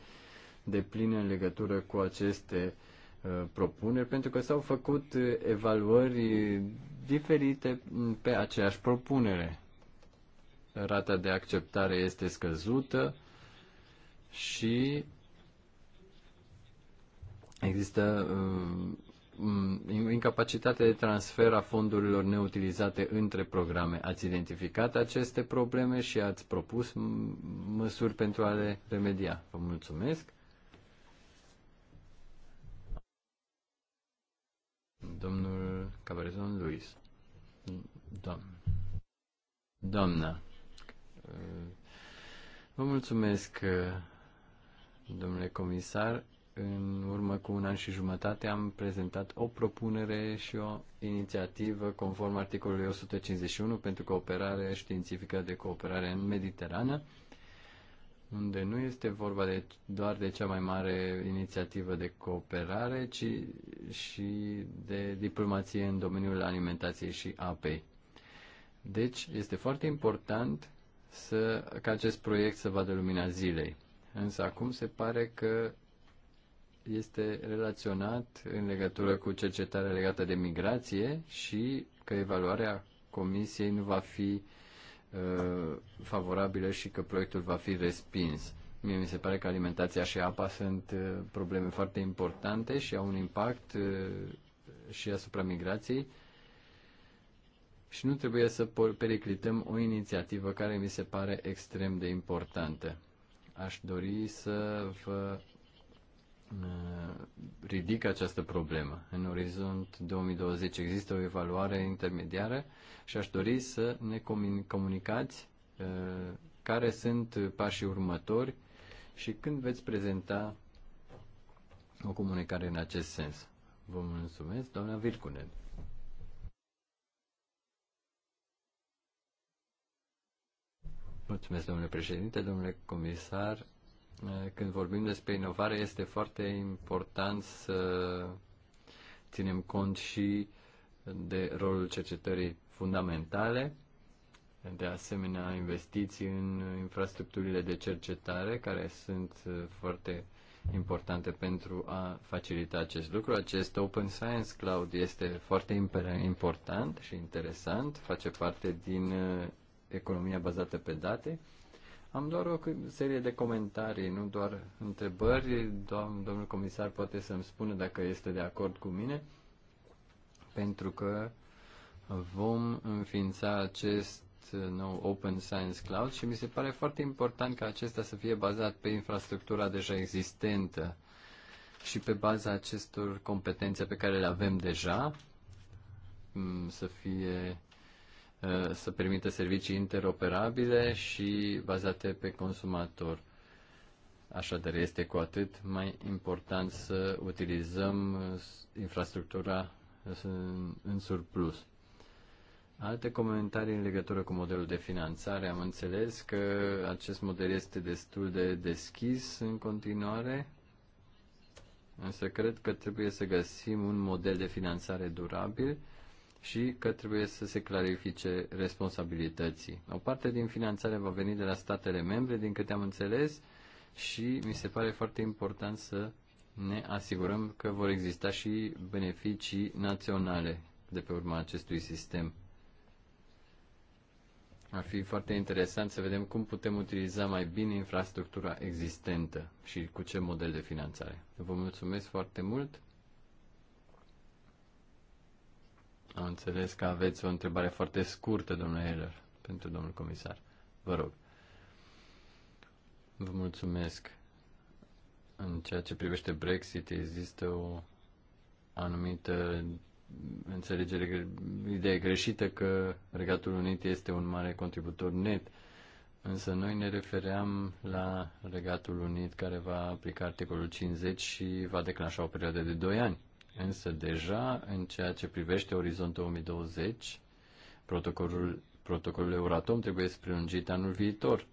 de plină în legătură cu aceste uh, propuneri, pentru că s-au făcut uh, evaluări diferite pe aceeași propunere. Rata de acceptare este scăzută, și există uh, incapacitate de transfer a fondurilor neutilizate între programe. Ați identificat aceste probleme și ați propus măsuri pentru a le remedia. Vă mulțumesc. Domnul Cabrezon Luis. Doamna. Doamna. Uh, vă mulțumesc uh, Domnule comisar, în urmă cu un an și jumătate am prezentat o propunere și o inițiativă conform articolului 151 pentru cooperare științifică de cooperare în Mediterană, unde nu este vorba de, doar de cea mai mare inițiativă de cooperare, ci și de diplomație în domeniul alimentației și apei. Deci, este foarte important să, ca acest proiect să vadă lumina zilei Însă acum se pare că este relaționat în legătură cu cercetarea legată de migrație și că evaluarea comisiei nu va fi uh, favorabilă și că proiectul va fi respins. Mie mi se pare că alimentația și apa sunt uh, probleme foarte importante și au un impact uh, și asupra migrației și nu trebuie să periclităm o inițiativă care mi se pare extrem de importantă aș dori să vă uh, ridic această problemă. În orizont 2020 există o evaluare intermediară și aș dori să ne comunicați uh, care sunt pașii următori și când veți prezenta o comunicare în acest sens. Vă mulțumesc, doamna Vircunen. Mulțumesc, domnule președinte, domnule comisar. Când vorbim despre inovare, este foarte important să ținem cont și de rolul cercetării fundamentale, de asemenea investiții în infrastructurile de cercetare, care sunt foarte importante pentru a facilita acest lucru. Acest Open Science Cloud este foarte important și interesant, face parte din economia bazată pe date. Am doar o serie de comentarii, nu doar întrebări. Doam, domnul comisar poate să-mi spună dacă este de acord cu mine, pentru că vom înființa acest nou Open Science Cloud și mi se pare foarte important ca acesta să fie bazat pe infrastructura deja existentă și pe baza acestor competențe pe care le avem deja mm, să fie Uh, să permită servicii interoperabile și bazate pe consumator. Așadar, este cu atât mai important să utilizăm infrastructura în surplus. Alte comentarii în legătură cu modelul de finanțare. Am înțeles că acest model este destul de deschis în continuare, însă cred că trebuie să găsim un model de finanțare durabil și că trebuie să se clarifice responsabilității. O parte din finanțare va veni de la statele membre, din câte am înțeles, și mi se pare foarte important să ne asigurăm că vor exista și beneficii naționale de pe urma acestui sistem. Ar fi foarte interesant să vedem cum putem utiliza mai bine infrastructura existentă și cu ce model de finanțare. Vă mulțumesc foarte mult. Am înțeles că aveți o întrebare foarte scurtă, domnule Heller, pentru domnul comisar. Vă rog. Vă mulțumesc. În ceea ce privește Brexit, există o anumită înțelegere, idee greșită că Regatul Unit este un mare contributor net, însă noi ne refeream la Regatul Unit care va aplica articolul 50 și va declanșa o perioadă de 2 ani. Însă deja, în ceea ce privește orizontul 2020, protocolul, protocolul Euratom trebuie prelungit anul viitor.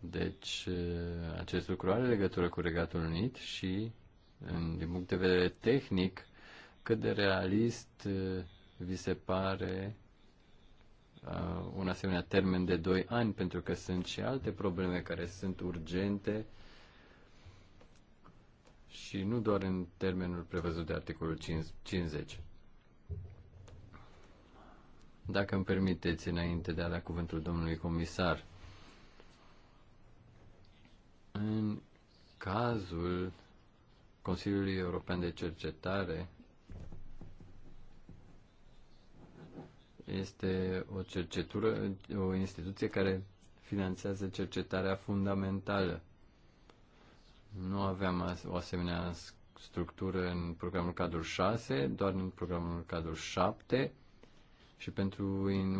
Deci, eh, acest lucru are legătură cu Regatul Unit și, din punct de vedere tehnic, cât de realist eh, vi se pare eh, un asemenea termen de 2 ani, pentru că sunt și alte probleme care sunt urgente și nu doar în termenul prevăzut de articolul 50. Dacă îmi permiteți, înainte de a da cuvântul domnului comisar, în cazul Consiliului European de Cercetare, este o cercetură, o instituție care finanțează cercetarea fundamentală nu aveam o asemenea structură în programul cadrul 6, doar în programul cadrul 7 și pentru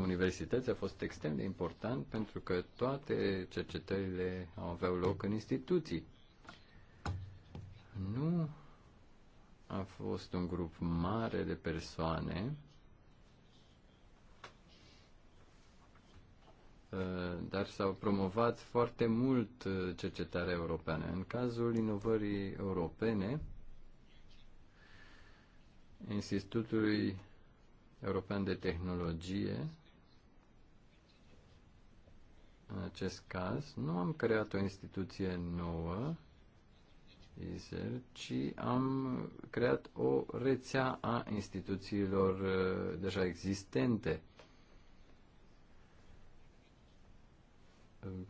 universități a fost extrem de important pentru că toate cercetările au aveau loc în instituții. Nu a fost un grup mare de persoane Eh, dar s-au promovat foarte mult eh, cercetarea europeană. În cazul inovării europene, Institutului European de Tehnologie, în acest caz, nu am creat o instituție nouă, ci am creat o rețea a instituțiilor eh, deja existente –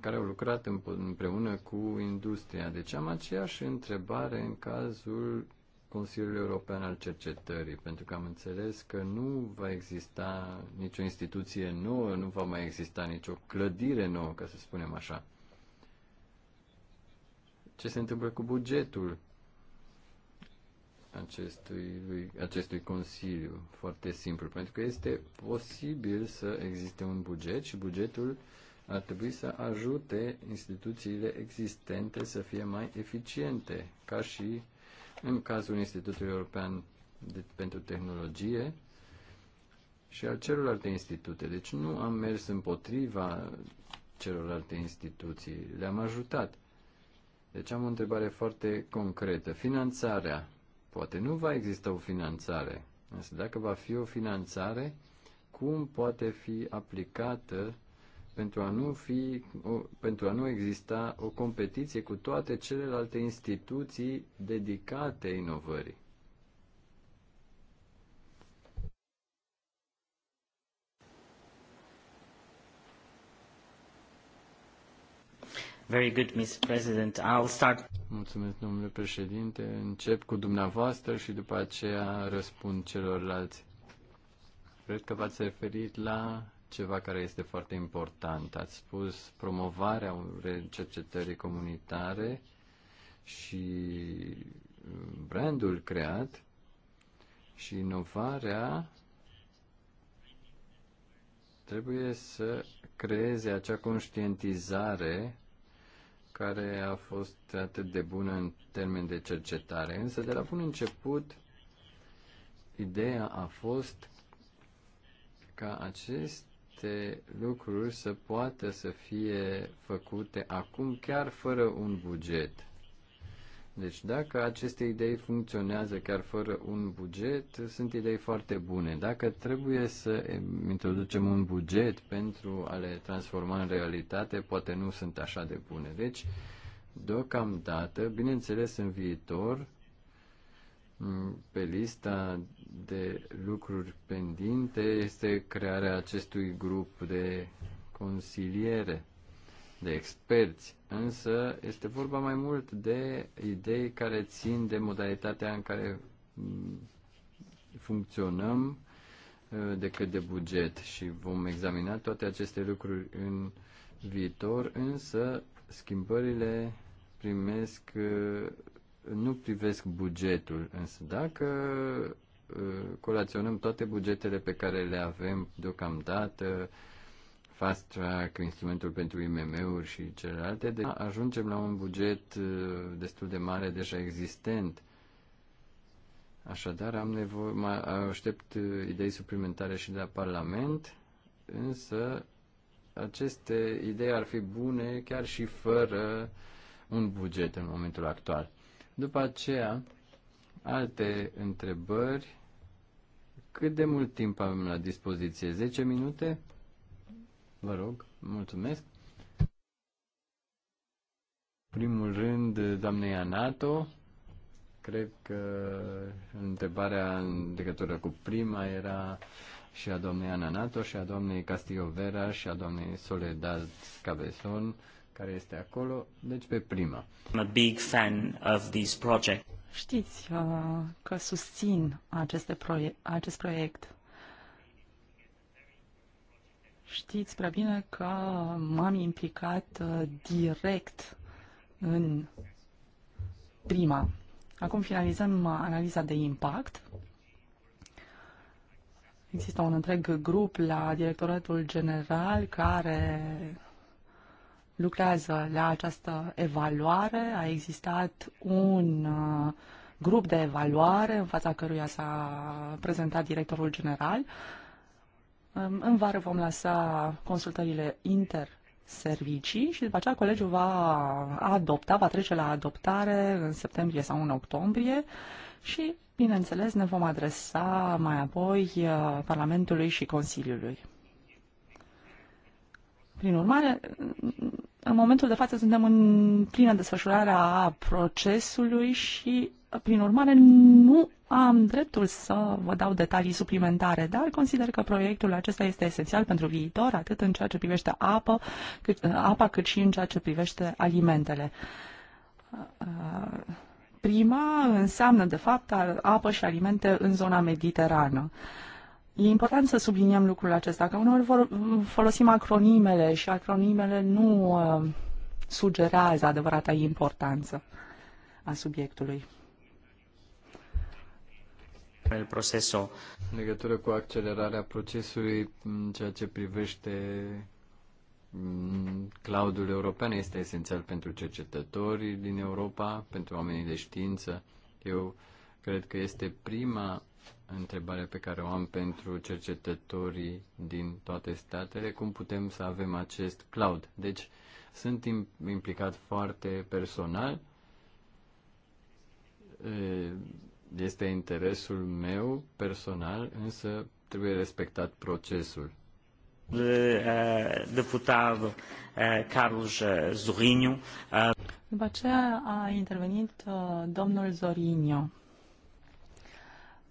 care au lucrat împreună cu industria. Deci am aceeași întrebare în cazul Consiliului European al Cercetării, pentru că am înțeles că nu va exista nicio instituție nouă, nu va mai exista nicio clădire nouă, ca să spunem așa. Ce se întâmplă cu bugetul acestui, acestui Consiliu? Foarte simplu, pentru că este posibil să existe un buget și bugetul uh, ar trebui să ajute instituțiile existente să fie mai eficiente, ca și în cazul Institutului European de, pentru Tehnologie și al celorlalte institute. Deci nu am mers împotriva celorlalte instituții, le-am ajutat. Deci am o întrebare foarte concretă. Finanțarea. Poate nu va exista o finanțare, însă dacă va fi o finanțare, cum poate fi aplicată pentru a nu, fi, o, pentru a nu exista o competiție cu toate celelalte instituții dedicate inovării. Very good, Mr. President. I'll start. Mulțumesc, domnule președinte. Încep cu dumneavoastră și după aceea răspund celorlalți. Cred că v-ați referit la ceva care este foarte important. Ați spus promovarea cercetării comunitare și uh, brandul creat și inovarea trebuie să creeze acea conștientizare care a fost atât de bună în termen de cercetare. Însă, de la bun început, ideea a fost ca acest aceste lucruri să poată să fie făcute acum chiar fără un buget. Deci dacă aceste idei funcționează chiar fără un buget, sunt idei foarte bune. Dacă trebuie să introducem un buget pentru a le transforma în realitate, poate nu sunt așa de bune. Deci, deocamdată, bineînțeles, în viitor, pe lista de lucruri pendinte este crearea acestui grup de consiliere, de experți, însă este vorba mai mult de idei care țin de modalitatea în care mm, funcționăm uh, decât de buget și vom examina toate aceste lucruri în viitor, însă schimbările primesc uh, nu privesc bugetul, însă dacă Uh, colaționăm toate bugetele pe care le avem deocamdată, fast track, instrumentul pentru IMM-uri și celelalte, de ajungem la un buget uh, destul de mare deja existent. Așadar, am nevoie, mă aștept uh, idei suplimentare și de la Parlament, însă aceste idei ar fi bune chiar și fără un buget în momentul actual. După aceea, alte întrebări cât de mult timp avem la dispoziție? 10 minute? Vă rog, mulțumesc. Primul rând, doamnei Anato, cred că întrebarea în legătură cu prima era și a doamnei Ananato și a doamnei Castillo Vera și a doamnei Soledad Cabezon care este acolo, deci pe prima. I'm a big fan of this project. Știți uh, că susțin aceste proie- acest proiect. Știți prea bine că m-am implicat uh, direct în prima. Acum finalizăm analiza de impact. Există un întreg grup la directoratul general care lucrează la această evaluare. A existat un uh, grup de evaluare în fața căruia s-a prezentat directorul general. Um, în vară vom lăsa consultările inter servicii și după aceea colegiul va adopta, va trece la adoptare în septembrie sau în octombrie și, bineînțeles, ne vom adresa mai apoi uh, Parlamentului și Consiliului. Prin urmare, în momentul de față suntem în plină desfășurare a procesului și, prin urmare, nu am dreptul să vă dau detalii suplimentare, dar consider că proiectul acesta este esențial pentru viitor, atât în ceea ce privește apă, cât, apa, cât și în ceea ce privește alimentele. Prima înseamnă, de fapt, apă și alimente în zona mediterană. E important să subliniem lucrul acesta, că uneori folosim acronimele și acronimele nu uh, sugerează adevărata importanță a subiectului. El procesul În legătură cu accelerarea procesului, în ceea ce privește mm, cloudul european este esențial pentru cercetătorii din Europa, pentru oamenii de știință. Eu cred că este prima întrebarea pe care o am pentru cercetătorii din toate statele, cum putem să avem acest cloud. Deci sunt implicat foarte personal. Este interesul meu personal, însă trebuie respectat procesul. De, uh, deputat uh, Carlos Zorinho. Uh... După aceea a intervenit uh, domnul Zorinho.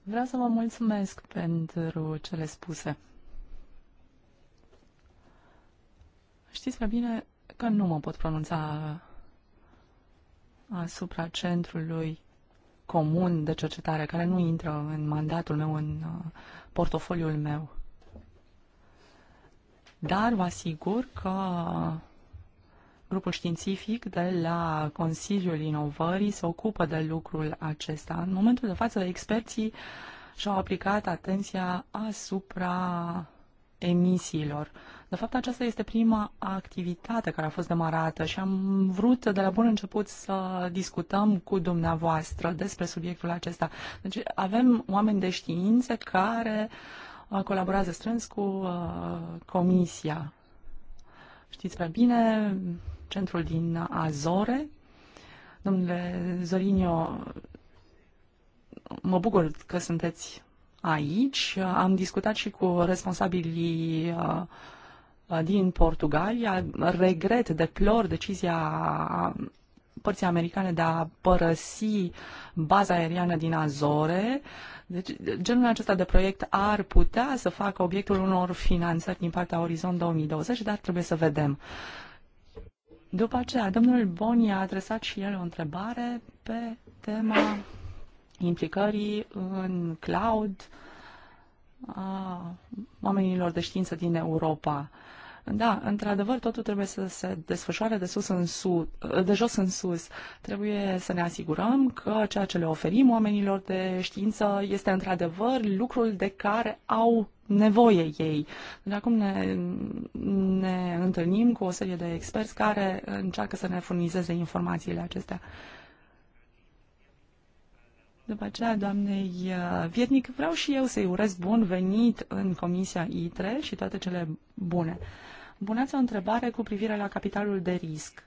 Vreau să vă mulțumesc pentru cele spuse. Știți prea bine că nu mă pot pronunța asupra centrului comun de cercetare, care nu intră în mandatul meu, în uh, portofoliul meu. Dar vă asigur că Grupul științific de la Consiliul Inovării se ocupă de lucrul acesta. În momentul de față, experții și-au aplicat atenția asupra emisiilor. De fapt, aceasta este prima activitate care a fost demarată și am vrut de la bun început să discutăm cu dumneavoastră despre subiectul acesta. Deci avem oameni de știință care uh, colaborează strâns cu uh, comisia. Știți prea bine, centrul din Azore. Domnule Zorinio, mă bucur că sunteți aici. Am discutat și cu responsabilii uh, din Portugalia. Regret, deplor decizia părții americane de a părăsi baza aeriană din Azore. Deci, genul acesta de proiect ar putea să facă obiectul unor finanțări din partea Orizont 2020, dar trebuie să vedem. După aceea, domnul Boni a adresat și el o întrebare pe tema implicării în cloud a oamenilor de știință din Europa. Da, într-adevăr, totul trebuie să se desfășoare de, sus în sus, de jos în sus. Trebuie să ne asigurăm că ceea ce le oferim oamenilor de știință este într-adevăr lucrul de care au nevoie ei. De deci acum ne, ne întâlnim cu o serie de experți care încearcă să ne furnizeze informațiile acestea. După aceea, doamnei uh, Vietnic, vreau și eu să-i urez bun venit în Comisia ITRE și toate cele bune. Bună o întrebare cu privire la capitalul de risc.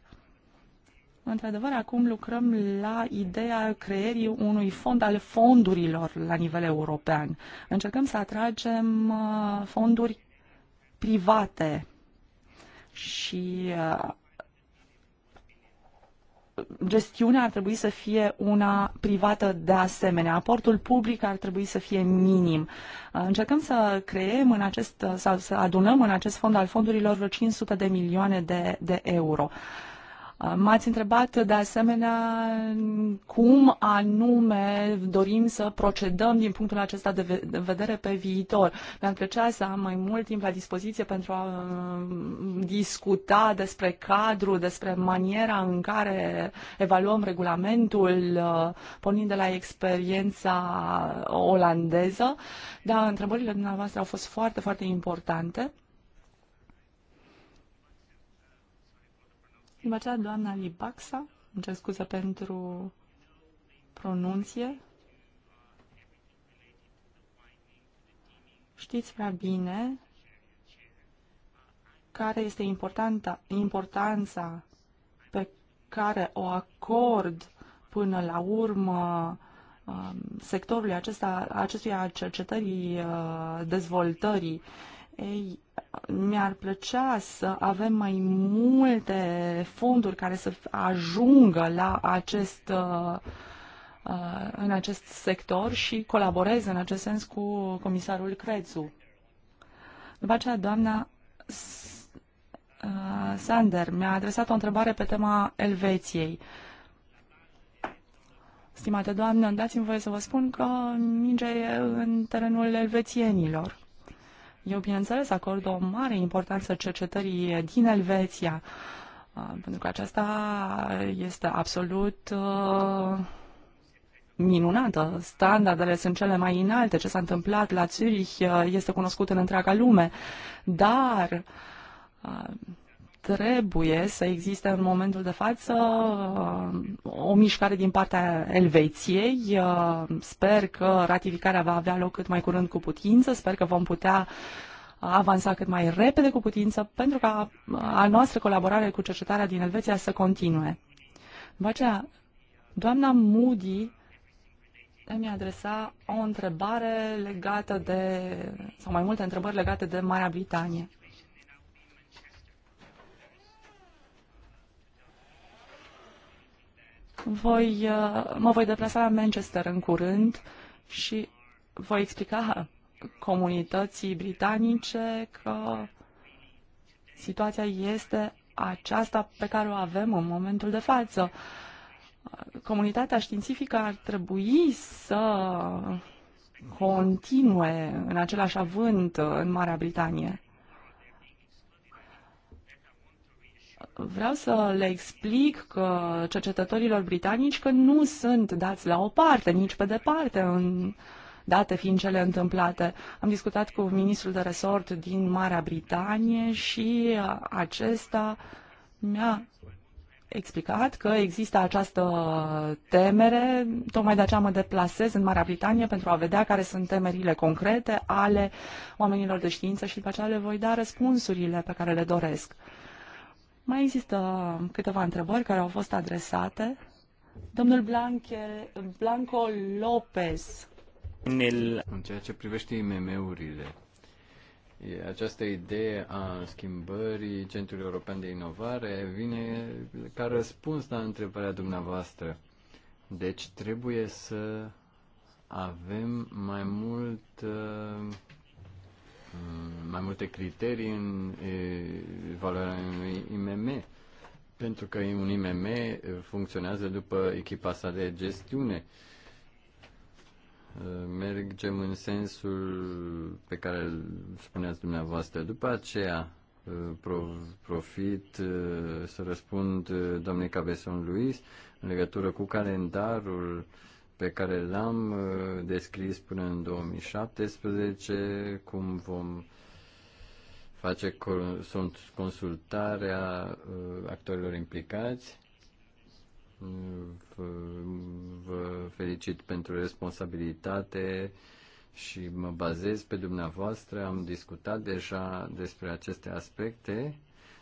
Într-adevăr, acum lucrăm la ideea creierii unui fond al fondurilor la nivel european. Încercăm să atragem uh, fonduri private și uh, gestiunea ar trebui să fie una privată de asemenea. Aportul public ar trebui să fie minim. Uh, încercăm să creăm în acest, uh, sau să adunăm în acest fond al fondurilor vreo 500 de milioane de, de euro. M-ați întrebat de asemenea cum anume dorim să procedăm din punctul acesta de vedere pe viitor. Mi-ar plăcea să am mai mult timp la dispoziție pentru a mm, discuta despre cadru, despre maniera în care evaluăm regulamentul, uh, pornind de la experiența olandeză, dar întrebările dumneavoastră au fost foarte, foarte importante. După aceea, doamna Libaxa, îmi cer scuze pentru pronunție. Știți prea bine care este importanța pe care o acord până la urmă um, sectorului acesta, acestuia cercetării uh, dezvoltării ei, mi-ar plăcea să avem mai multe fonduri care să ajungă la acest, uh, uh, în acest sector și colaborez în acest sens cu comisarul Crețu. După aceea, doamna uh, Sander mi-a adresat o întrebare pe tema Elveției. Stimate doamnă, dați-mi voie să vă spun că mingea e în terenul elvețienilor. Eu, bineînțeles, acord o mare importanță cercetării din Elveția, uh, pentru că aceasta este absolut uh, minunată. Standardele sunt cele mai înalte. Ce s-a întâmplat la Zurich uh, este cunoscut în întreaga lume. Dar trebuie să existe în momentul de față uh, o mișcare din partea Elveției. Uh, sper că ratificarea va avea loc cât mai curând cu putință, sper că vom putea avansa cât mai repede cu putință pentru ca uh, a noastră colaborare cu cercetarea din Elveția să continue. După aceea, doamna Moody îmi adresa o întrebare legată de, sau mai multe întrebări legate de Marea Britanie. Voi, uh, mă voi deplasa la Manchester în curând și voi explica comunității britanice că situația este aceasta pe care o avem în momentul de față. Comunitatea științifică ar trebui să continue în același avânt în Marea Britanie. vreau să le explic că cercetătorilor britanici că nu sunt dați la o parte, nici pe departe, în, date fiind cele întâmplate. Am discutat cu ministrul de resort din Marea Britanie și acesta mi-a explicat că există această temere, tocmai de aceea mă deplasez în Marea Britanie pentru a vedea care sunt temerile concrete ale oamenilor de știință și după aceea le voi da răspunsurile pe care le doresc. Mai există câteva întrebări care au fost adresate. Domnul Blanche, Blanco Lopez. În ceea ce privește IMM-urile, această idee a schimbării Centrului European de Inovare vine ca răspuns la întrebarea dumneavoastră. Deci trebuie să avem mai mult uh, Mm, mai multe criterii în valoarea unui IMM, pentru că un IMM funcționează după echipa sa de gestiune. Mergem în sensul pe care îl spuneați dumneavoastră. După aceea, profit să răspund doamnei Cabeson Luis în legătură cu calendarul pe care l-am uh, descris până în 2017, cum vom face consultarea uh, actorilor implicați. Vă felicit pentru responsabilitate și mă bazez pe dumneavoastră. Am discutat deja despre aceste aspecte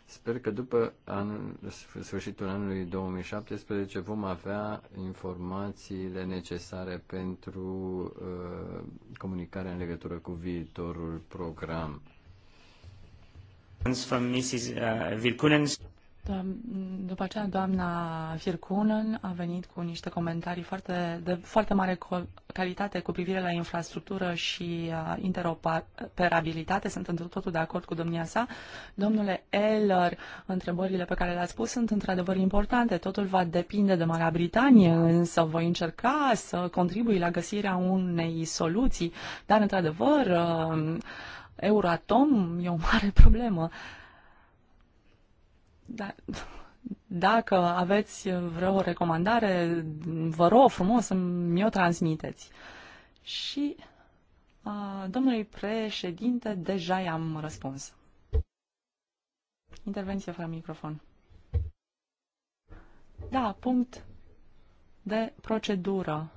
Sper că după anul, sfârșitul anului 2017 vom avea informațiile necesare pentru uh, comunicarea în legătură cu viitorul program. From Mrs. Uh, după aceea, doamna Virkunen a venit cu niște comentarii foarte, de foarte mare calitate cu privire la infrastructură și uh, interoperabilitate. Sunt într totul de acord cu domnia sa. Domnule Eller, întrebările pe care le-ați pus sunt într-adevăr importante. Totul va depinde de Marea Britanie, însă voi încerca să contribui la găsirea unei soluții. Dar, într-adevăr, uh, Euratom e o mare problemă. Uh, da. dacă aveți vreo recomandare, vă rog frumos să mi-o transmiteți. Și a, domnului președinte, deja i-am răspuns. Intervenție fără microfon. Da, punct de procedură.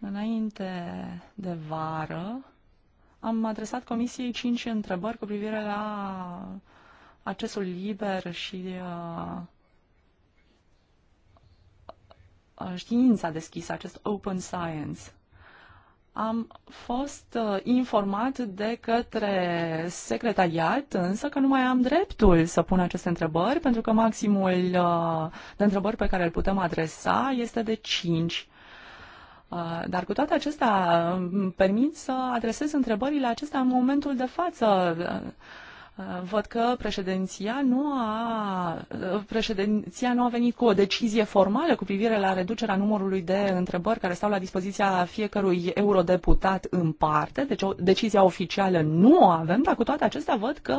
Înainte de vară am adresat comisiei cinci întrebări cu privire la accesul liber și uh, știința deschisă, acest open science. Am fost uh, informat de către secretariat, însă că nu mai am dreptul să pun aceste întrebări, pentru că maximul uh, de întrebări pe care îl putem adresa este de 5. Dar cu toate acestea, îmi permit să adresez întrebările acestea în momentul de față Uh, văd că președinția nu a, uh, președinția nu a venit cu o decizie formală cu privire la reducerea numărului de întrebări care stau la dispoziția fiecărui eurodeputat în parte, deci o decizie oficială nu o avem, dar cu toate acestea văd că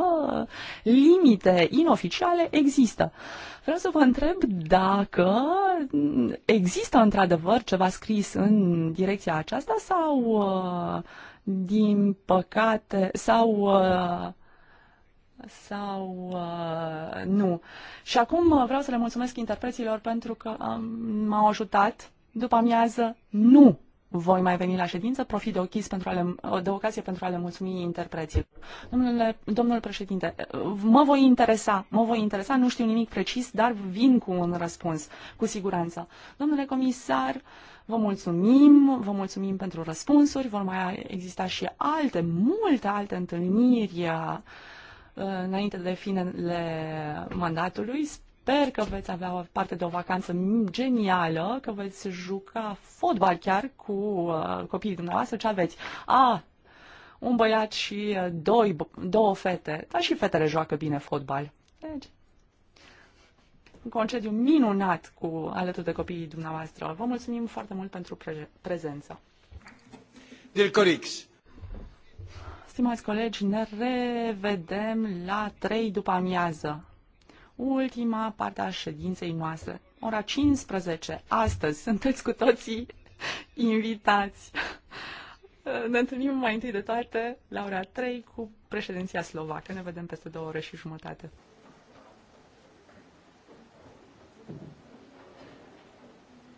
limite inoficiale există. Vreau să vă întreb dacă există într-adevăr ceva scris în direcția aceasta sau uh, din păcate sau sau uh, nu. Și acum uh, vreau să le mulțumesc interpreților pentru că um, m-au ajutat. După amiază, nu voi mai veni la ședință, profit de, ochis pentru a le, uh, de ocazie pentru a le mulțumi interpreților. Domnule, domnul președinte, uh, mă voi interesa, mă voi interesa, nu știu nimic precis, dar vin cu un răspuns, cu siguranță. Domnule comisar, vă mulțumim, vă mulțumim pentru răspunsuri, vor mai exista și alte, multe alte întâlniri Uh, înainte de finele mandatului. Sper că veți avea parte de o vacanță genială, că veți juca fotbal chiar cu uh, copiii dumneavoastră. Ce aveți? A, un băiat și uh, doi, două fete. Dar și fetele joacă bine fotbal. Deci, un concediu minunat cu alături de copiii dumneavoastră. Vă mulțumim foarte mult pentru pre- prezență. Dear colleagues, Stimați colegi, ne revedem la 3 după amiază. Ultima parte a ședinței noastre, ora 15, astăzi. Sunteți cu toții invitați. Ne întâlnim mai întâi de toate la ora 3 cu președinția slovacă. Ne vedem peste două ore și jumătate.